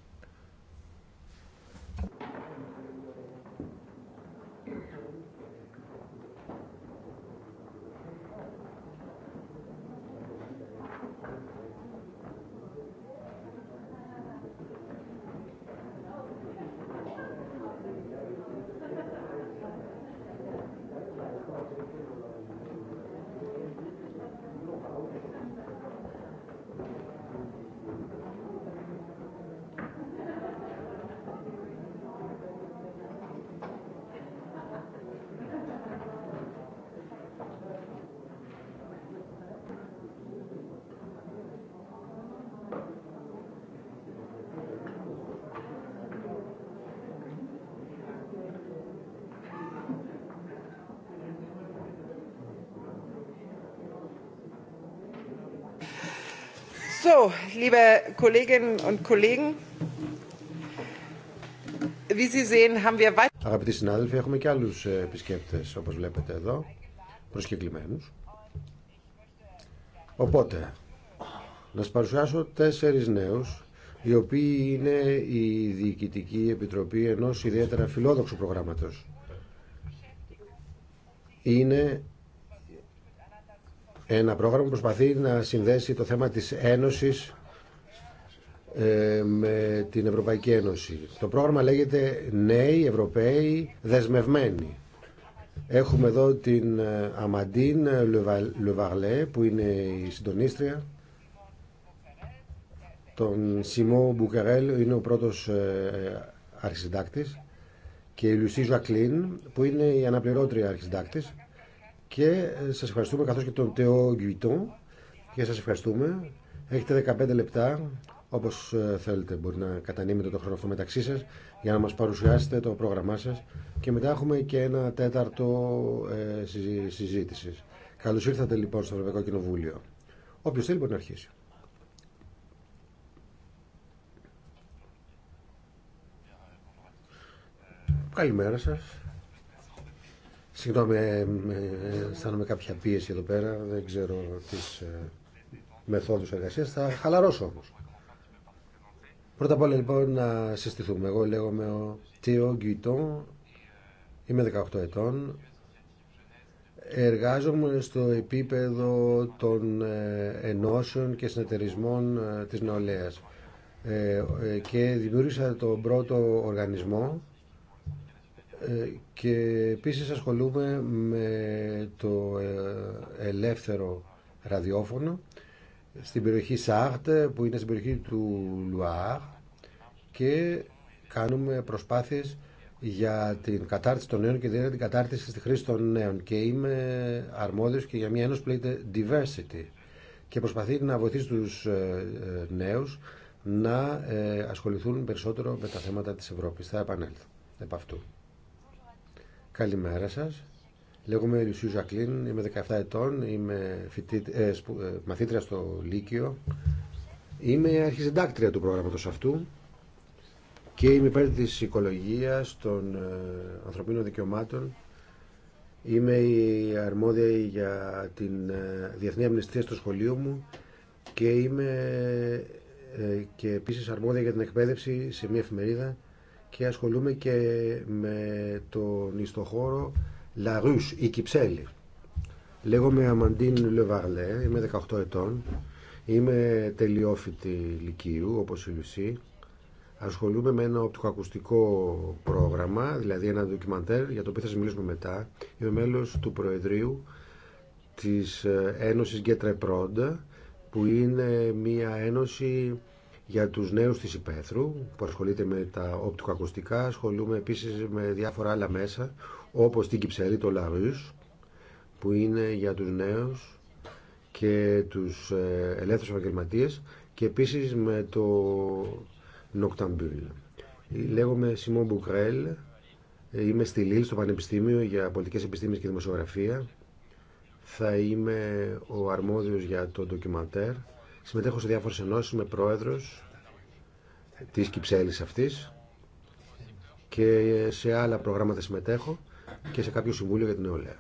So, liebe Kolleginnen Αγαπητοί συνάδελφοι, έχουμε και άλλους ε, επισκέπτες, όπως βλέπετε εδώ, προσκεκλημένους. Οπότε, να σας παρουσιάσω τέσσερις νέους, οι οποίοι είναι η Διοικητική Επιτροπή ενός ιδιαίτερα φιλόδοξου προγράμματος. Είναι ένα πρόγραμμα που προσπαθεί να συνδέσει το θέμα της Ένωσης ε, με την Ευρωπαϊκή Ένωση. Το πρόγραμμα λέγεται Νέοι Ευρωπαίοι Δεσμευμένοι. Έχουμε εδώ την ε, Αμαντίν Λεβαγλέ που είναι η συντονίστρια. Τον Σιμό Μπουκερέλ είναι ο πρώτος ε, αρχισυντάκτης και η Λουσί Ζακλίν που είναι η αναπληρώτρια αρχισυντάκτης και ε, σας ευχαριστούμε καθώς και τον Τεό Γκουιτόν και σας ευχαριστούμε. Έχετε 15 λεπτά όπως ε, θέλετε. Μπορεί να κατανείμετε το χρόνο αυτό μεταξύ σα για να μας παρουσιάσετε το πρόγραμμά σας και μετά έχουμε και ένα τέταρτο ε, συζήτησης. Καλώς ήρθατε λοιπόν στο Ευρωπαϊκό Κοινοβούλιο. οποίο θέλει μπορεί να αρχίσει. Καλημέρα σας. Συγγνώμη, ε, ε, αισθάνομαι κάποια πίεση εδώ πέρα, δεν ξέρω τις ε, μεθόδους εργασία. θα χαλαρώσω όμω. Πρώτα απ' όλα λοιπόν να συστηθούμε. Εγώ λέγομαι ο Τιό Γκουιτόν, είμαι 18 ετών, εργάζομαι στο επίπεδο των ενώσεων και συνεταιρισμών της νεολαίας και δημιούργησα τον πρώτο οργανισμό ε, και επίσης ασχολούμαι με το ε, ελεύθερο ραδιόφωνο στην περιοχή Σάρτε που είναι στην περιοχή του Λουάρ και κάνουμε προσπάθειες για την κατάρτιση των νέων και δηλαδή την κατάρτιση στη χρήση των νέων και είμαι αρμόδιος και για μια ένωση που λέγεται Diversity και προσπαθεί να βοηθήσει τους ε, νέους να ασχοληθούν περισσότερο με τα θέματα της Ευρώπης. Θα επανέλθω επ' αυτού. Καλημέρα σας. Λέγομαι Ρουσίου Ζακλίν, είμαι 17 ετών, είμαι ε, ε, μαθήτρια στο Λύκειο. Είμαι αρχιζεντάκτρια του πρόγραμματος αυτού και είμαι υπέρ της οικολογίας, των ε, ανθρωπίνων δικαιωμάτων. Είμαι η αρμόδια για την ε, Διεθνή Αμνηστία στο σχολείο μου και είμαι και επίσης αρμόδια για την εκπαίδευση σε μια εφημερίδα και ασχολούμαι και με τον ιστοχώρο La Ruche, η Κυψέλη. Λέγομαι Αμαντίν Λεβαρλέ, είμαι 18 ετών, είμαι τελειόφοιτη λυκείου όπως η Λουσί. Ασχολούμαι με ένα οπτικοακουστικό πρόγραμμα, δηλαδή ένα ντοκιμαντέρ για το οποίο θα μιλήσουμε μετά. Είμαι μέλος του Προεδρείου της ε, Ένωσης Γκέτρε που είναι μια ένωση για τους νέου τη υπαίθρου που ασχολείται με τα οπτικοακουστικά ασχολούμαι επίσης με διάφορα άλλα μέσα όπως την Κυψέλη το Λαρού που είναι για τους νέου και τους ε, ελεύθερου επαγγελματίε και επίσης με το Νοκταμπούλ. Λέγομαι Σιμών Μπουκρέλ, είμαι στη Λίλ στο Πανεπιστήμιο για πολιτικές επιστήμες και δημοσιογραφία. Θα είμαι ο αρμόδιος για το ντοκιμαντέρ Συμμετέχω σε διάφορες ενώσεις, είμαι πρόεδρος της Κυψέλης αυτής και σε άλλα προγράμματα συμμετέχω και σε κάποιο συμβούλιο για την νεολαία.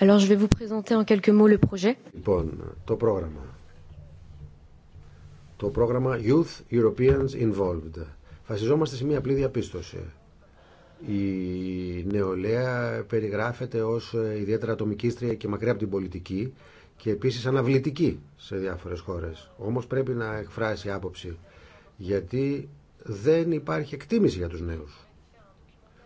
Alors, je vais vous présenter en quelques mots le projet. Λοιπόν, το πρόγραμμα. Το πρόγραμμα Youth Europeans Involved. Φασιζόμαστε σε μια απλή διαπίστωση η νεολαία περιγράφεται ως ε, ιδιαίτερα ατομικίστρια και μακριά από την πολιτική και επίσης αναβλητική σε διάφορες χώρες. Όμως πρέπει να εκφράσει άποψη γιατί δεν υπάρχει εκτίμηση για τους νέους.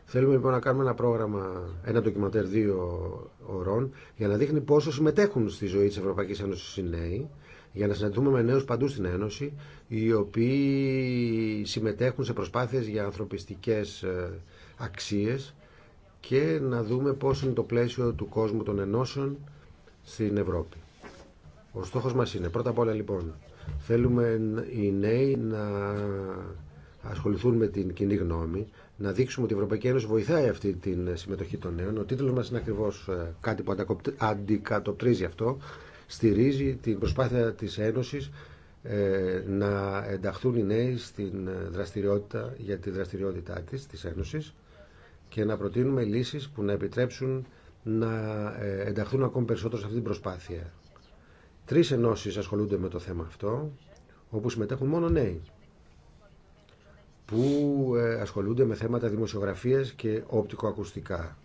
Θέλουμε λοιπόν να κάνουμε ένα πρόγραμμα, ένα ντοκιμαντέρ δύο ωρών για να δείχνει πόσο συμμετέχουν στη ζωή της Ευρωπαϊκής Ένωσης οι νέοι για να συναντούμε με νέους παντού στην Ένωση οι οποίοι συμμετέχουν σε προσπάθειες για ανθρωπιστικές ε, αξίες και να δούμε πώς είναι το πλαίσιο του κόσμου των ενώσεων στην Ευρώπη. Ο στόχος μας είναι, πρώτα απ' όλα λοιπόν, θέλουμε οι νέοι να ασχοληθούν με την κοινή γνώμη, να δείξουμε ότι η Ευρωπαϊκή Ένωση βοηθάει αυτή τη συμμετοχή των νέων. Ο τίτλος μας είναι ακριβώς ε, κάτι που αντικατοπτρίζει αυτό, στηρίζει την προσπάθεια της Ένωσης ε, να ενταχθούν οι νέοι στην ε, δραστηριότητα, για τη δραστηριότητά της, της Ένωσης και να προτείνουμε λύσεις που να επιτρέψουν να ε, ενταχθούν ακόμη περισσότερο σε αυτή την προσπάθεια. Τρεις ενώσεις ασχολούνται με το θέμα αυτό, όπου συμμετέχουν μόνο νέοι, που ε, ασχολούνται με θέματα δημοσιογραφίας και οπτικοακουστικά.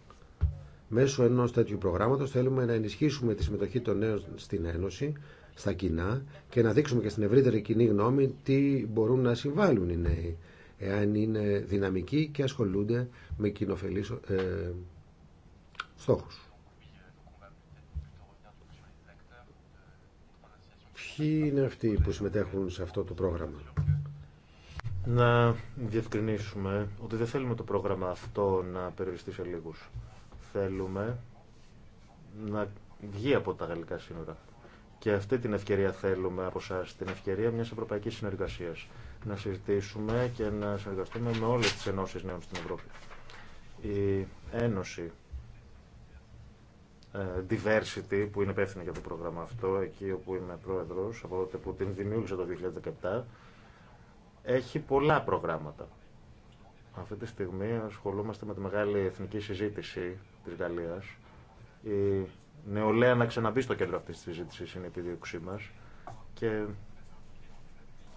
Μέσω ενός τέτοιου προγράμματος θέλουμε να ενισχύσουμε τη συμμετοχή των νέων στην Ένωση, στα κοινά και να δείξουμε και στην ευρύτερη κοινή γνώμη τι μπορούν να συμβάλλουν οι νέοι εάν είναι δυναμικοί και ασχολούνται με κοινοφελείς ε, στόχους. Ποιοι είναι αυτοί που συμμετέχουν σε αυτό το πρόγραμμα. Να διευκρινίσουμε ότι δεν θέλουμε το πρόγραμμα αυτό να περιοριστεί σε λίγους. Θέλουμε να βγει από τα γαλλικά σύνορα. Και αυτή την ευκαιρία θέλουμε από εσά, την ευκαιρία μιας ευρωπαϊκής συνεργασίας να συζητήσουμε και να συνεργαστούμε με όλες τις ενώσεις νέων στην Ευρώπη. Η Ένωση ε, Diversity που είναι υπεύθυνη για το πρόγραμμα αυτό, εκεί όπου είμαι πρόεδρος από τότε που την δημιούργησα το 2017, έχει πολλά προγράμματα. Αυτή τη στιγμή ασχολούμαστε με τη μεγάλη εθνική συζήτηση της Γαλλίας. Η νεολαία να ξαναμπεί στο κέντρο αυτής της συζήτησης είναι η επιδίωξή μας και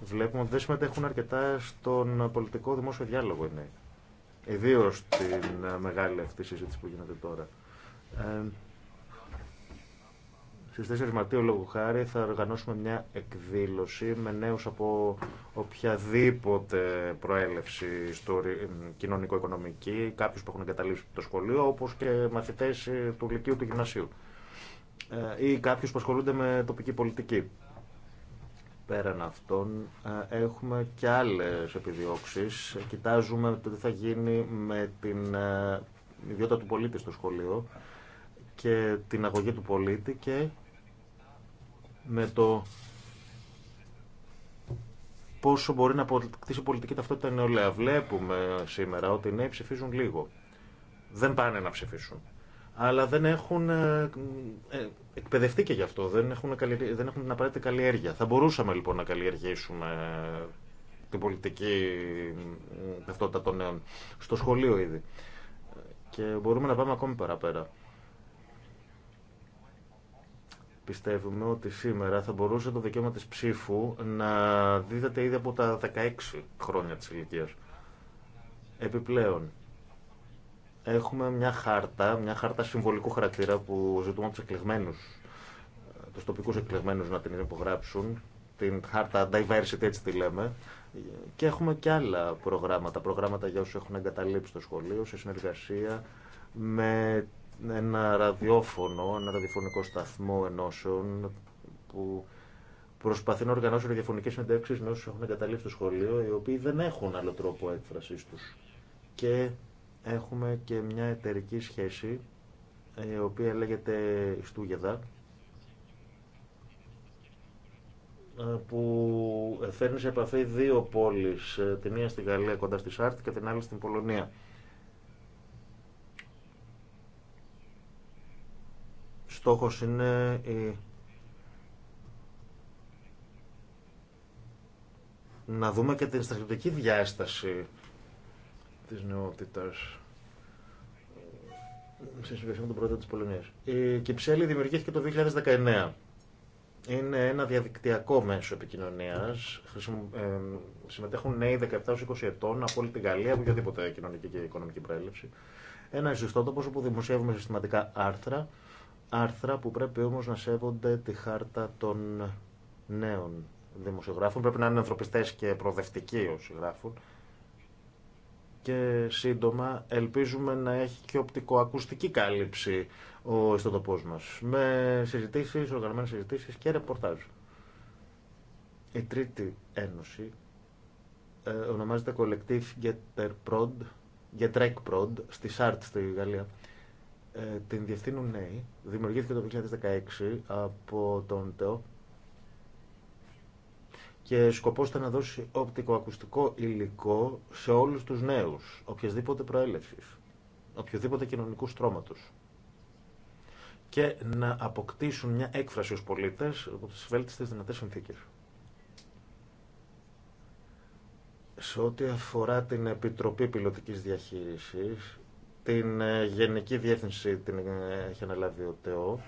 βλέπουμε ότι δεν συμμετέχουν αρκετά στον πολιτικό δημόσιο διάλογο οι νέοι. Ιδίω στην ε, μεγάλη αυτή συζήτηση που γίνεται τώρα. Ε, Στι 4 Μαρτίου, λόγω χάρη, θα οργανώσουμε μια εκδήλωση με νέου από οποιαδήποτε προέλευση στο ε, κοινωνικο-οικονομική, κάποιου που έχουν εγκαταλείψει το σχολείο, όπω και μαθητέ ε, του Λυκείου του Γυμνασίου ή κάποιου που ασχολούνται με τοπική πολιτική πέραν αυτών ε, έχουμε και άλλες επιδιώξεις. Κοιτάζουμε το τι θα γίνει με την ε, ιδιότητα του πολίτη στο σχολείο και την αγωγή του πολίτη και με το πόσο μπορεί να αποκτήσει πολιτική ταυτότητα νεολαία. Βλέπουμε σήμερα ότι οι νέοι ψηφίζουν λίγο. Δεν πάνε να ψηφίσουν αλλά δεν έχουν ε, ε, εκπαιδευτεί και γι' αυτό, δεν έχουν, δεν έχουν την απαραίτητη καλλιέργεια. Θα μπορούσαμε λοιπόν να καλλιεργήσουμε την πολιτική ταυτότητα των νέων στο σχολείο ήδη. Και μπορούμε να πάμε ακόμη παραπέρα. Πιστεύουμε ότι σήμερα θα μπορούσε το δικαίωμα της ψήφου να δίδεται ήδη από τα 16 χρόνια της ηλικίας. Επιπλέον, έχουμε μια χάρτα, μια χάρτα συμβολικού χαρακτήρα που ζητούμε από του εκλεγμένου, ε, του τοπικού εκλεγμένου να την υπογράψουν, την χάρτα diversity, έτσι τη λέμε. Και έχουμε και άλλα προγράμματα, προγράμματα για όσου έχουν εγκαταλείψει το σχολείο, σε συνεργασία με ένα ραδιόφωνο, ένα ραδιοφωνικό σταθμό ενώσεων που προσπαθεί να οργανώσει ραδιοφωνικέ συνεντεύξει με όσου έχουν εγκαταλείψει το σχολείο, οι οποίοι δεν έχουν άλλο τρόπο έκφρασή του. Και έχουμε και μια εταιρική σχέση ε, η οποία λέγεται Στούγεδα ε, που φέρνει σε επαφή δύο πόλεις, ε, τη μία στην Γαλλία κοντά στη Σάρτ και την άλλη στην Πολωνία. Στόχος είναι να δούμε και την στρατιωτική διάσταση τη νεότητα. Ε, σε συνδυασμό με τον πρόεδρο τη Πολωνία. Η ε, Κυψέλη δημιουργήθηκε το 2019. Είναι ένα διαδικτυακό μέσο επικοινωνία. Ε, συμμετέχουν νέοι 17-20 ετών από όλη την Γαλλία, από οποιαδήποτε κοινωνική και οικονομική προέλευση. Ένα ιστότοπο όπου δημοσιεύουμε συστηματικά άρθρα. Άρθρα που πρέπει όμω να σέβονται τη χάρτα των νέων δημοσιογράφων. Πρέπει να είναι ανθρωπιστέ και προοδευτικοί όσοι γράφουν και σύντομα ελπίζουμε να έχει και οπτικοακουστική κάλυψη ο ιστοτοπός μας με συζητήσεις, οργανωμένες συζητήσεις και ρεπορτάζ. Η τρίτη ένωση ε, ονομάζεται Getter Prod Get Prod στη ΣΑΡΤ στη Γαλλία. Ε, την διευθύνουν νέοι. Δημιουργήθηκε το 2016 από τον ΤΕΟ και σκοπός ήταν να δώσει οπτικοακουστικό υλικό σε όλους τους νέους, οποιασδήποτε προέλευσης, οποιοδήποτε κοινωνικού στρώματος και να αποκτήσουν μια έκφραση ως πολίτες από τις βέλτιστες δυνατές συνθήκες. Σε ό,τι αφορά την Επιτροπή Πιλωτικής Διαχείρισης, την ε, Γενική Διεύθυνση την ε, έχει αναλάβει ο ΤΕΟ,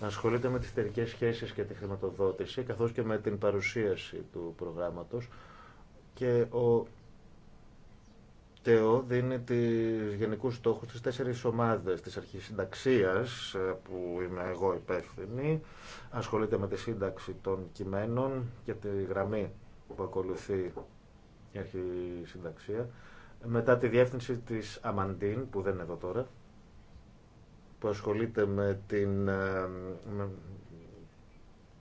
ασχολείται με τις εταιρικές σχέσεις και τη χρηματοδότηση, καθώς και με την παρουσίαση του προγράμματος. Και ο ΤΕΟ δίνει τις γενικούς στόχους στις τέσσερις ομάδες της αρχής συνταξίας, ε, που είμαι εγώ υπεύθυνη, ασχολείται με τη σύνταξη των κειμένων και τη γραμμή που ακολουθεί η αρχή συνταξία, μετά τη διεύθυνση της Αμαντίν, που δεν είναι εδώ τώρα, που ασχολείται με την ε,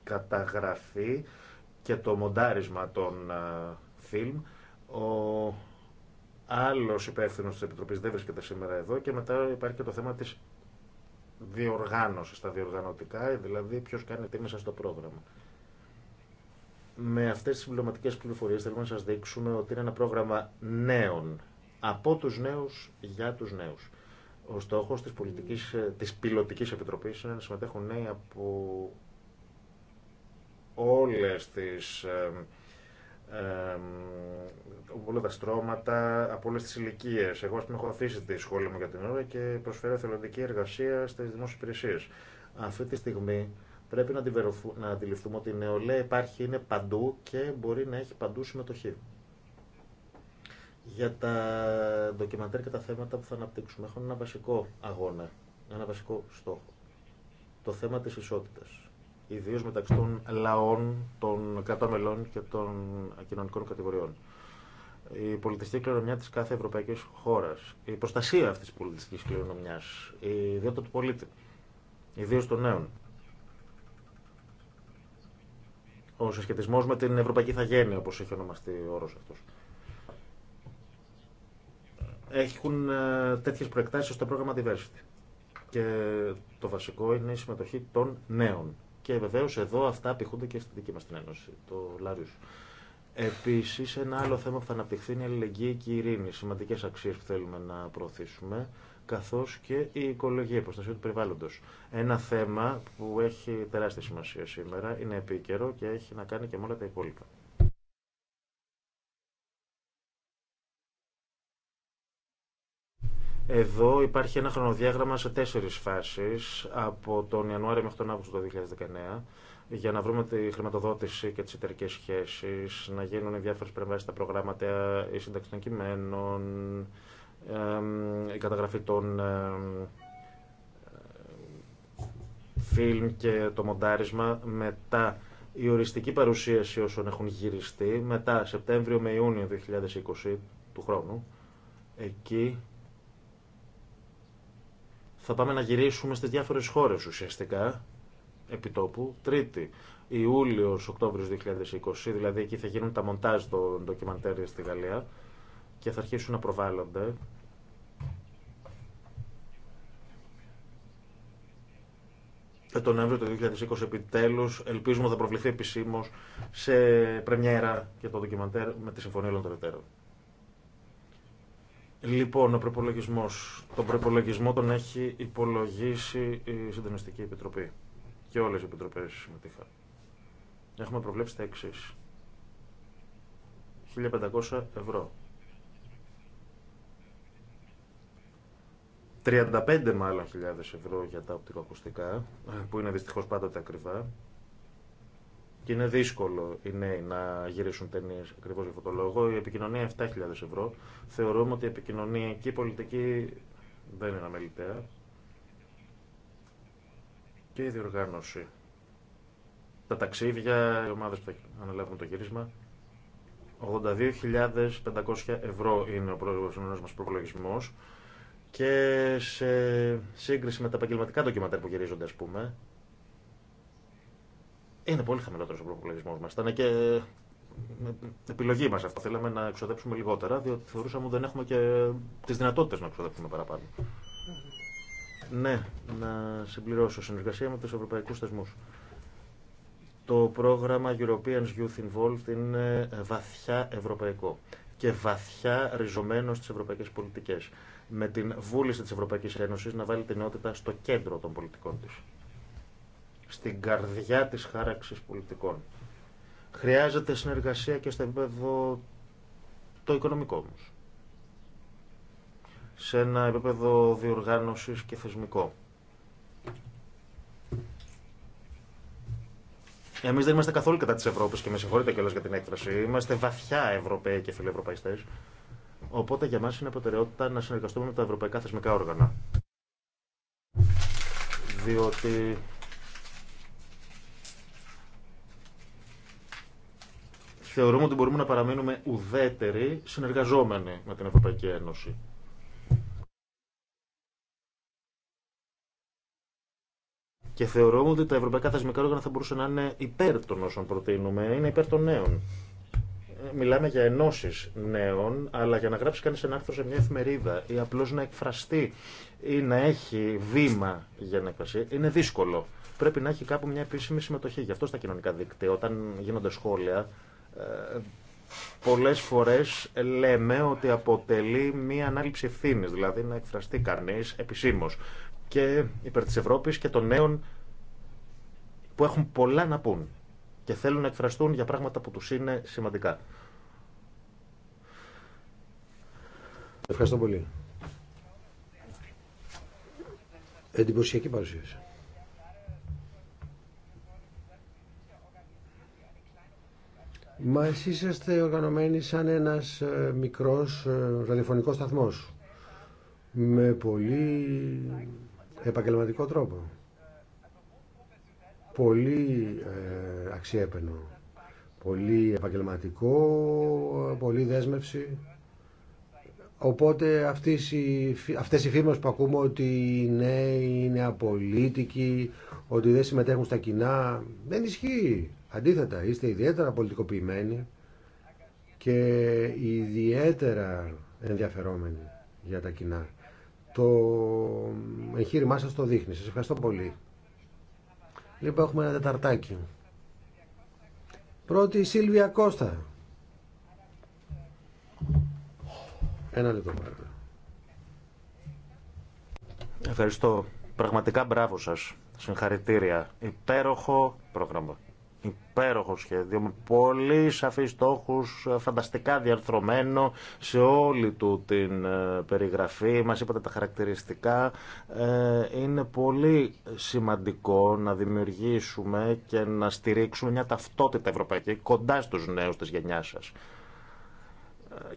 καταγραφή και το μοντάρισμα των ε, φιλμ. Ο άλλος υπεύθυνο της Επιτροπής δεν βρίσκεται σήμερα εδώ και μετά υπάρχει και το θέμα της διοργάνωσης, τα διοργανωτικά, δηλαδή ποιος κάνει τι μέσα στο πρόγραμμα. Με αυτές τις συμπληρωματικές πληροφορίες θέλουμε να σας δείξουμε ότι είναι ένα πρόγραμμα νέων, από τους νέους για τους νέους. Ο στόχος της, πολιτικής, ε, της πιλωτικής επιτροπής είναι να συμμετέχουν νέοι από όλες τις όλα στρώματα, από όλες τις ηλικίε. Εγώ, ας πούμε, έχω αφήσει τη σχόλη μου για την ώρα και προσφέρω θελοντική εργασία στις δημόσιες υπηρεσίες. Αυτή τη στιγμή πρέπει να αντιληφθούμε ότι η νεολαία υπάρχει, είναι παντού και μπορεί να έχει παντού συμμετοχή για τα ντοκιμαντέρ και τα θέματα που θα αναπτύξουμε έχουν ένα βασικό αγώνα, ένα βασικό στόχο. Το θέμα της ισότητας, ιδίω μεταξύ των λαών, των κρατών μελών και των κοινωνικών κατηγοριών. Η πολιτιστική κληρονομιά της κάθε ευρωπαϊκής χώρας, η προστασία αυτής της πολιτιστικής κληρονομιάς, η ιδιότητα του πολίτη, ιδίω των νέων, ο συσχετισμός με την ευρωπαϊκή θαγένεια, όπως έχει ονομαστεί ο όρος αυτός έχουν ε, τέτοιες προεκτάσεις στο πρόγραμμα Diversity. Και το βασικό είναι η συμμετοχή των νέων. Και βεβαίω εδώ αυτά απηχούνται και στη δική μα την Ένωση, το Λάριου. Επίση, ένα άλλο θέμα που θα αναπτυχθεί είναι η αλληλεγγύη και η ειρήνη. Σημαντικέ αξίε που θέλουμε να προωθήσουμε, καθώ και η οικολογία, η προστασία του περιβάλλοντο. Ένα θέμα που έχει τεράστια σημασία σήμερα, είναι επίκαιρο και έχει να κάνει και με όλα τα υπόλοιπα. Εδώ υπάρχει ένα χρονοδιάγραμμα σε τέσσερις φάσεις από τον Ιανουάριο μέχρι τον Αύγουστο του 2019 για να βρούμε τη χρηματοδότηση και τις εταιρικέ σχέσεις, να γίνουν οι διάφορες περιβάσεις στα προγράμματα, η σύνταξη των κειμένων, η καταγραφή των φιλμ και το μοντάρισμα, μετά η οριστική παρουσίαση όσων έχουν γυριστεί, μετά Σεπτέμβριο με Ιούνιο 2020 του χρόνου, εκεί θα πάμε να γυρίσουμε στις διάφορες χώρες ουσιαστικά, επιτόπου. Τρίτη, Ιούλιος, Οκτώβριος 2020, δηλαδή εκεί θα γίνουν τα μοντάζ των ντοκιμαντέρια στη Γαλλία και θα αρχίσουν να προβάλλονται. Ε, τον Νοέμβριο του 2020 επιτέλου. Ελπίζουμε θα προβληθεί επισήμω σε πρεμιέρα και το ντοκιμαντέρ με τη Συμφωνία των Λοιπόν, ο προπολογισμό. Τον προπολογισμό τον έχει υπολογίσει η Συντονιστική Επιτροπή. Και όλε οι επιτροπέ συμμετείχαν. Έχουμε προβλέψει τα εξή. 1500 ευρώ. 35 μάλλον χιλιάδες ευρώ για τα οπτικοακουστικά, που είναι δυστυχώς πάντοτε ακριβά, και είναι δύσκολο οι νέοι να γυρίσουν ταινίε ακριβώ για αυτόν τον λόγο. Η επικοινωνία 7.000 ευρώ. Θεωρούμε ότι η επικοινωνιακή πολιτική δεν είναι αμεληταία. Και η διοργάνωση. Τα ταξίδια, οι ομάδε που θα αναλάβουν το γύρισμα. 82.500 ευρώ είναι ο προηγούμενο μα προπολογισμό. Και σε σύγκριση με τα επαγγελματικά ντοκιματέρ που γυρίζονται, α πούμε, είναι πολύ χαμηλότερο ο προπολογισμό μα. Ήταν και επιλογή μα αυτό. Θέλαμε να εξοδέψουμε λιγότερα, διότι θεωρούσαμε ότι δεν έχουμε και τι δυνατότητε να εξοδέψουμε παραπάνω. Ναι, να συμπληρώσω. Συνεργασία με του ευρωπαϊκού θεσμού. Το πρόγραμμα European Youth Involved είναι βαθιά ευρωπαϊκό και βαθιά ριζωμένο στι ευρωπαϊκέ πολιτικέ. Με την βούληση τη Ευρωπαϊκή Ένωση να βάλει την νεότητα στο κέντρο των πολιτικών τη στην καρδιά της χάραξης πολιτικών. Χρειάζεται συνεργασία και στο επίπεδο το οικονομικό όμως. Σε ένα επίπεδο διοργάνωσης και θεσμικό. Εμείς δεν είμαστε καθόλου κατά της Ευρώπης και με συγχωρείτε κιόλα για την έκφραση. Είμαστε βαθιά Ευρωπαίοι και φιλοευρωπαϊστές. Οπότε για μάς είναι προτεραιότητα να συνεργαστούμε με τα ευρωπαϊκά θεσμικά όργανα. Διότι θεωρούμε ότι μπορούμε να παραμείνουμε ουδέτεροι, συνεργαζόμενοι με την Ευρωπαϊκή Ένωση. Και θεωρούμε ότι τα ευρωπαϊκά θεσμικά όργανα θα μπορούσαν να είναι υπέρ των όσων προτείνουμε, είναι υπέρ των νέων. Ε, μιλάμε για ενώσει νέων, αλλά για να γράψει κανεί ένα άρθρο σε μια εφημερίδα ή απλώ να εκφραστεί ή να έχει βήμα για να εκφραστεί, είναι δύσκολο. Πρέπει να έχει κάπου μια επίσημη συμμετοχή. Γι' αυτό στα κοινωνικά δίκτυα, όταν γίνονται σχόλια, πολλές φορές λέμε ότι αποτελεί μία ανάληψη ευθύνη, δηλαδή να εκφραστεί κανείς επισήμως και υπέρ της Ευρώπης και των νέων που έχουν πολλά να πούν και θέλουν να εκφραστούν για πράγματα που τους είναι σημαντικά. Ευχαριστώ πολύ. Εντυπωσιακή παρουσίαση. Μα εσείς οργανωμένοι σαν ένας ε, μικρός ε, ραδιοφωνικός σταθμός με πολύ επαγγελματικό τρόπο πολύ ε, αξιέπαινο πολύ επαγγελματικό πολύ δέσμευση οπότε αυτές οι, αυτές οι φήμες που ακούμε ότι οι νέοι είναι απολύτικοι ότι δεν συμμετέχουν στα κοινά δεν ισχύει Αντίθετα, είστε ιδιαίτερα πολιτικοποιημένοι και ιδιαίτερα ενδιαφερόμενοι για τα κοινά. Το εγχείρημά σας το δείχνει. Σας ευχαριστώ πολύ. Λοιπόν, έχουμε ένα τεταρτάκι. Πρώτη η Σίλβια Κώστα. Ένα λεπτό παρακαλώ. Ευχαριστώ. Πραγματικά μπράβο σας. Συγχαρητήρια. Υπέροχο πρόγραμμα υπέροχο σχέδιο με πολύ σαφείς στόχους, φανταστικά διαρθρωμένο σε όλη του την ε, περιγραφή. Μας είπατε τα χαρακτηριστικά. Ε, είναι πολύ σημαντικό να δημιουργήσουμε και να στηρίξουμε μια ταυτότητα ευρωπαϊκή κοντά στους νέους της γενιάς σας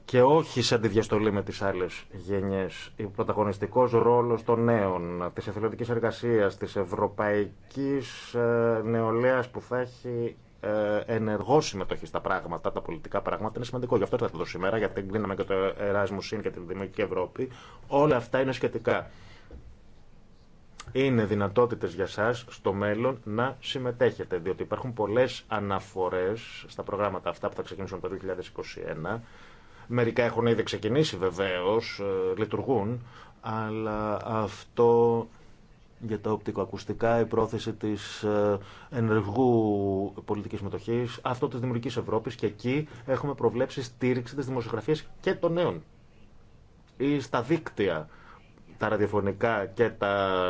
και όχι σε αντιδιαστολή με τις άλλες γενιές. Ο πρωταγωνιστικός ρόλος των νέων, της εθελοντικής εργασίας, της ευρωπαϊκής ε, νεολαίας που θα έχει ε, ενεργό συμμετοχή στα πράγματα, τα πολιτικά πράγματα, είναι σημαντικό. Γι' αυτό θα το σήμερα, γιατί κλείναμε και το Erasmus Συν και την Δημοτική Ευρώπη. Όλα αυτά είναι σχετικά. Είναι δυνατότητες για σας στο μέλλον να συμμετέχετε, διότι υπάρχουν πολλές αναφορές στα προγράμματα αυτά που θα ξεκινήσουν το 2021, Μερικά έχουν ήδη ξεκινήσει βεβαίως, ε, λειτουργούν, αλλά αυτό για τα οπτικοακουστικά, η πρόθεση της ε, ενεργού πολιτικής μετοχή αυτό της Δημιουργικής Ευρώπης και εκεί έχουμε προβλέψει στήριξη της δημοσιογραφίας και των νέων. Ή στα δίκτυα, τα ραδιοφωνικά και τα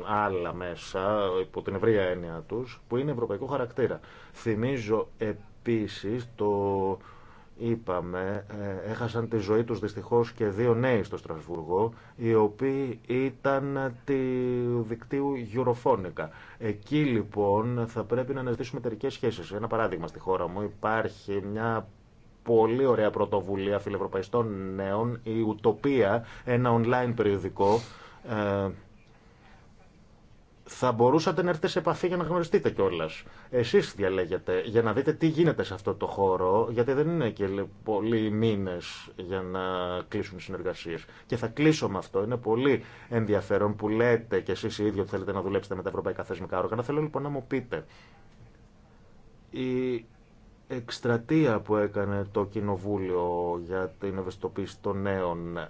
ε, άλλα μέσα, υπό την ευρεία έννοια τους, που είναι ευρωπαϊκό χαρακτήρα. Θυμίζω επίσης το είπαμε, ε, έχασαν τη ζωή τους δυστυχώς και δύο νέοι στο Στρασβουργό, οι οποίοι ήταν τη δικτύου γιουροφόνικα. Εκεί λοιπόν θα πρέπει να αναζητήσουμε εταιρικέ σχέσεις. Ένα παράδειγμα στη χώρα μου υπάρχει μια πολύ ωραία πρωτοβουλία φιλευρωπαϊστών νέων, η Ουτοπία, ένα online περιοδικό, ε, θα μπορούσατε να έρθετε σε επαφή για να γνωριστείτε κιόλα. Εσεί διαλέγετε για να δείτε τι γίνεται σε αυτό το χώρο, γιατί δεν είναι και πολλοί μήνε για να κλείσουν οι συνεργασίε. Και θα κλείσω με αυτό. Είναι πολύ ενδιαφέρον που λέτε κι εσεί οι ίδιοι ότι θέλετε να δουλέψετε με τα ευρωπαϊκά θεσμικά όργανα. Θέλω λοιπόν να μου πείτε. Η εκστρατεία που έκανε το Κοινοβούλιο για την ευαισθητοποίηση των νέων ε,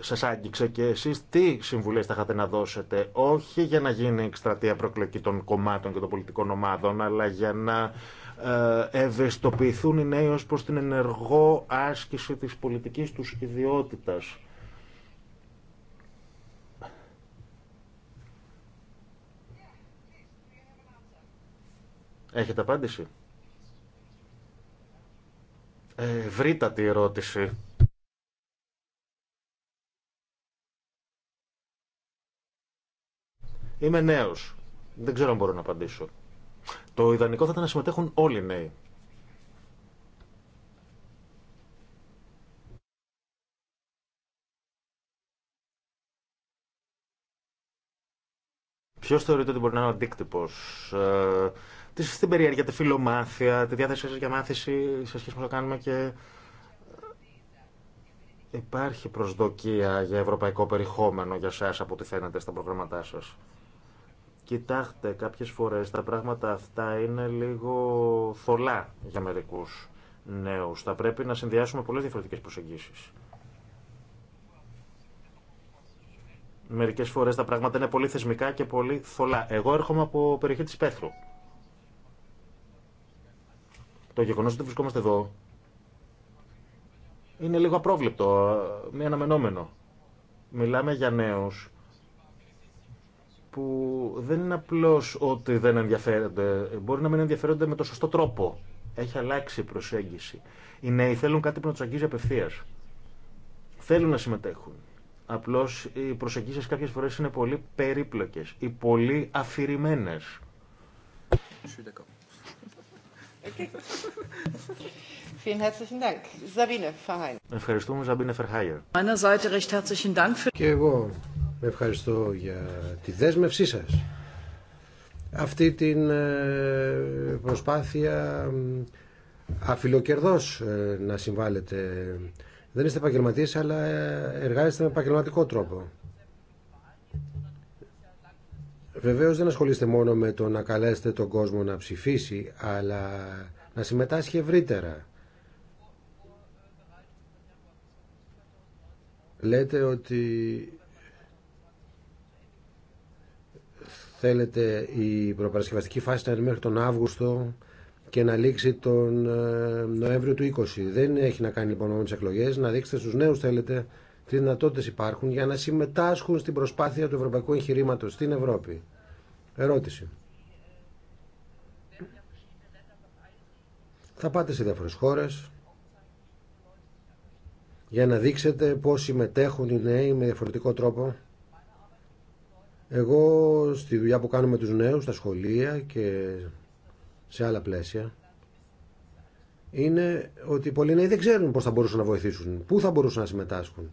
Σα άγγιξε και εσείς τι συμβουλές θα είχατε να δώσετε όχι για να γίνει εκστρατεία προκλοκή των κομμάτων και των πολιτικών ομάδων αλλά για να ε, ευαισθητοποιηθούν οι νέοι ως προς την ενεργό άσκηση της πολιτικής τους ιδιότητας. Έχετε απάντηση. Ε, τη ερώτηση. Είμαι νέο. Δεν ξέρω αν μπορώ να απαντήσω. Το ιδανικό θα ήταν να συμμετέχουν όλοι οι νέοι. Ποιο θεωρείται ότι μπορεί να είναι ο αντίκτυπο, ε, στην περιέργεια, τη φιλομάθεια, τη διάθεσή σα για μάθηση σε σχέση με το κάνουμε και. Ε, υπάρχει προσδοκία για ευρωπαϊκό περιεχόμενο για εσά από ό,τι φαίνεται στα προγράμματά σας. Κοιτάξτε, κάποιες φορές τα πράγματα αυτά είναι λίγο θολά για μερικούς νέους. Θα πρέπει να συνδυάσουμε πολλές διαφορετικές προσεγγίσεις. Μερικές φορές τα πράγματα είναι πολύ θεσμικά και πολύ θολά. Εγώ έρχομαι από περιοχή της Πέθρου. Το γεγονός ότι βρισκόμαστε εδώ είναι λίγο απρόβλεπτο, μη αναμενόμενο. Μιλάμε για νέους που δεν είναι απλώ ότι δεν ενδιαφέρονται, μπορεί να μην ενδιαφέρονται με το σωστό τρόπο. Έχει αλλάξει η προσέγγιση. Οι νέοι θέλουν κάτι που να του αγγίζει απευθεία. Θέλουν να συμμετέχουν. Απλώς οι προσεγγίσει κάποιες φορές είναι πολύ περίπλοκε ή πολύ αφηρημένες. Ευχαριστούμε, Ζαμπίνε Φερχάιερ. Και εγώ με ευχαριστώ για τη δέσμευσή σας. Αυτή την ε, προσπάθεια αφιλοκερδός ε, να συμβάλετε. Δεν είστε επαγγελματίε, αλλά ε, εργάζεστε με επαγγελματικό τρόπο. Βεβαίως δεν ασχολείστε μόνο με το να καλέσετε τον κόσμο να ψηφίσει, αλλά να συμμετάσχει ευρύτερα. Λέτε ότι θέλετε η προπαρασκευαστική φάση να είναι μέχρι τον Αύγουστο και να λήξει τον ε, Νοέμβριο του 20. Δεν έχει να κάνει λοιπόν με τι εκλογέ. Να δείξετε στου νέου, θέλετε, τι δυνατότητε υπάρχουν για να συμμετάσχουν στην προσπάθεια του ευρωπαϊκού εγχειρήματο στην Ευρώπη. Ερώτηση. Θα πάτε σε διάφορε χώρε. για να δείξετε πώ συμμετέχουν οι νέοι με διαφορετικό τρόπο εγώ στη δουλειά που κάνω με τους νέους, στα σχολεία και σε άλλα πλαίσια, είναι ότι πολλοί νέοι δεν ξέρουν πώς θα μπορούσαν να βοηθήσουν, πού θα μπορούσαν να συμμετάσχουν.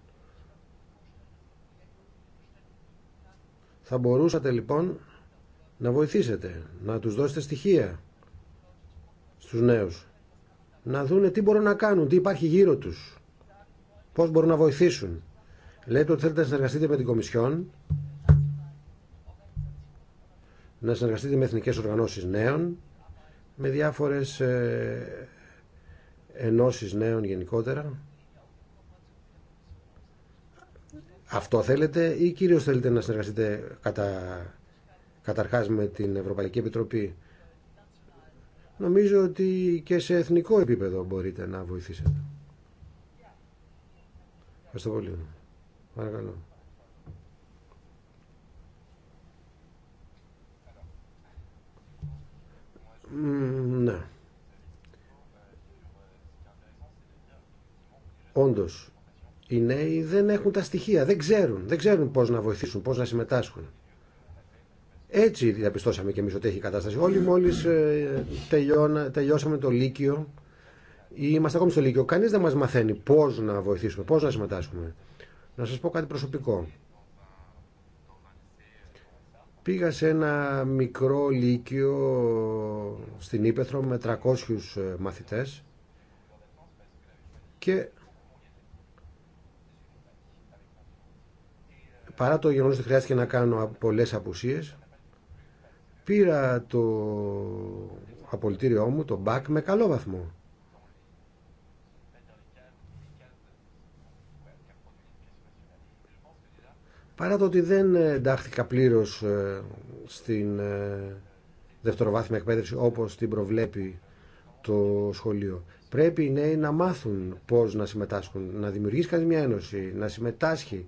Θα μπορούσατε λοιπόν να βοηθήσετε, να τους δώσετε στοιχεία στους νέους, να δούνε τι μπορούν να κάνουν, τι υπάρχει γύρω τους, πώς μπορούν να βοηθήσουν. Λέτε ότι θέλετε να συνεργαστείτε με την Κομισιόν να συνεργαστείτε με εθνικές οργανώσεις νέων, με διάφορες ε, ενώσεις νέων γενικότερα. Αυτό θέλετε ή κυρίως θέλετε να συνεργαστείτε κατά, καταρχάς με την Ευρωπαϊκή Επιτροπή. Νομίζω ότι και σε εθνικό επίπεδο μπορείτε να βοηθήσετε. Ευχαριστώ πολύ. Παρακαλώ. Ναι. Όντως, οι νέοι δεν έχουν τα στοιχεία, δεν ξέρουν, δεν ξέρουν πώς να βοηθήσουν, πώ να συμμετάσχουν. Έτσι διαπιστώσαμε και εμεί ότι έχει κατάσταση. Όλοι μόλι ε, τελειώσαμε το Λύκειο ή είμαστε ακόμη στο Λύκειο. Κανεί δεν μας μαθαίνει πώ να βοηθήσουμε, πώ να συμμετάσχουμε. Να σα πω κάτι προσωπικό. Πήγα σε ένα μικρό λύκειο στην Ήπεθρο με 300 ε, μαθητές και παρά το γεγονός ότι χρειάστηκε να κάνω πολλές απουσίες πήρα το απολυτήριό μου, το μπακ με καλό βαθμό Παρά το ότι δεν ε, εντάχθηκα πλήρω ε, στην ε, δευτεροβάθμια εκπαίδευση όπως την προβλέπει το σχολείο. Πρέπει οι νέοι να μάθουν πώς να συμμετάσχουν, να δημιουργήσει κάτι μια ένωση, να συμμετάσχει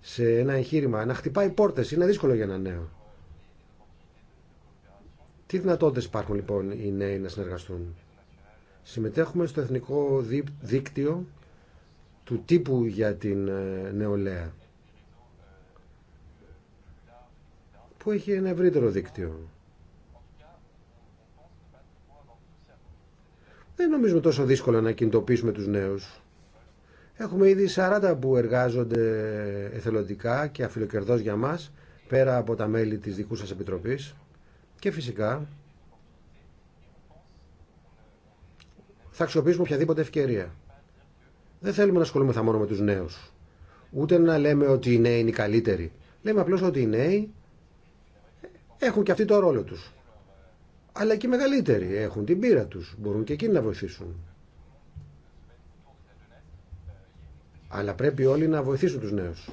σε ένα εγχείρημα, να χτυπάει πόρτες. Είναι δύσκολο για ένα νέο. Τι δυνατότητες υπάρχουν λοιπόν οι νέοι να συνεργαστούν. Συμμετέχουμε στο Εθνικό Δίκτυο του Τύπου για την Νεολαία. αφού έχει ένα ευρύτερο δίκτυο. Δεν νομίζουμε τόσο δύσκολο να κινητοποιήσουμε τους νέους. Έχουμε ήδη 40 που εργάζονται εθελοντικά και αφιλοκερδός για μας, πέρα από τα μέλη της δικού σας επιτροπής. Και φυσικά θα αξιοποιήσουμε οποιαδήποτε ευκαιρία. Δεν θέλουμε να ασχολούμεθα μόνο με τους νέους. Ούτε να λέμε ότι οι νέοι είναι οι καλύτεροι. Λέμε απλώς ότι οι νέοι έχουν και αυτοί το ρόλο τους. Αλλά και οι μεγαλύτεροι έχουν την πείρα τους, μπορούν και εκείνοι να βοηθήσουν. Αλλά πρέπει όλοι να βοηθήσουν τους νέους.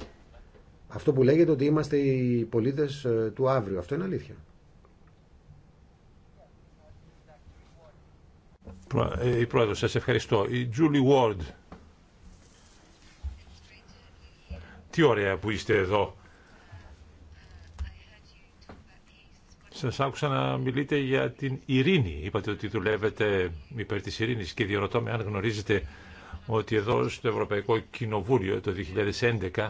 Αυτό που λέγεται ότι είμαστε οι πολίτες ε, του αύριο, αυτό είναι αλήθεια. Ε, η πρόεδρο σας ευχαριστώ. Η Julie Ward. Τι ωραία που είστε εδώ. Σας άκουσα να μιλείτε για την ειρήνη. Είπατε ότι δουλεύετε υπέρ της ειρήνης και διερωτώ με αν γνωρίζετε ότι εδώ στο Ευρωπαϊκό Κοινοβούλιο το 2011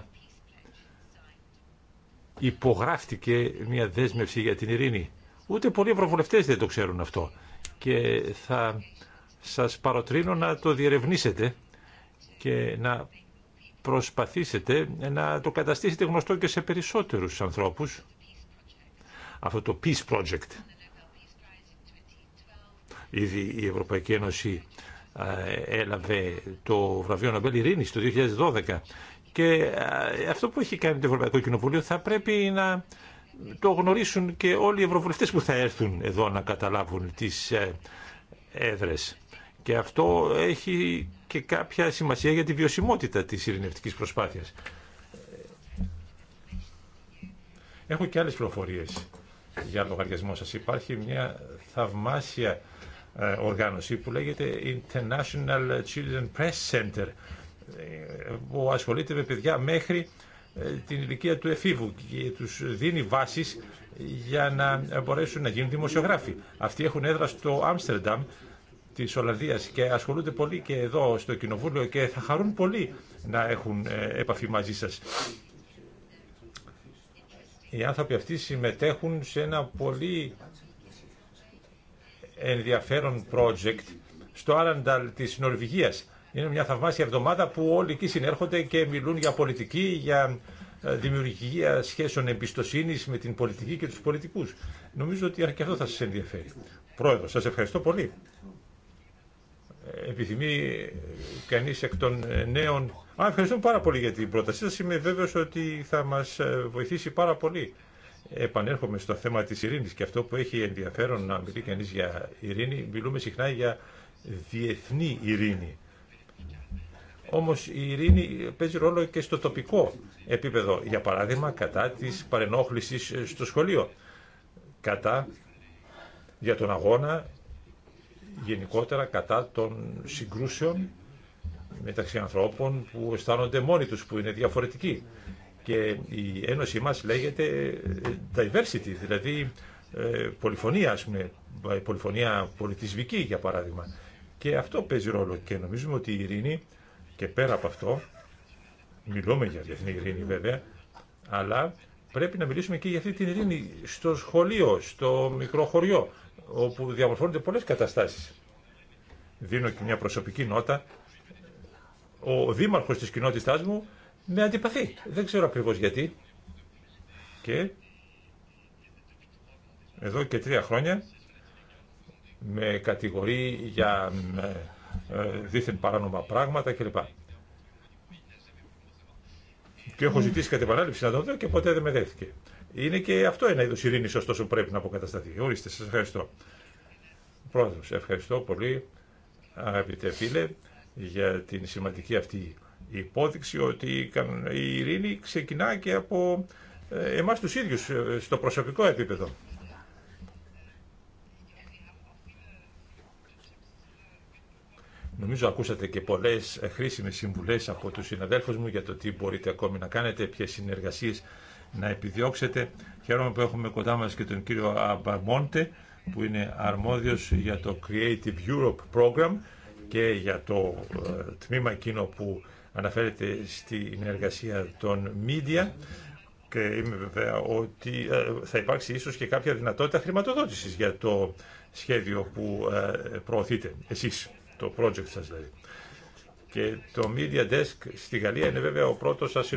υπογράφτηκε μια δέσμευση για την ειρήνη. Ούτε πολλοί ευρωβουλευτές δεν το ξέρουν αυτό. Και θα σας παροτρύνω να το διερευνήσετε και να προσπαθήσετε να το καταστήσετε γνωστό και σε περισσότερους ανθρώπους αυτό το Peace Project. Ήδη η Ευρωπαϊκή Ένωση ε, έλαβε το βραβείο Νομπέλ Ειρήνης το 2012 και ε, αυτό που έχει κάνει το Ευρωπαϊκό Κοινοβούλιο θα πρέπει να το γνωρίσουν και όλοι οι ευρωβουλευτές που θα έρθουν εδώ να καταλάβουν τις ε, έδρες. Και αυτό έχει και κάποια σημασία για τη βιωσιμότητα της ειρηνευτικής προσπάθειας. Έχω και άλλες πληροφορίες για λογαριασμό σας. Υπάρχει μια θαυμάσια ε, οργάνωση που λέγεται International Children Press Center ε, που ασχολείται με παιδιά μέχρι ε, την ηλικία του εφήβου και τους δίνει βάσεις για να μπορέσουν να γίνουν δημοσιογράφοι. Αυτοί έχουν έδρα στο Άμστερνταμ τη Ολλανδία και ασχολούνται πολύ και εδώ στο Κοινοβούλιο και θα χαρούν πολύ να έχουν επαφή μαζί σα οι άνθρωποι αυτοί συμμετέχουν σε ένα πολύ ενδιαφέρον project στο Άρανταλ της Νορβηγίας. Είναι μια θαυμάσια εβδομάδα που όλοι εκεί συνέρχονται και μιλούν για πολιτική, για ε, δημιουργία σχέσεων εμπιστοσύνης με την πολιτική και τους πολιτικούς. Νομίζω ότι και αυτό θα σας ενδιαφέρει. Πρόεδρο, σας ευχαριστώ πολύ επιθυμεί κανεί εκ των ε, νέων. Α, ευχαριστούμε πάρα πολύ για την πρότασή σα Είμαι βέβαιο ότι θα μας ε, βοηθήσει πάρα πολύ. Επανέρχομαι στο θέμα της Ειρηνή. και αυτό που έχει ενδιαφέρον να μιλεί κανεί για ειρήνη, μιλούμε συχνά για διεθνή ειρήνη. Όμως η ειρήνη παίζει ρόλο και στο τοπικό επίπεδο. Για παράδειγμα, κατά τη παρενόχληση στο σχολείο, κατά για τον αγώνα γενικότερα κατά των συγκρούσεων μεταξύ ανθρώπων που αισθάνονται μόνοι τους, που είναι διαφορετικοί. Και η ένωση μας λέγεται diversity, δηλαδή ε, πολυφωνία, ας ε, πολυφωνία πολιτισμική για παράδειγμα. Και αυτό παίζει ρόλο και νομίζουμε ότι η ειρήνη και πέρα από αυτό, μιλούμε για διεθνή ειρήνη βέβαια, αλλά πρέπει να μιλήσουμε και για αυτή την ειρήνη στο σχολείο, στο μικρό χωριό, όπου διαμορφώνονται πολλές καταστάσεις. Δίνω και μια προσωπική νότα. Ο δήμαρχος της κοινότητάς μου με αντιπαθεί. Δεν ξέρω ακριβώς γιατί. Και εδώ και τρία χρόνια με κατηγορεί για ε, ε, δίθεν παράνομα πράγματα κλπ. Και έχω ναι. ζητήσει κατ' να το δω και ποτέ δεν με δέχθηκε. Είναι και αυτό ένα είδο ειρήνη, ωστόσο, πρέπει να αποκατασταθεί. Ορίστε, σα ευχαριστώ. Πρόεδρο, ευχαριστώ πολύ, αγαπητέ φίλε, για την σημαντική αυτή υπόδειξη ότι η ειρήνη ξεκινά και από ε, εμάς τους ίδιους ε, στο προσωπικό επίπεδο. Νομίζω ακούσατε και πολλές χρήσιμες συμβουλές από τους συναδέλφους μου για το τι μπορείτε ακόμη να κάνετε, ποιες συνεργασίες να επιδιώξετε. Χαίρομαι που έχουμε κοντά μας και τον κύριο Αμπαμόντε που είναι αρμόδιος για το Creative Europe Program και για το ε, τμήμα εκείνο που αναφέρεται στην εργασία των media και είμαι βέβαια ότι ε, θα υπάρξει ίσως και κάποια δυνατότητα χρηματοδότησης για το σχέδιο που ε, προωθείτε εσείς, το project σας δηλαδή. Και το Media Desk στη Γαλλία είναι βέβαια ο πρώτος σας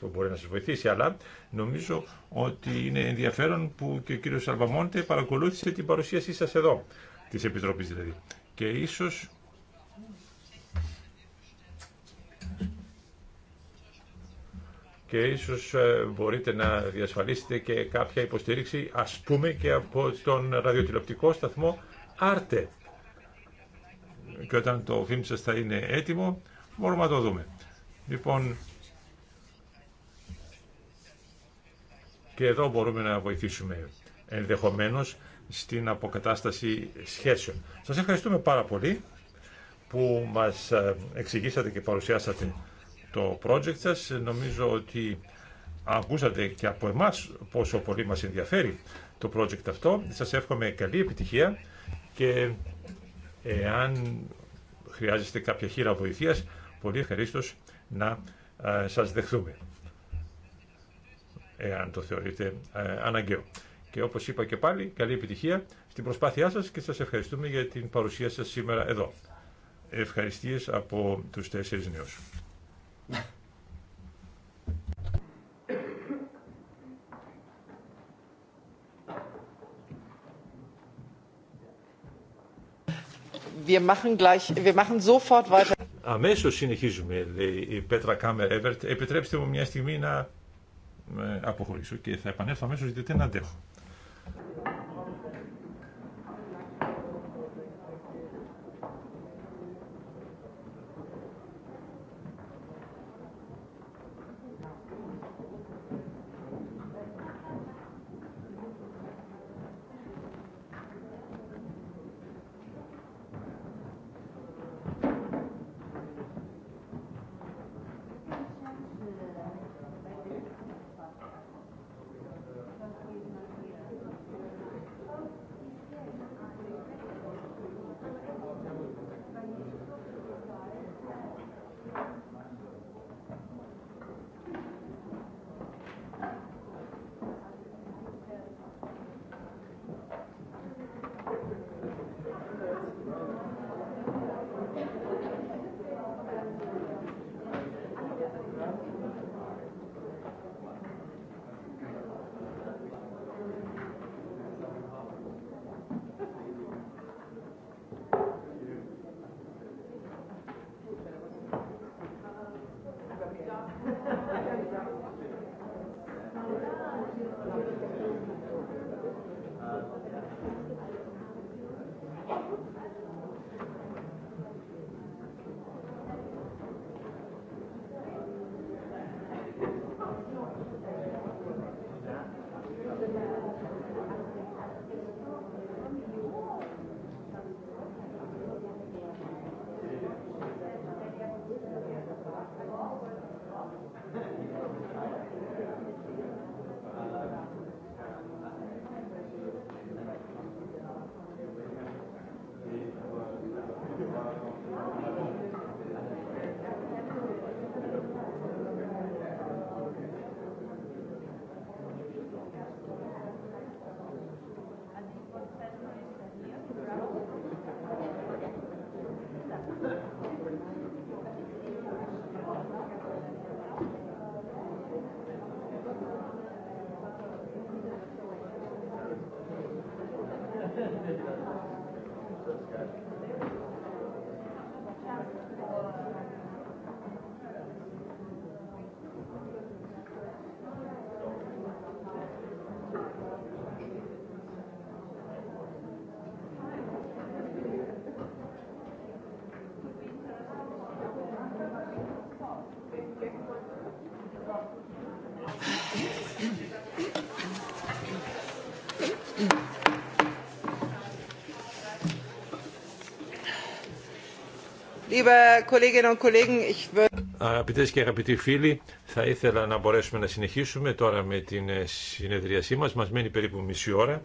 που μπορεί να σας βοηθήσει, αλλά νομίζω ότι είναι ενδιαφέρον που και ο κύριος Σαλβαμόντε παρακολούθησε την παρουσίασή σας εδώ, της Επιτροπής δηλαδή. Και ίσως και ίσως ε, μπορείτε να διασφαλίσετε και κάποια υποστήριξη ας πούμε και από τον ραδιοτηλεοπτικό σταθμό Άρτε και όταν το φιλμ σας θα είναι έτοιμο μπορούμε να το δούμε. Λοιπόν, και εδώ μπορούμε να βοηθήσουμε ενδεχομένως στην αποκατάσταση σχέσεων. Σας ευχαριστούμε πάρα πολύ που μας ε, εξηγήσατε και παρουσιάσατε το project σας. Νομίζω ότι ακούσατε και από εμάς πόσο πολύ μας ενδιαφέρει το project αυτό. Σας εύχομαι καλή επιτυχία και Εάν χρειάζεστε κάποια χείρα βοηθείας, πολύ ευχαριστώ να ε, σας δεχθούμε, εάν το θεωρείτε ε, αναγκαίο. Και όπως είπα και πάλι, καλή επιτυχία στην προσπάθειά σας και σας ευχαριστούμε για την παρουσία σας σήμερα εδώ. Ευχαριστίες από τους τέσσερις νέους. Wir Αμέσως συνεχίζουμε, λέει η Πέτρα Κάμερ Εβερτ. Επιτρέψτε μου μια στιγμή να ε, αποχωρήσω και θα επανέλθω αμέσως γιατί δεν αντέχω. Αγαπητέ και αγαπητοί φίλοι, θα ήθελα να μπορέσουμε να συνεχίσουμε τώρα με την ε, συνεδρίασή μας. Μας μένει περίπου μισή ώρα.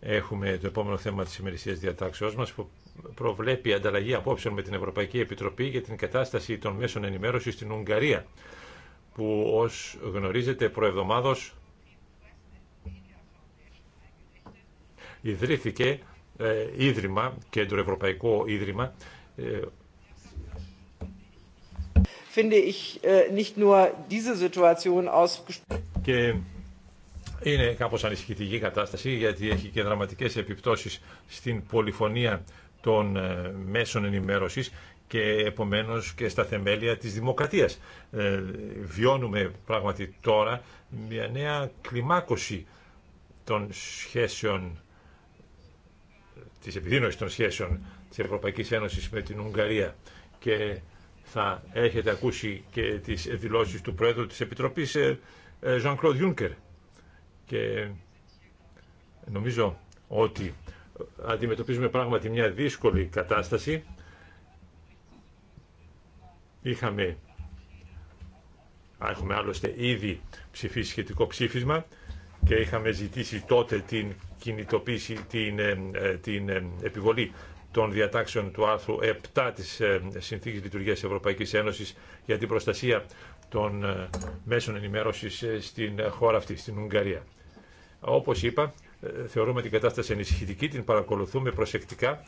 Έχουμε το επόμενο θέμα τη ημερησίας διατάξεως μα που προβλέπει ανταλλαγή απόψεων με την Ευρωπαϊκή Επιτροπή για την κατάσταση των μέσων ενημέρωση στην Ουγγαρία που ω γνωρίζετε προεβδομάδο, ιδρύθηκε ε, ίδρυμα, κέντρο ευρωπαϊκό ίδρυμα, ε, ich ε, nicht nur diese και είναι κάπως ανησυχητική κατάσταση γιατί έχει και δραματικές επιπτώσεις στην πολυφωνία των μέσων ενημέρωσης και επομένως και στα θεμέλια της δημοκρατίας. βιώνουμε πράγματι τώρα μια νέα κλιμάκωση των σχέσεων Τη επιδείνωση των σχέσεων της Ευρωπαϊκής Ένωσης με την Ουγγαρία και θα έχετε ακούσει και τις δηλώσει του Πρόεδρου της Επιτροπής ε, ε, Jean-Claude Juncker και νομίζω ότι αντιμετωπίζουμε πράγματι μια δύσκολη κατάσταση είχαμε έχουμε άλλωστε ήδη ψηφίσει σχετικό ψήφισμα και είχαμε ζητήσει τότε την την, ε, ε, την ε, επιβολή των διατάξεων του άρθρου 7 της Συνθήκης Λειτουργίας Ευρωπαϊκής Ένωσης για την προστασία των μέσων ενημέρωσης στην χώρα αυτή, στην Ουγγαρία. Όπως είπα, θεωρούμε την κατάσταση ενισχυτική, την παρακολουθούμε προσεκτικά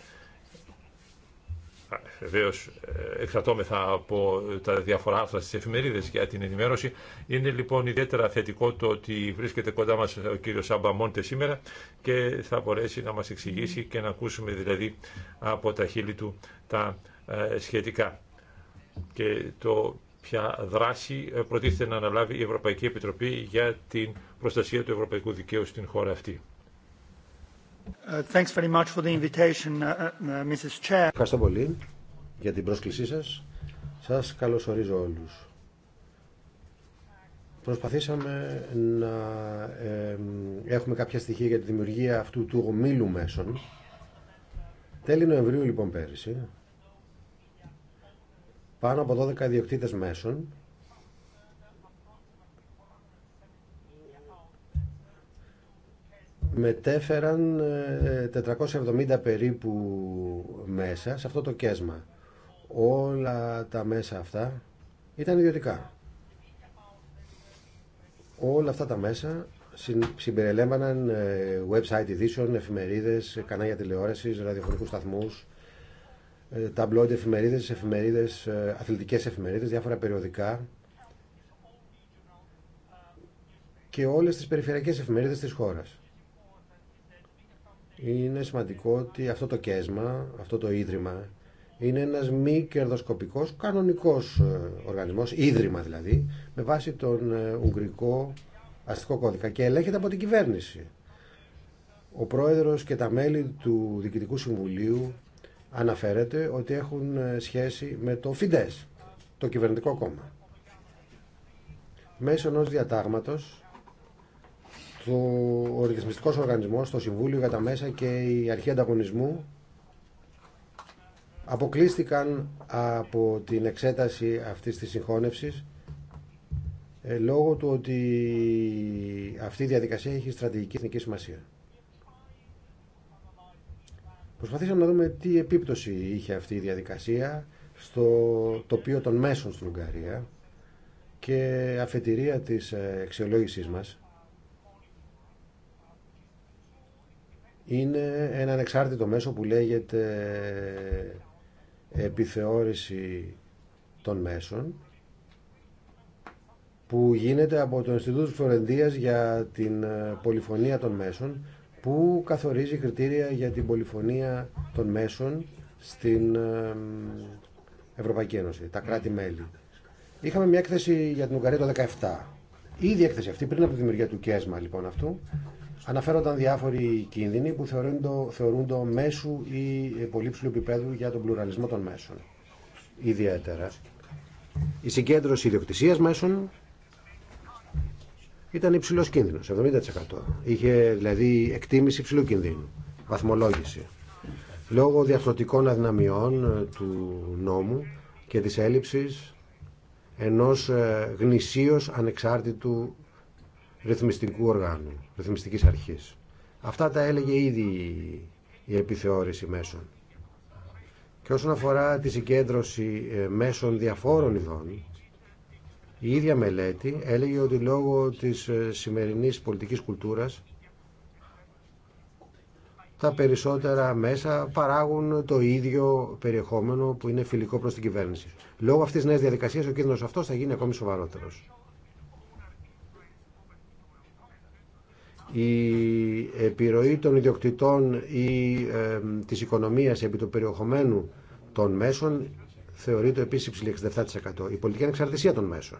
βεβαίω ε, εξαρτώμεθα από ε, τα διαφορά άρθρα στι εφημερίδε για την ενημέρωση. Είναι λοιπόν ιδιαίτερα θετικό το ότι βρίσκεται κοντά μα ο κύριο Σάμπα Μόντε σήμερα και θα μπορέσει να μα εξηγήσει και να ακούσουμε δηλαδή από τα χείλη του τα ε, σχετικά και το ποια δράση προτίθεται να αναλάβει η Ευρωπαϊκή Επιτροπή για την προστασία του ευρωπαϊκού δικαίου στην χώρα αυτή. Ευχαριστώ πολύ για την πρόσκλησή σας. Σας καλωσορίζω όλους. Προσπαθήσαμε να έχουμε κάποια στοιχεία για τη δημιουργία αυτού του ομίλου μέσων. Τέλη Νοεμβρίου λοιπόν πέρυσι, πάνω από 12 διοκτήτες μέσων μετέφεραν 470 ε, περίπου μέσα σε αυτό το κέσμα. Όλα τα μέσα αυτά ήταν ιδιωτικά. Όλα αυτά τα μέσα συμπεριλέμβαναν ε, website ειδήσεων, εφημερίδες, κανάλια τηλεόρασης, ραδιοφωνικούς σταθμούς, ε, ταμπλόιντ εφημερίδες, εφημερίδες, αθλητικές εφημερίδες, διάφορα περιοδικά και όλες τις περιφερειακές εφημερίδες της χώρας είναι σημαντικό ότι αυτό το κέσμα, αυτό το ίδρυμα, είναι ένας μη κερδοσκοπικός, κανονικός ε, οργανισμός, ίδρυμα δηλαδή, με βάση τον ε, Ουγγρικό Αστικό Κώδικα και ελέγχεται από την κυβέρνηση. Ο πρόεδρος και τα μέλη του Διοικητικού Συμβουλίου αναφέρεται ότι έχουν ε, σχέση με το ΦΙΝΤΕΣ, το κυβερνητικό κόμμα. Μέσω ενός διατάγματος ο ρυθμιστικός οργανισμός, το Συμβούλιο για τα Μέσα και η Αρχή Ανταγωνισμού αποκλείστηκαν από την εξέταση αυτής της συγχώνευσης ε, λόγω του ότι αυτή η διαδικασία έχει στρατηγική εθνική σημασία. Προσπαθήσαμε να δούμε τι επίπτωση είχε αυτή η διαδικασία στο τοπίο των μέσων στην Ουγγαρία και αφετηρία της ε, αξιολόγησής μας είναι ένα ανεξάρτητο μέσο που λέγεται επιθεώρηση των μέσων που γίνεται από το Ινστιτούτο της για την ε, πολυφωνία των μέσων που καθορίζει κριτήρια για την πολυφωνία των μέσων στην ε, Ευρωπαϊκή Ένωση, τα κράτη-μέλη. Είχαμε μια έκθεση για την Ουγγαρία το 2017. Ήδη έκθεση αυτή πριν από τη δημιουργία του ΚΕΣΜΑ λοιπόν αυτού Αναφέρονταν διάφοροι κίνδυνοι που το μέσου ή ε, πολύ ψηλού επίπεδου για τον πλουραλισμό των μέσων. Ιδιαίτερα. Η συγκέντρωση ιδιοκτησία μέσων ήταν υψηλό κίνδυνο, 70%. Είχε δηλαδή εκτίμηση υψηλού κινδύνου, βαθμολόγηση. Λόγω διαφορετικών αδυναμιών ε, του νόμου και της έλλειψης ενός ε, γνησίως ανεξάρτητου ρυθμιστικού οργάνου, ρυθμιστικής αρχής. Αυτά τα έλεγε ήδη η επιθεώρηση μέσων. Και όσον αφορά τη συγκέντρωση ε, μέσων διαφόρων ειδών, η ίδια μελέτη έλεγε ότι λόγω της ε, σημερινής πολιτικής κουλτούρας τα περισσότερα μέσα παράγουν το ίδιο περιεχόμενο που είναι φιλικό προς την κυβέρνηση. Λόγω αυτής της νέας διαδικασίας ο κίνδυνος αυτός θα γίνει ακόμη σοβαρότερος. η επιρροή των ιδιοκτητών ή ε, της οικονομίας επί του περιεχομένου των μέσων θεωρείται επίση υψηλή 67%. Η πολιτική ανεξαρτησία των μέσων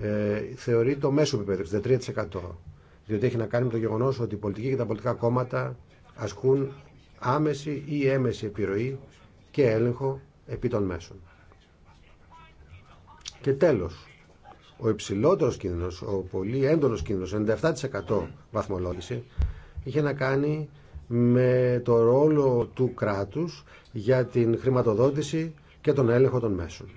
ε, θεωρεί το μέσο επίπεδο 63%. Διότι έχει να κάνει με το γεγονός ότι η πολιτική και τα πολιτικά κόμματα ασκούν άμεση ή έμεση επιρροή και έλεγχο επί των μέσων. Και τέλος, ο υψηλότερος κίνδυνος, ο πολύ έντονος κίνδυνος, 97% βαθμολόγηση, είχε να κάνει με το ρόλο του κράτους για την χρηματοδότηση και τον έλεγχο των μέσων.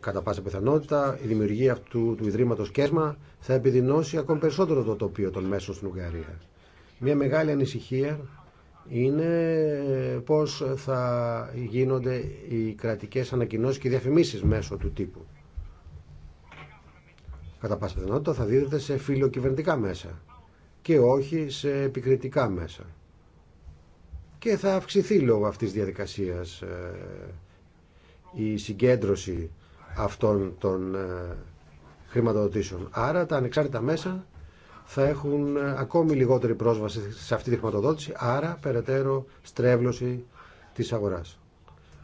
Κατά πάσα πιθανότητα η δημιουργία αυτού του Ιδρύματος Κέσμα θα επιδεινώσει ακόμη περισσότερο το τοπίο των μέσων στην Ουγγαρία. Μια μεγάλη ανησυχία είναι πώς θα γίνονται οι κρατικές ανακοινώσεις και διαφημίσεις μέσω του τύπου κατά πάσα πιθανότητα θα δίδεται σε φιλοκυβερνητικά μέσα και όχι σε επικριτικά μέσα. Και θα αυξηθεί λόγω αυτής της διαδικασίας ε, η συγκέντρωση αυτών των ε, χρηματοδοτήσεων. Άρα τα ανεξάρτητα μέσα θα έχουν ε, ακόμη λιγότερη πρόσβαση σε αυτή τη χρηματοδότηση, άρα περαιτέρω στρέβλωση της αγοράς.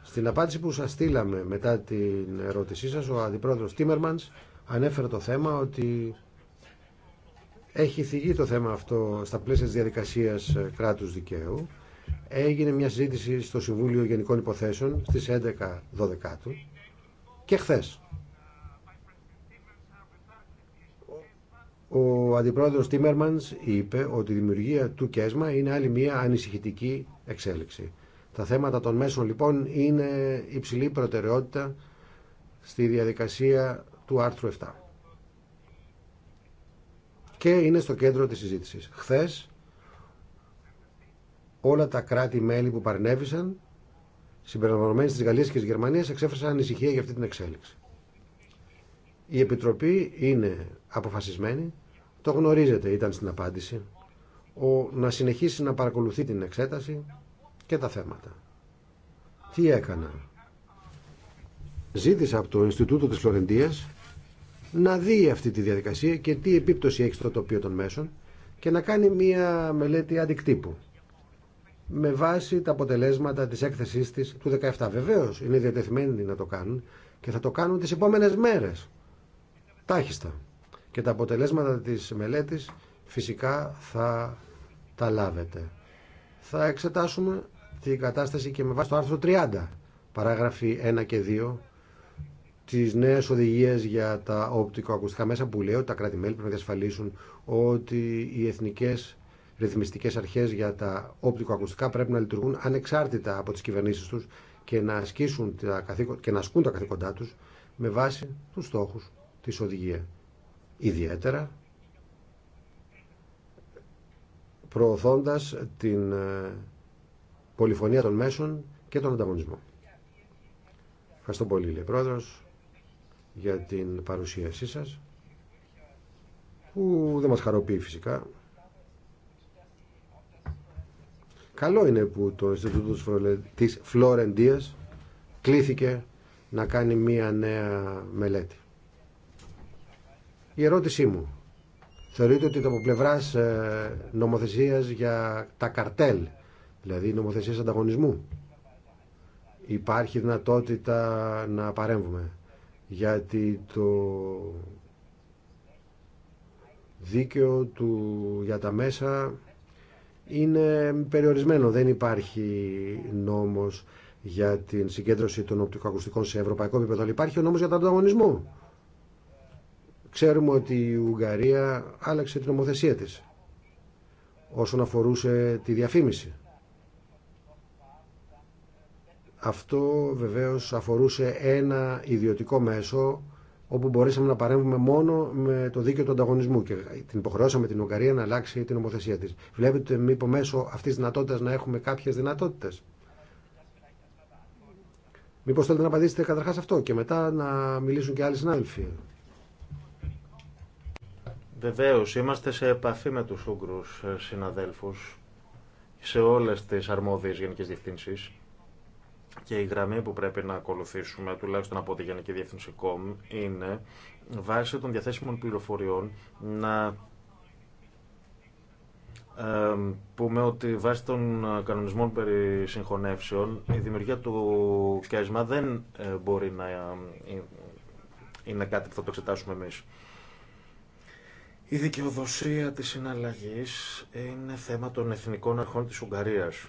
Στην απάντηση που σας στείλαμε μετά την ερώτησή σας, ο Αντιπρόεδρος Τίμερμανς ανέφερε το θέμα ότι έχει θυγεί το θέμα αυτό στα πλαίσια της διαδικασίας ε, κράτους δικαίου. Έγινε μια συζήτηση στο Συμβούλιο Γενικών Υποθέσεων στις 11 και χθες. Ο αντιπρόεδρος Τίμερμανς είπε ότι η δημιουργία του ΚΕΣΜΑ είναι άλλη μια ανησυχητική εξέλιξη. Τα θέματα των μέσων λοιπόν είναι υψηλή προτεραιότητα στη διαδικασία του άρθρου 7. Και είναι στο κέντρο της συζήτησης. Χθες όλα τα κράτη-μέλη που παρενέβησαν συμπεριλαμβανομένες της Γαλλίας και της Γερμανίας εξέφρασαν ανησυχία για αυτή την εξέλιξη. Η Επιτροπή είναι αποφασισμένη, το γνωρίζετε ήταν στην απάντηση, ο, να συνεχίσει να παρακολουθεί την εξέταση και τα θέματα. Τι έκανα. Ζήτησα από το Ινστιτούτο της Φλωρεντίας να δει αυτή τη διαδικασία και τι επίπτωση έχει στο τοπίο των μέσων και να κάνει μία μελέτη αντικτύπου με βάση τα αποτελέσματα της έκθεσής της του 17. Βεβαίως είναι διατεθειμένοι να το κάνουν και θα το κάνουν τις επόμενες μέρες, τάχιστα. Και τα αποτελέσματα της μελέτης φυσικά θα τα λάβετε. Θα εξετάσουμε την κατάσταση και με βάση το άρθρο 30, παράγραφοι 1 και 2 τι νέε οδηγίε για τα οπτικοακουστικά μέσα που λέει ότι τα κράτη-μέλη πρέπει να διασφαλίσουν ότι οι εθνικέ ρυθμιστικέ αρχέ για τα οπτικοακουστικά πρέπει να λειτουργούν ανεξάρτητα από τι κυβερνήσει του και να, και να ασκούν τα καθήκοντά του με βάση του στόχου τη οδηγία. Ιδιαίτερα προωθώντας την ε, πολυφωνία των μέσων και τον ανταγωνισμό. Ευχαριστώ πολύ, λέει Πρόεδρος για την παρουσίασή σας που δεν μας χαροποιεί φυσικά. Καλό είναι που το Ινστιτούτο της Φλόρεντίας κλήθηκε να κάνει μία νέα μελέτη. Η ερώτησή μου. Θεωρείτε ότι από πλευρά ε, νομοθεσίας για τα καρτέλ, δηλαδή νομοθεσία ανταγωνισμού, υπάρχει δυνατότητα να παρέμβουμε γιατί το δίκαιο του για τα μέσα είναι περιορισμένο. Δεν υπάρχει νόμος για την συγκέντρωση των οπτικοακουστικών σε ευρωπαϊκό επίπεδο. Υπάρχει ο νόμος για τον ανταγωνισμό. Ξέρουμε ότι η Ουγγαρία άλλαξε την νομοθεσία της όσον αφορούσε τη διαφήμιση. Αυτό βεβαίως αφορούσε ένα ιδιωτικό μέσο όπου μπορέσαμε να παρέμβουμε μόνο με το δίκαιο του ανταγωνισμού και την υποχρεώσαμε την Ουγγαρία να αλλάξει την ομοθεσία της. Βλέπετε μήπως μέσω αυτής της δυνατότητας να έχουμε κάποιες δυνατότητες. Μήπως θέλετε να απαντήσετε καταρχάς αυτό και μετά να μιλήσουν και άλλοι συνάδελφοι. Βεβαίω, είμαστε σε επαφή με τους Ούγγρους συναδέλφους σε όλες τις αρμόδιες γενικές διευθύνσεις και η γραμμή που πρέπει να ακολουθήσουμε, τουλάχιστον από τη Γενική Διεύθυνση ΚΟΜ, είναι βάσει των διαθέσιμων πληροφοριών να πούμε ότι βάσει των κανονισμών περί συγχωνεύσεων η δημιουργία του ΚΕΣΜΑ δεν ε, μπορεί να ε, είναι κάτι που θα το εξετάσουμε εμείς. Η δικαιοδοσία της συναλλαγής είναι θέμα των εθνικών αρχών της Ουγγαρίας.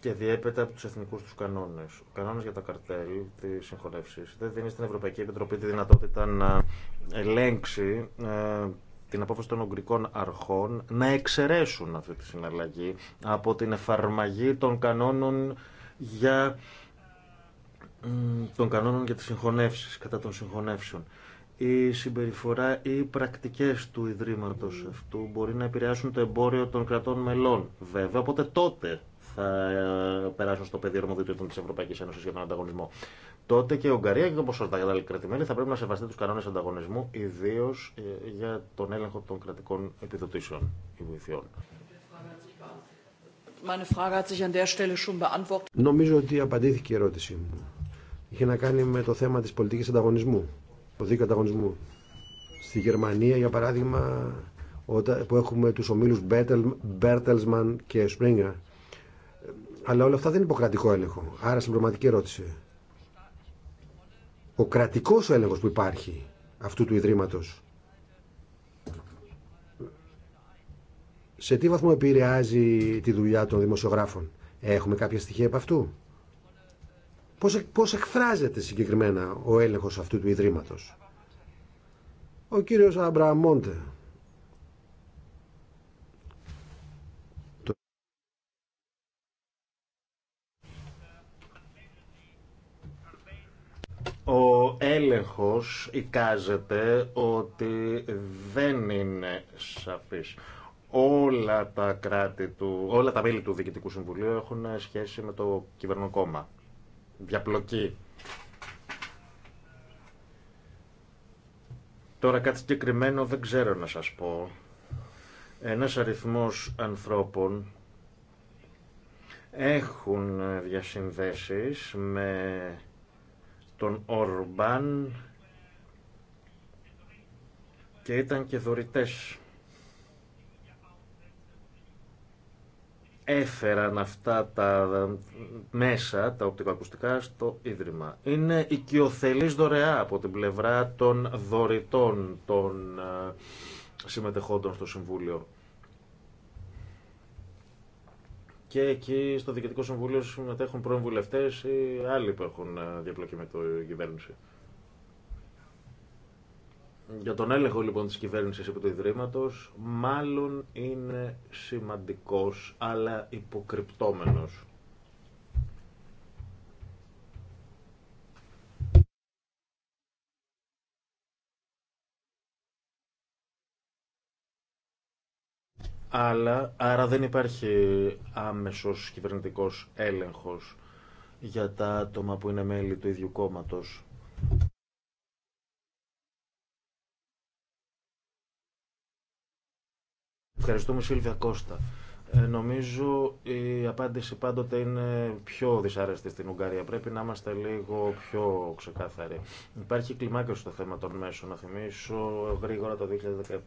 και διέπεται από του εθνικού του κανόνε. Ο κανόνα για τα καρτέλ τη συγχωνεύση δεν δίνει στην Ευρωπαϊκή Επιτροπή τη δυνατότητα να ελέγξει ε, την απόφαση των Ουγγρικών αρχών να εξαιρέσουν αυτή τη συναλλαγή από την εφαρμογή των κανόνων για των κανόνων για τις συγχωνεύσεις, κατά των συγχωνεύσεων. Η συμπεριφορά ή οι πρακτικές του Ιδρύματος αυτού μπορεί να επηρεάσουν το εμπόριο των κρατών μελών, βέβαια, οπότε τότε θα ε, περάσουν στο πεδίο αρμοδιοτήτων τη Ευρωπαϊκή Ένωση για τον ανταγωνισμό. Τότε και η Ουγγαρία και όπω τα άλλα θα πρέπει να σεβαστεί του κανόνε ανταγωνισμού, ιδίω ε, για τον έλεγχο των κρατικών επιδοτήσεων ή βοηθειών. Νομίζω ότι απαντήθηκε η ερώτησή μου. Είχε να κάνει με το θέμα τη πολιτική ανταγωνισμού, το δίκαιο ανταγωνισμού. Στη Γερμανία, για παράδειγμα, που έχουμε του ομίλου Bertelsmann και Springer, αλλά όλα αυτά δεν είναι υποκρατικό έλεγχο. Άρα στην πραγματική ερώτηση. Ο κρατικός έλεγχος που υπάρχει αυτού του Ιδρύματος σε τι βαθμό επηρεάζει τη δουλειά των δημοσιογράφων. Έχουμε κάποια στοιχεία από αυτού. Πώς, πώς εκφράζεται συγκεκριμένα ο έλεγχος αυτού του Ιδρύματος. Ο κύριος Αμπραμόντε Ο έλεγχος εικάζεται ότι δεν είναι σαφής. Όλα τα, κράτη του, όλα τα μέλη του Διοικητικού Συμβουλίου έχουν σχέση με το κυβερνοκόμμα. Διαπλοκή. Τώρα κάτι συγκεκριμένο δεν ξέρω να σας πω. Ένας αριθμός ανθρώπων έχουν διασυνδέσεις με τον Ορμπάν και ήταν και δωρητές. Έφεραν αυτά τα μέσα, τα οπτικοακουστικά, στο Ίδρυμα. Είναι οικειοθελής δωρεά από την πλευρά των δωρητών των ε, συμμετεχόντων στο Συμβούλιο. και εκεί στο Διοικητικό Συμβούλιο συμμετέχουν πρώην βουλευτέ ή άλλοι που έχουν ε, διαπλοκή με την ε, κυβέρνηση. Για τον έλεγχο λοιπόν της κυβέρνησης επί το Ιδρύματος, μάλλον είναι σημαντικός, αλλά υποκρυπτόμενος. αλλά άρα δεν υπάρχει άμεσος κυβερνητικός έλεγχος για τα άτομα που είναι μέλη του ίδιου κόμματος. Ευχαριστούμε Σίλβια Κώστα. Ε, νομίζω η απάντηση πάντοτε είναι πιο δυσάρεστη στην Ουγγαρία. Πρέπει να είμαστε λίγο πιο ξεκάθαροι. Υπάρχει κλιμάκωση στο θέμα των μέσων. Να θυμίσω γρήγορα το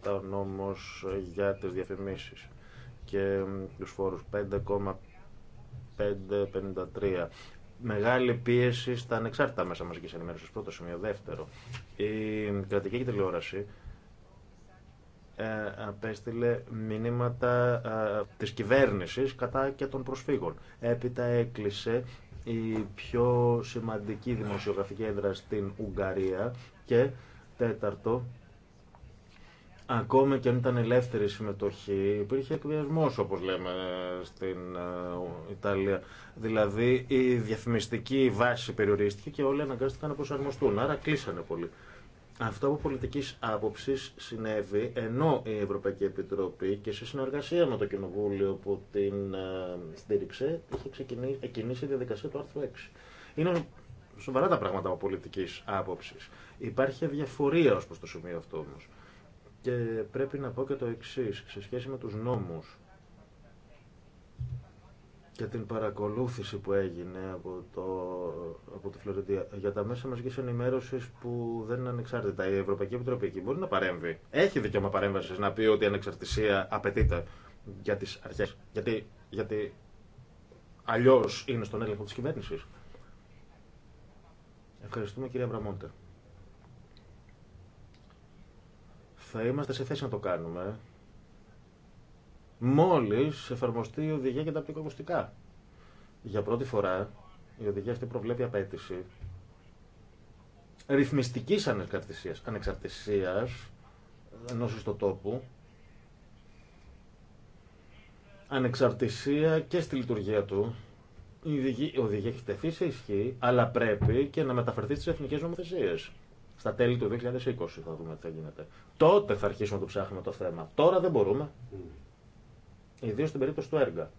2017 ο νόμος για τις διαφημίσεις και τους φόρους 5,553. Μεγάλη πίεση στα ανεξάρτητα μέσα μαζικής ενημέρωσης, πρώτο σημείο. Δεύτερο, η κρατική τηλεόραση ε, απέστειλε μηνύματα ε, της κυβέρνησης κατά και των προσφύγων. Έπειτα έκλεισε η πιο σημαντική δημοσιογραφική έδρα στην Ουγγαρία και τέταρτο, ακόμη και αν ήταν ελεύθερη συμμετοχή, υπήρχε εκβιασμός όπως λέμε στην ε, Ιταλία. Δηλαδή η διαφημιστική βάση περιορίστηκε και όλοι αναγκάστηκαν να προσαρμοστούν, άρα κλείσανε πολύ. Αυτό από πολιτικής άποψη συνέβη ενώ η Ευρωπαϊκή Επιτροπή και σε συνεργασία με το Κοινοβούλιο που την ε, στήριξε είχε ξεκινήσει, η διαδικασία του άρθρου 6. Είναι σοβαρά τα πράγματα από πολιτικής άποψη. Υπάρχει διαφορία ως προ το σημείο αυτό όμως. Και πρέπει να πω και το εξή σε σχέση με τους νόμου για την παρακολούθηση που έγινε από, το, από τη Φλωρεντία για τα μέσα μαζικής ενημέρωσης που δεν είναι ανεξάρτητα. Η Ευρωπαϊκή Επιτροπή εκεί μπορεί να παρέμβει. Έχει δικαίωμα παρέμβασης να πει ότι η ανεξαρτησία απαιτείται για τις αρχές. Γιατί, γιατί αλλιώς είναι στον έλεγχο της κυβέρνησης. Ευχαριστούμε κυρία Μπραμόντε. Θα είμαστε σε θέση να το κάνουμε μόλις εφαρμοστεί η οδηγία για τα οπτικοακουστικά. Για πρώτη φορά η οδηγία αυτή προβλέπει απέτηση ρυθμιστική ανεξαρτησία ανεξαρτησίας ενό το τόπου, ανεξαρτησία και στη λειτουργία του. Η οδηγία έχει τεθεί σε ισχύ, αλλά πρέπει και να μεταφερθεί στις εθνικές νομοθεσίες. Στα τέλη του 2020 θα δούμε τι θα γίνεται. Τότε θα αρχίσουμε να το ψάχνουμε το θέμα. Τώρα δεν μπορούμε. Ιδίω στην περίπτωση του έργα.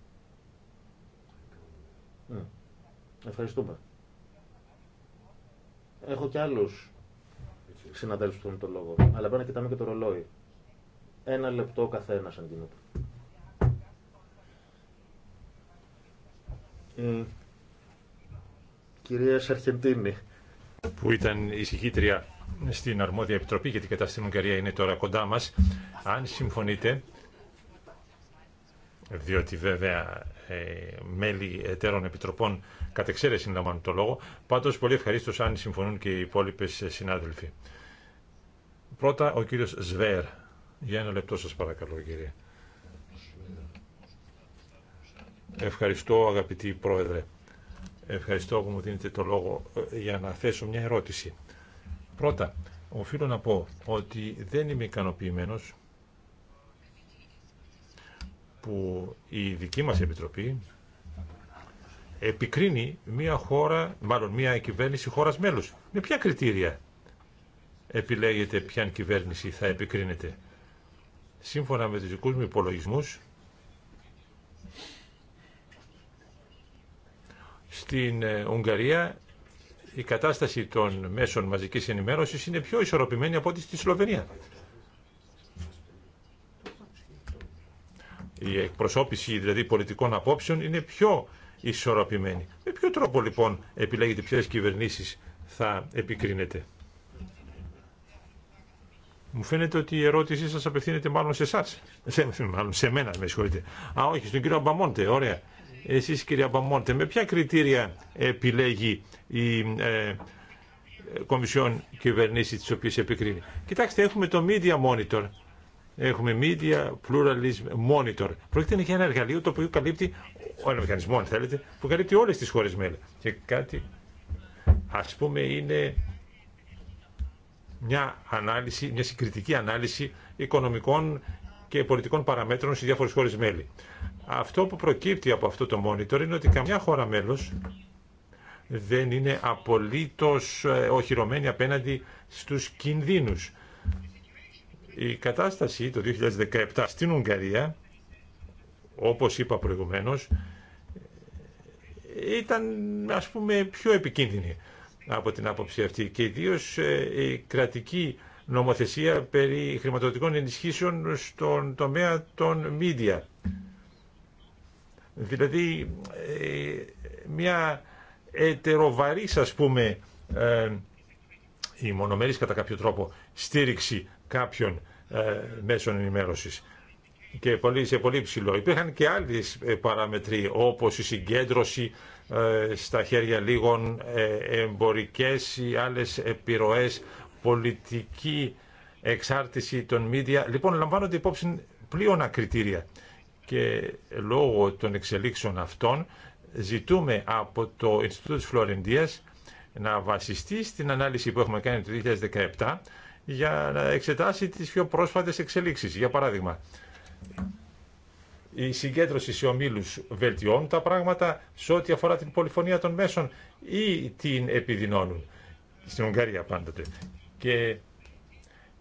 Ναι. Ευχαριστούμε. Έχω και άλλου συναδέλφου που θέλουν το λόγο. Αλλά πρέπει να κοιτάμε και το ρολόι. Ένα λεπτό καθένα αν γίνεται. Η ε, κυρία Σαρχεντίνη. Που ήταν ησυχήτρια στην αρμόδια επιτροπή γιατί η κατάσταση στην Ουγγαρία είναι τώρα κοντά μα, Αν συμφωνείτε, διότι βέβαια ε, μέλη εταίρων επιτροπών κατ' εξαίρεση λαμβάνουν το λόγο. Πάντω, πολύ ευχαριστώ αν συμφωνούν και οι υπόλοιπε ε, συνάδελφοι. Πρώτα ο κύριο Σβέρ. Για ένα λεπτό σα παρακαλώ κύριε. Ευχαριστώ αγαπητή πρόεδρε. Ευχαριστώ που μου δίνετε το λόγο ε, για να θέσω μια ερώτηση. Πρώτα, οφείλω να πω ότι δεν είμαι ικανοποιημένος που η δική μας Επιτροπή επικρίνει μια χώρα, μάλλον μια κυβέρνηση χώρας μέλους. Με ποια κριτήρια επιλέγετε ποια κυβέρνηση θα επικρίνεται. Σύμφωνα με τους δικούς μου υπολογισμούς, στην ε, Ουγγαρία η κατάσταση των μέσων μαζικής ενημέρωσης είναι πιο ισορροπημένη από ό,τι στη Σλοβενία. η εκπροσώπηση δηλαδή πολιτικών απόψεων είναι πιο ισορροπημένη. Με ποιο τρόπο λοιπόν επιλέγετε ποιες κυβερνήσεις θα επικρίνετε. Μου φαίνεται ότι η ερώτησή σας απευθύνεται μάλλον σε εσάς. Σε, μάλλον σε μένα, με συγχωρείτε. Α, όχι, στον κύριο Αμπαμόντε, ωραία. Εσείς κύριε Αμπαμόντε, με ποια κριτήρια επιλέγει η ε, Κομισιόν Κυβερνήσει τις οποίες επικρίνει. Κοιτάξτε, έχουμε το Media Monitor Έχουμε Media Pluralism Monitor. Πρόκειται για ένα εργαλείο το οποίο καλύπτει, ένα μηχανισμό αν θέλετε, που καλύπτει όλες τις χώρες μέλη. Και κάτι, ας πούμε, είναι μια ανάλυση, μια συγκριτική ανάλυση οικονομικών και πολιτικών παραμέτρων σε διάφορες χώρες μέλη. Αυτό που προκύπτει από αυτό το monitor είναι ότι καμιά χώρα μέλος δεν είναι απολύτως ε, οχυρωμένη απέναντι στους κινδύνους η κατάσταση το 2017 στην Ουγγαρία, όπως είπα προηγουμένως, ήταν ας πούμε πιο επικίνδυνη από την άποψη αυτή και ιδίω ε, η κρατική νομοθεσία περί χρηματοδοτικών ενισχύσεων στον τομέα των media Δηλαδή ε, μια ετεροβαρής ας πούμε ε, η μονομερής κατά κάποιο τρόπο στήριξη κάποιων ε, μέσων ενημέρωσης και πολύ, σε πολύ ψηλό. Υπήρχαν και άλλοι ε, παραμετροί όπως η συγκέντρωση ε, στα χέρια λίγων εμπορικές ή άλλες επιρροές, πολιτική εξάρτηση των μίδια. Λοιπόν, λαμβάνονται υπόψη πλήωνα κριτήρια και λόγω των εξελίξεων αυτών ζητούμε από το Ινστιτούτο της Φλωρεντίας να βασιστεί στην ανάλυση που έχουμε κάνει το 2017 για να εξετάσει τις πιο πρόσφατες εξελίξεις. Για παράδειγμα, η συγκέντρωση σε ομίλους βελτιώνουν τα πράγματα σε ό,τι αφορά την πολυφωνία των μέσων ή την επιδεινώνουν. Στην Ουγγαρία πάντοτε. Και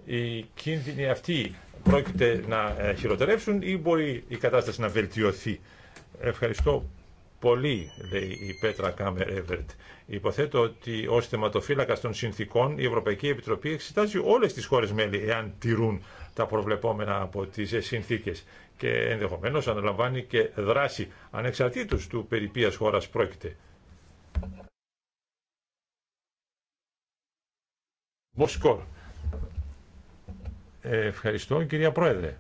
οι κίνδυνοι αυτοί πρόκειται να ε, χειροτερεύσουν ή μπορεί η κατάσταση να βελτιωθεί. Ευχαριστώ Πολύ, λέει η Πέτρα Κάμερ Εύερτ. Υποθέτω ότι ω θεματοφύλακα των συνθήκων η Ευρωπαϊκή Επιτροπή εξετάζει όλε τι χώρε μέλη εάν τηρούν τα προβλεπόμενα από τι συνθήκε και ενδεχομένω αναλαμβάνει και δράση ανεξαρτήτως του περί ποιας χώρας πρόκειται. Ε, ευχαριστώ κυρία Πρόεδρε.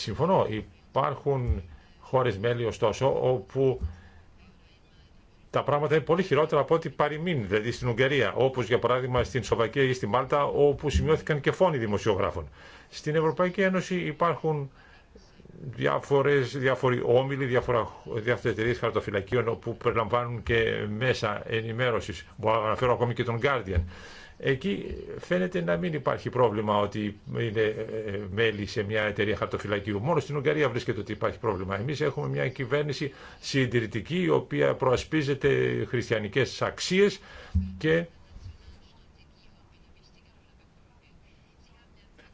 Συμφωνώ, υπάρχουν χώρες μέλη ωστόσο όπου τα πράγματα είναι πολύ χειρότερα από ό,τι παρημείνει, δηλαδή στην Ουγγαρία, όπως για παράδειγμα στην Σοβακία ή στη Μάλτα, όπου σημειώθηκαν και φόνοι δημοσιογράφων. Στην Ευρωπαϊκή Ένωση υπάρχουν διάφορες, διάφοροι όμιλοι, διάφορα, διάφορες εταιρείε χαρτοφυλακίων όπου περιλαμβάνουν και μέσα ενημέρωσης. Μπορώ να αναφέρω ακόμη και τον Guardian. Εκεί φαίνεται να μην υπάρχει πρόβλημα ότι είναι ε, ε, μέλη σε μια εταιρεία χαρτοφυλακίου. Μόνο στην Ουγγαρία βρίσκεται ότι υπάρχει πρόβλημα. Εμεί έχουμε μια κυβέρνηση συντηρητική, η οποία προασπίζεται χριστιανικέ αξίε και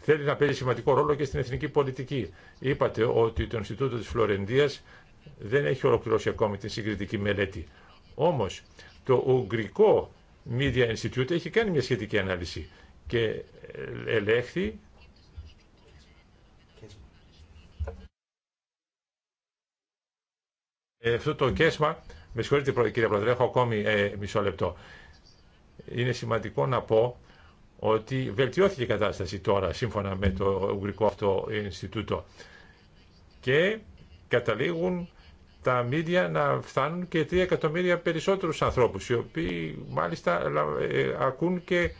θέλει να παίζει σημαντικό ρόλο και στην εθνική πολιτική. Είπατε ότι το Ινστιτούτο τη Φλωρεντία δεν έχει ολοκληρώσει ακόμη την συγκριτική μελέτη. Όμω το Ουγγρικό Media Institute έχει κάνει μια σχετική ανάλυση και ε, ελέγχθη ε, αυτό το κέσμα, με συγχωρείτε κύριε Πρόεδρε, έχω ακόμη ε, μισό λεπτό. Είναι σημαντικό να πω ότι βελτιώθηκε η κατάσταση τώρα σύμφωνα με το Ουγγρικό αυτό Ινστιτούτο και καταλήγουν τα μίδια να φτάνουν και 3 εκατομμύρια περισσότερους ανθρώπους, οι οποίοι μάλιστα ε, ε, ακούν και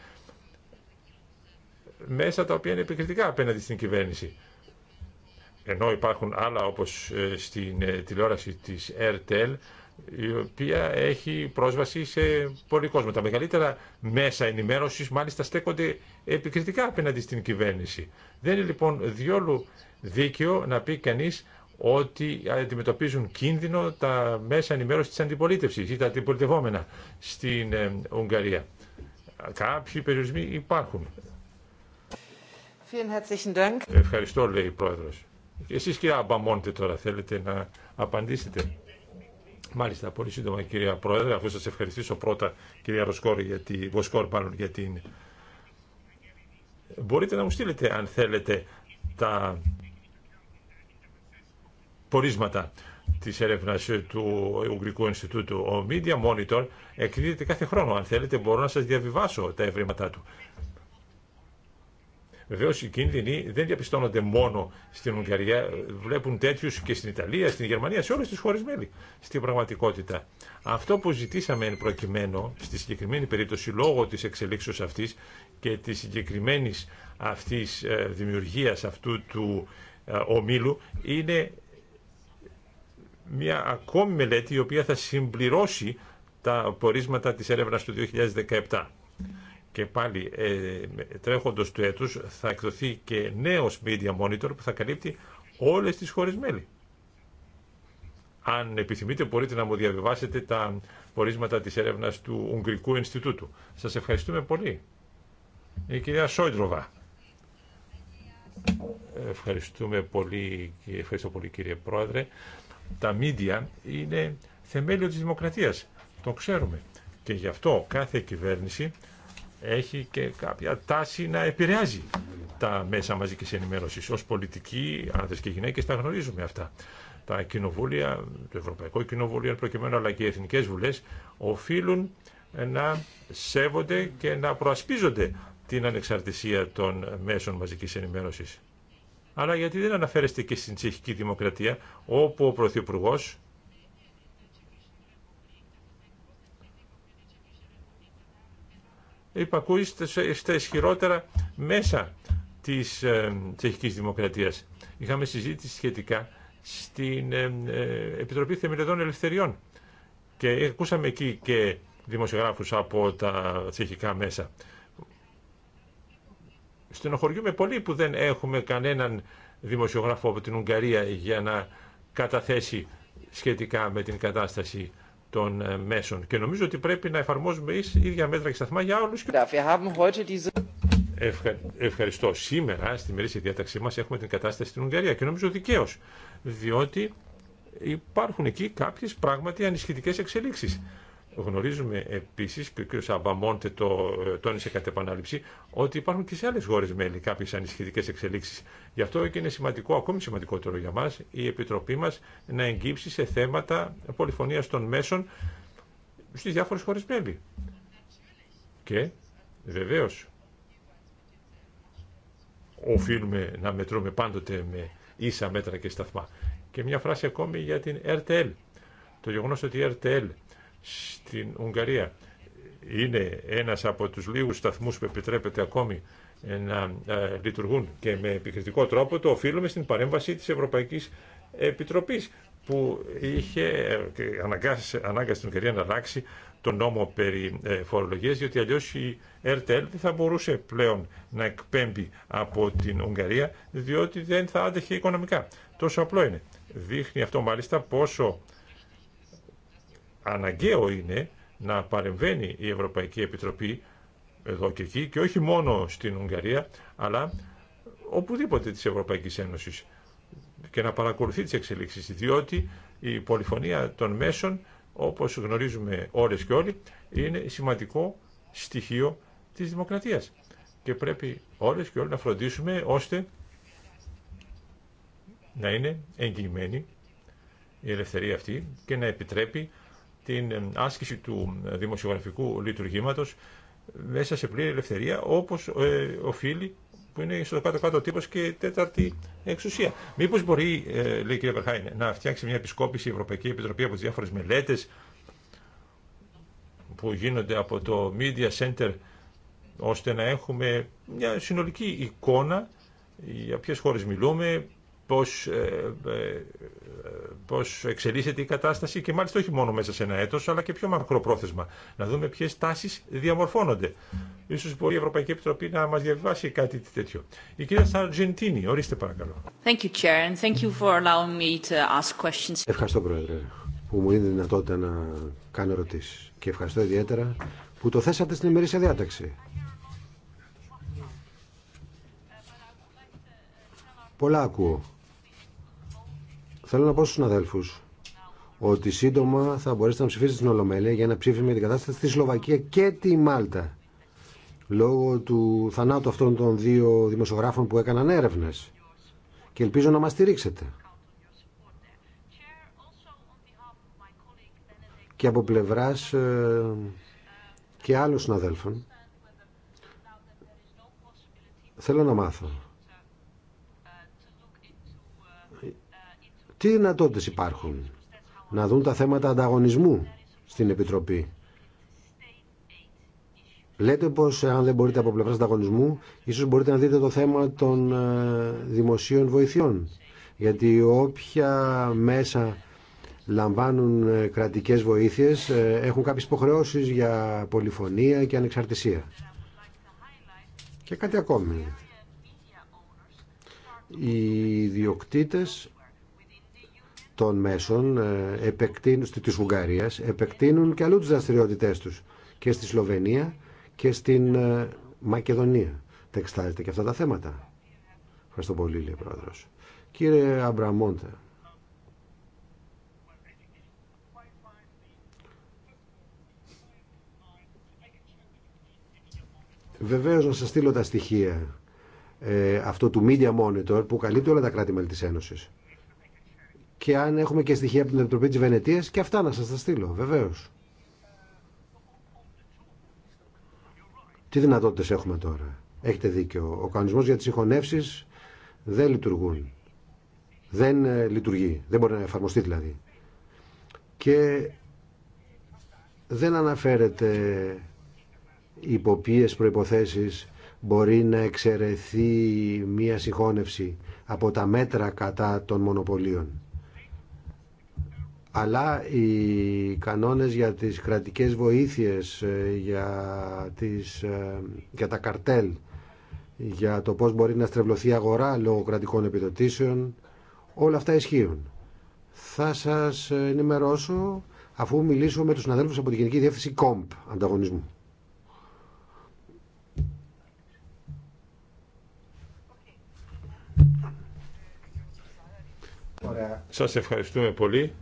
μέσα τα οποία είναι επικριτικά απέναντι στην κυβέρνηση. Ενώ υπάρχουν άλλα όπως ε, στην τηλεόραση της RTL, η οποία έχει πρόσβαση σε πολλοί κόσμο. Τα μεγαλύτερα μέσα ενημέρωσης μάλιστα στέκονται επικριτικά απέναντι στην κυβέρνηση. Δεν είναι λοιπόν διόλου δίκαιο να πει κανείς ότι αντιμετωπίζουν κίνδυνο τα μέσα ενημέρωση της αντιπολίτευσης ή τα αντιπολιτευόμενα στην ε, Ουγγαρία. Κάποιοι περιορισμοί υπάρχουν. Ευχαριστώ, λέει η Πρόεδρος. Εσείς, κυρία Αμπαμόντε, τώρα θέλετε να απαντήσετε. Μάλιστα, πολύ σύντομα, κυρία Πρόεδρε, αφού σας ευχαριστήσω πρώτα, κυρία Ροσκόρ, για τη, Βοσκόρ, μάλλον, για την... Μπορείτε να μου στείλετε, αν θέλετε, τα πορίσματα της έρευνας του Ουγγρικού Ινστιτούτου. Ο Media Monitor εκδίδεται κάθε χρόνο. Αν θέλετε μπορώ να σα διαβιβάσω τα ευρήματά του. Βεβαίω οι κίνδυνοι δεν διαπιστώνονται μόνο στην Ουγγαρία. Βλέπουν τέτοιου και στην Ιταλία, στην Γερμανία, σε όλε τι χώρε μέλη. Στην πραγματικότητα. Αυτό που ζητήσαμε εν προκειμένου, στη συγκεκριμένη περίπτωση, λόγω τη εξελίξεω αυτή και τη συγκεκριμένη αυτή ε, δημιουργία αυτού του ε, ομίλου, είναι μια ακόμη μελέτη η οποία θα συμπληρώσει τα πορίσματα της έρευνας του 2017. Και πάλι ε, τρέχοντος του έτους θα εκδοθεί και νέος Media Monitor που θα καλύπτει όλες τις χώρες μέλη. Αν επιθυμείτε μπορείτε να μου διαβιβάσετε τα πορίσματα της έρευνας του Ουγγρικού Ινστιτούτου. Σας ευχαριστούμε πολύ. Η κυρία Σόιντροβα. Ευχαριστούμε πολύ, ευχαριστώ πολύ κύριε Πρόεδρε τα μίντια είναι θεμέλιο της δημοκρατίας. Το ξέρουμε. Και γι' αυτό κάθε κυβέρνηση έχει και κάποια τάση να επηρεάζει τα μέσα μαζικής ενημέρωσης. Ως πολιτικοί, άνδρες και γυναίκες, τα γνωρίζουμε αυτά. Τα κοινοβούλια, το Ευρωπαϊκό Κοινοβούλιο, προκειμένου αλλά και οι Εθνικές Βουλές, οφείλουν να σέβονται και να προασπίζονται την ανεξαρτησία των μέσων μαζικής ενημέρωσης αλλά γιατί δεν αναφέρεστε και στην τσεχική δημοκρατία, όπου ο Πρωθυπουργό. υπακούει στα ισχυρότερα μέσα της ε, τσεχικής δημοκρατίας. Είχαμε συζήτηση σχετικά στην ε, ε, Επιτροπή Θεμελιωδών Ελευθεριών και ακούσαμε εκεί και δημοσιογράφους από τα τσεχικά μέσα στενοχωριούμε πολύ που δεν έχουμε κανέναν δημοσιογράφο από την Ουγγαρία για να καταθέσει σχετικά με την κατάσταση των ε, μέσων. Και νομίζω ότι πρέπει να εφαρμόζουμε ίδια μέτρα και σταθμά για όλους. Ευχαριστώ. Σήμερα στη μερίσια διάταξή μας έχουμε την κατάσταση στην Ουγγαρία και νομίζω δικαίως, διότι υπάρχουν εκεί κάποιες πράγματι ανισχυτικές εξελίξεις. Γνωρίζουμε επίση, και ο κ. Αμπαμόντε το ε, τόνισε κατ' επανάληψη, ότι υπάρχουν και σε άλλε χώρε μέλη κάποιε ανισχυτικέ εξελίξει. Γι' αυτό και είναι σημαντικό, ακόμη σημαντικότερο για μα, η Επιτροπή μα να εγκύψει σε θέματα πολυφωνία των μέσων στι διάφορε χώρε μέλη. Και βεβαίω οφείλουμε να μετρούμε πάντοτε με ίσα μέτρα και σταθμά. Και μια φράση ακόμη για την RTL. Το γεγονό ότι η RTL στην Ουγγαρία. Είναι ένας από τους λίγους σταθμούς που επιτρέπεται ακόμη να ε, λειτουργούν και με επικριτικό τρόπο, το οφείλουμε στην παρέμβαση της Ευρωπαϊκής Επιτροπής που είχε ε, ανάγκασε την Ουγγαρία να αλλάξει το νόμο περί ε, φορολογίας, διότι αλλιώς η RTL δεν θα μπορούσε πλέον να εκπέμπει από την Ουγγαρία, διότι δεν θα άντεχε οικονομικά. Τόσο απλό είναι. Δείχνει αυτό μάλιστα πόσο αναγκαίο είναι να παρεμβαίνει η Ευρωπαϊκή Επιτροπή εδώ και εκεί και όχι μόνο στην Ουγγαρία, αλλά οπουδήποτε της Ευρωπαϊκής Ένωσης και να παρακολουθεί τις εξελίξεις, διότι η πολυφωνία των μέσων, όπως γνωρίζουμε όλες και όλοι, είναι σημαντικό στοιχείο της δημοκρατίας. Και πρέπει όλες και όλοι να φροντίσουμε ώστε να είναι εγγυημένη η ελευθερία αυτή και να επιτρέπει την άσκηση του δημοσιογραφικού λειτουργήματος μέσα σε πλήρη ελευθερία όπως ε, οφείλει που είναι στο κάτω-κάτω τύπος και τέταρτη εξουσία. Μήπως μπορεί, ε, λέει η κυρία να φτιάξει μια επισκόπηση η Ευρωπαϊκή Επιτροπή από τι διάφορε μελέτε που γίνονται από το Media Center, ώστε να έχουμε μια συνολική εικόνα για ποιες χώρες μιλούμε, πώς, ε, ε, πώς εξελίσσεται η κατάσταση και μάλιστα όχι μόνο μέσα σε ένα έτος αλλά και πιο μακροπρόθεσμα. Να δούμε ποιες τάσεις διαμορφώνονται. Ίσως μπορεί η Ευρωπαϊκή Επιτροπή να μας διαβάσει κάτι τέτοιο. Η κυρία Σαρτζεντίνη, ορίστε παρακαλώ. Ευχαριστώ Πρόεδρε που μου δίνει δυνατότητα να κάνω ερωτήσει. και ευχαριστώ ιδιαίτερα που το θέσατε στην ημερήσια διάταξη. Πολλά ακούω. Θέλω να πω στους συναδέλφου ότι σύντομα θα μπορέσετε να ψηφίσετε στην Ολομέλεια για να ψήφισμα για την κατάσταση στη Σλοβακία και τη Μάλτα λόγω του θανάτου αυτών των δύο δημοσιογράφων που έκαναν έρευνες και ελπίζω να μας στηρίξετε. Και από πλευράς ε, και άλλων συναδέλφων θέλω να μάθω Τι δυνατότητε υπάρχουν να δουν τα θέματα ανταγωνισμού στην Επιτροπή. Λέτε πως ε, αν δεν μπορείτε από πλευράς ανταγωνισμού, ίσως μπορείτε να δείτε το θέμα των ε, δημοσίων βοηθειών. Γιατί όποια μέσα λαμβάνουν ε, κρατικές βοήθειες έχουν κάποιες υποχρεώσεις για πολυφωνία και ανεξαρτησία. Και κάτι ακόμη. Οι ιδιοκτήτες των μέσων ε, επεκτείνουν, της Ουγγαρίας επεκτείνουν και αλλού τις δραστηριότητές τους και στη Σλοβενία και στην ε, Μακεδονία. Τα εξετάζετε και αυτά τα θέματα. Ευχαριστώ πολύ, λέει ο Πρόεδρος. Κύριε Αμπραμόντε, Βεβαίω να σας στείλω τα στοιχεία ε, αυτό του Media Monitor που καλύπτει όλα τα κράτη-μέλη της Ένωσης και αν έχουμε και στοιχεία από την Επιτροπή της Βενετίας και αυτά να σας τα στείλω, βεβαίως. Τι δυνατότητες έχουμε τώρα. Έχετε δίκιο. Ο κανονισμός για τις συγχωνεύσεις δεν λειτουργούν. Δεν ε, λειτουργεί. Δεν μπορεί να εφαρμοστεί δηλαδή. Και δεν αναφέρεται υπό ποιες προϋποθέσεις μπορεί να εξαιρεθεί μία συγχώνευση από τα μέτρα κατά των μονοπωλίων αλλά οι κανόνες για τις κρατικές βοήθειες, ε, για, τις, ε, για τα καρτέλ, για το πώς μπορεί να στρεβλωθεί η αγορά λόγω κρατικών επιδοτήσεων, όλα αυτά ισχύουν. Θα σας ενημερώσω αφού μιλήσω με τους συναδέλφους από την Γενική Διεύθυνση ΚΟΜΠ ανταγωνισμού. Σας ευχαριστούμε πολύ.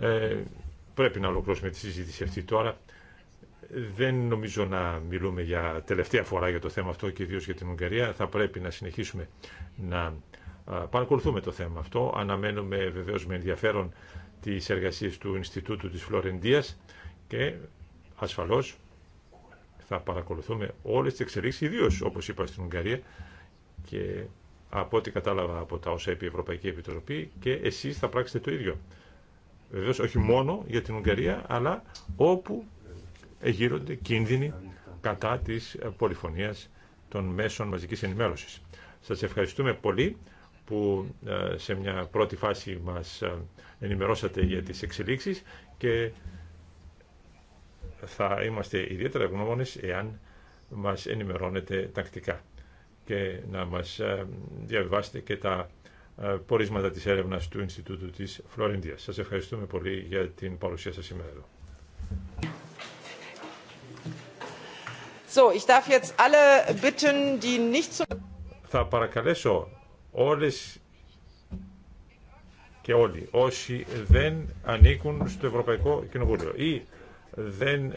Ε, πρέπει να ολοκληρώσουμε τη συζήτηση αυτή τώρα. Δεν νομίζω να μιλούμε για τελευταία φορά για το θέμα αυτό και ιδίω για την Ουγγαρία. Θα πρέπει να συνεχίσουμε να παρακολουθούμε το θέμα αυτό. Αναμένουμε βεβαίω με ενδιαφέρον τι εργασίε του Ινστιτούτου τη Φλωρεντία και ασφαλώ θα παρακολουθούμε όλε τι εξελίξει, ιδίω όπω είπα στην Ουγγαρία και από ό,τι κατάλαβα από τα όσα είπε η Ευρωπαϊκή Επιτροπή και εσεί θα πράξετε το ίδιο βεβαίως όχι μόνο για την Ουγγαρία, αλλά όπου γύρονται κίνδυνοι κατά της πολυφωνίας των μέσων μαζικής ενημέρωσης. Σας ευχαριστούμε πολύ που ε, σε μια πρώτη φάση μας ε, ενημερώσατε για τις εξελίξεις και θα είμαστε ιδιαίτερα ευγνώμονες εάν μας ενημερώνετε τακτικά και να μας ε, διαβιβάσετε και τα ε, πορίσματα της έρευνας του Ινστιτούτου της Φλωρινδίας. Σας ευχαριστούμε πολύ για την παρουσία σας σήμερα εδώ. Θα παρακαλέσω όλες και όλοι όσοι δεν ανήκουν στο Ευρωπαϊκό Κοινοβούλιο ή δεν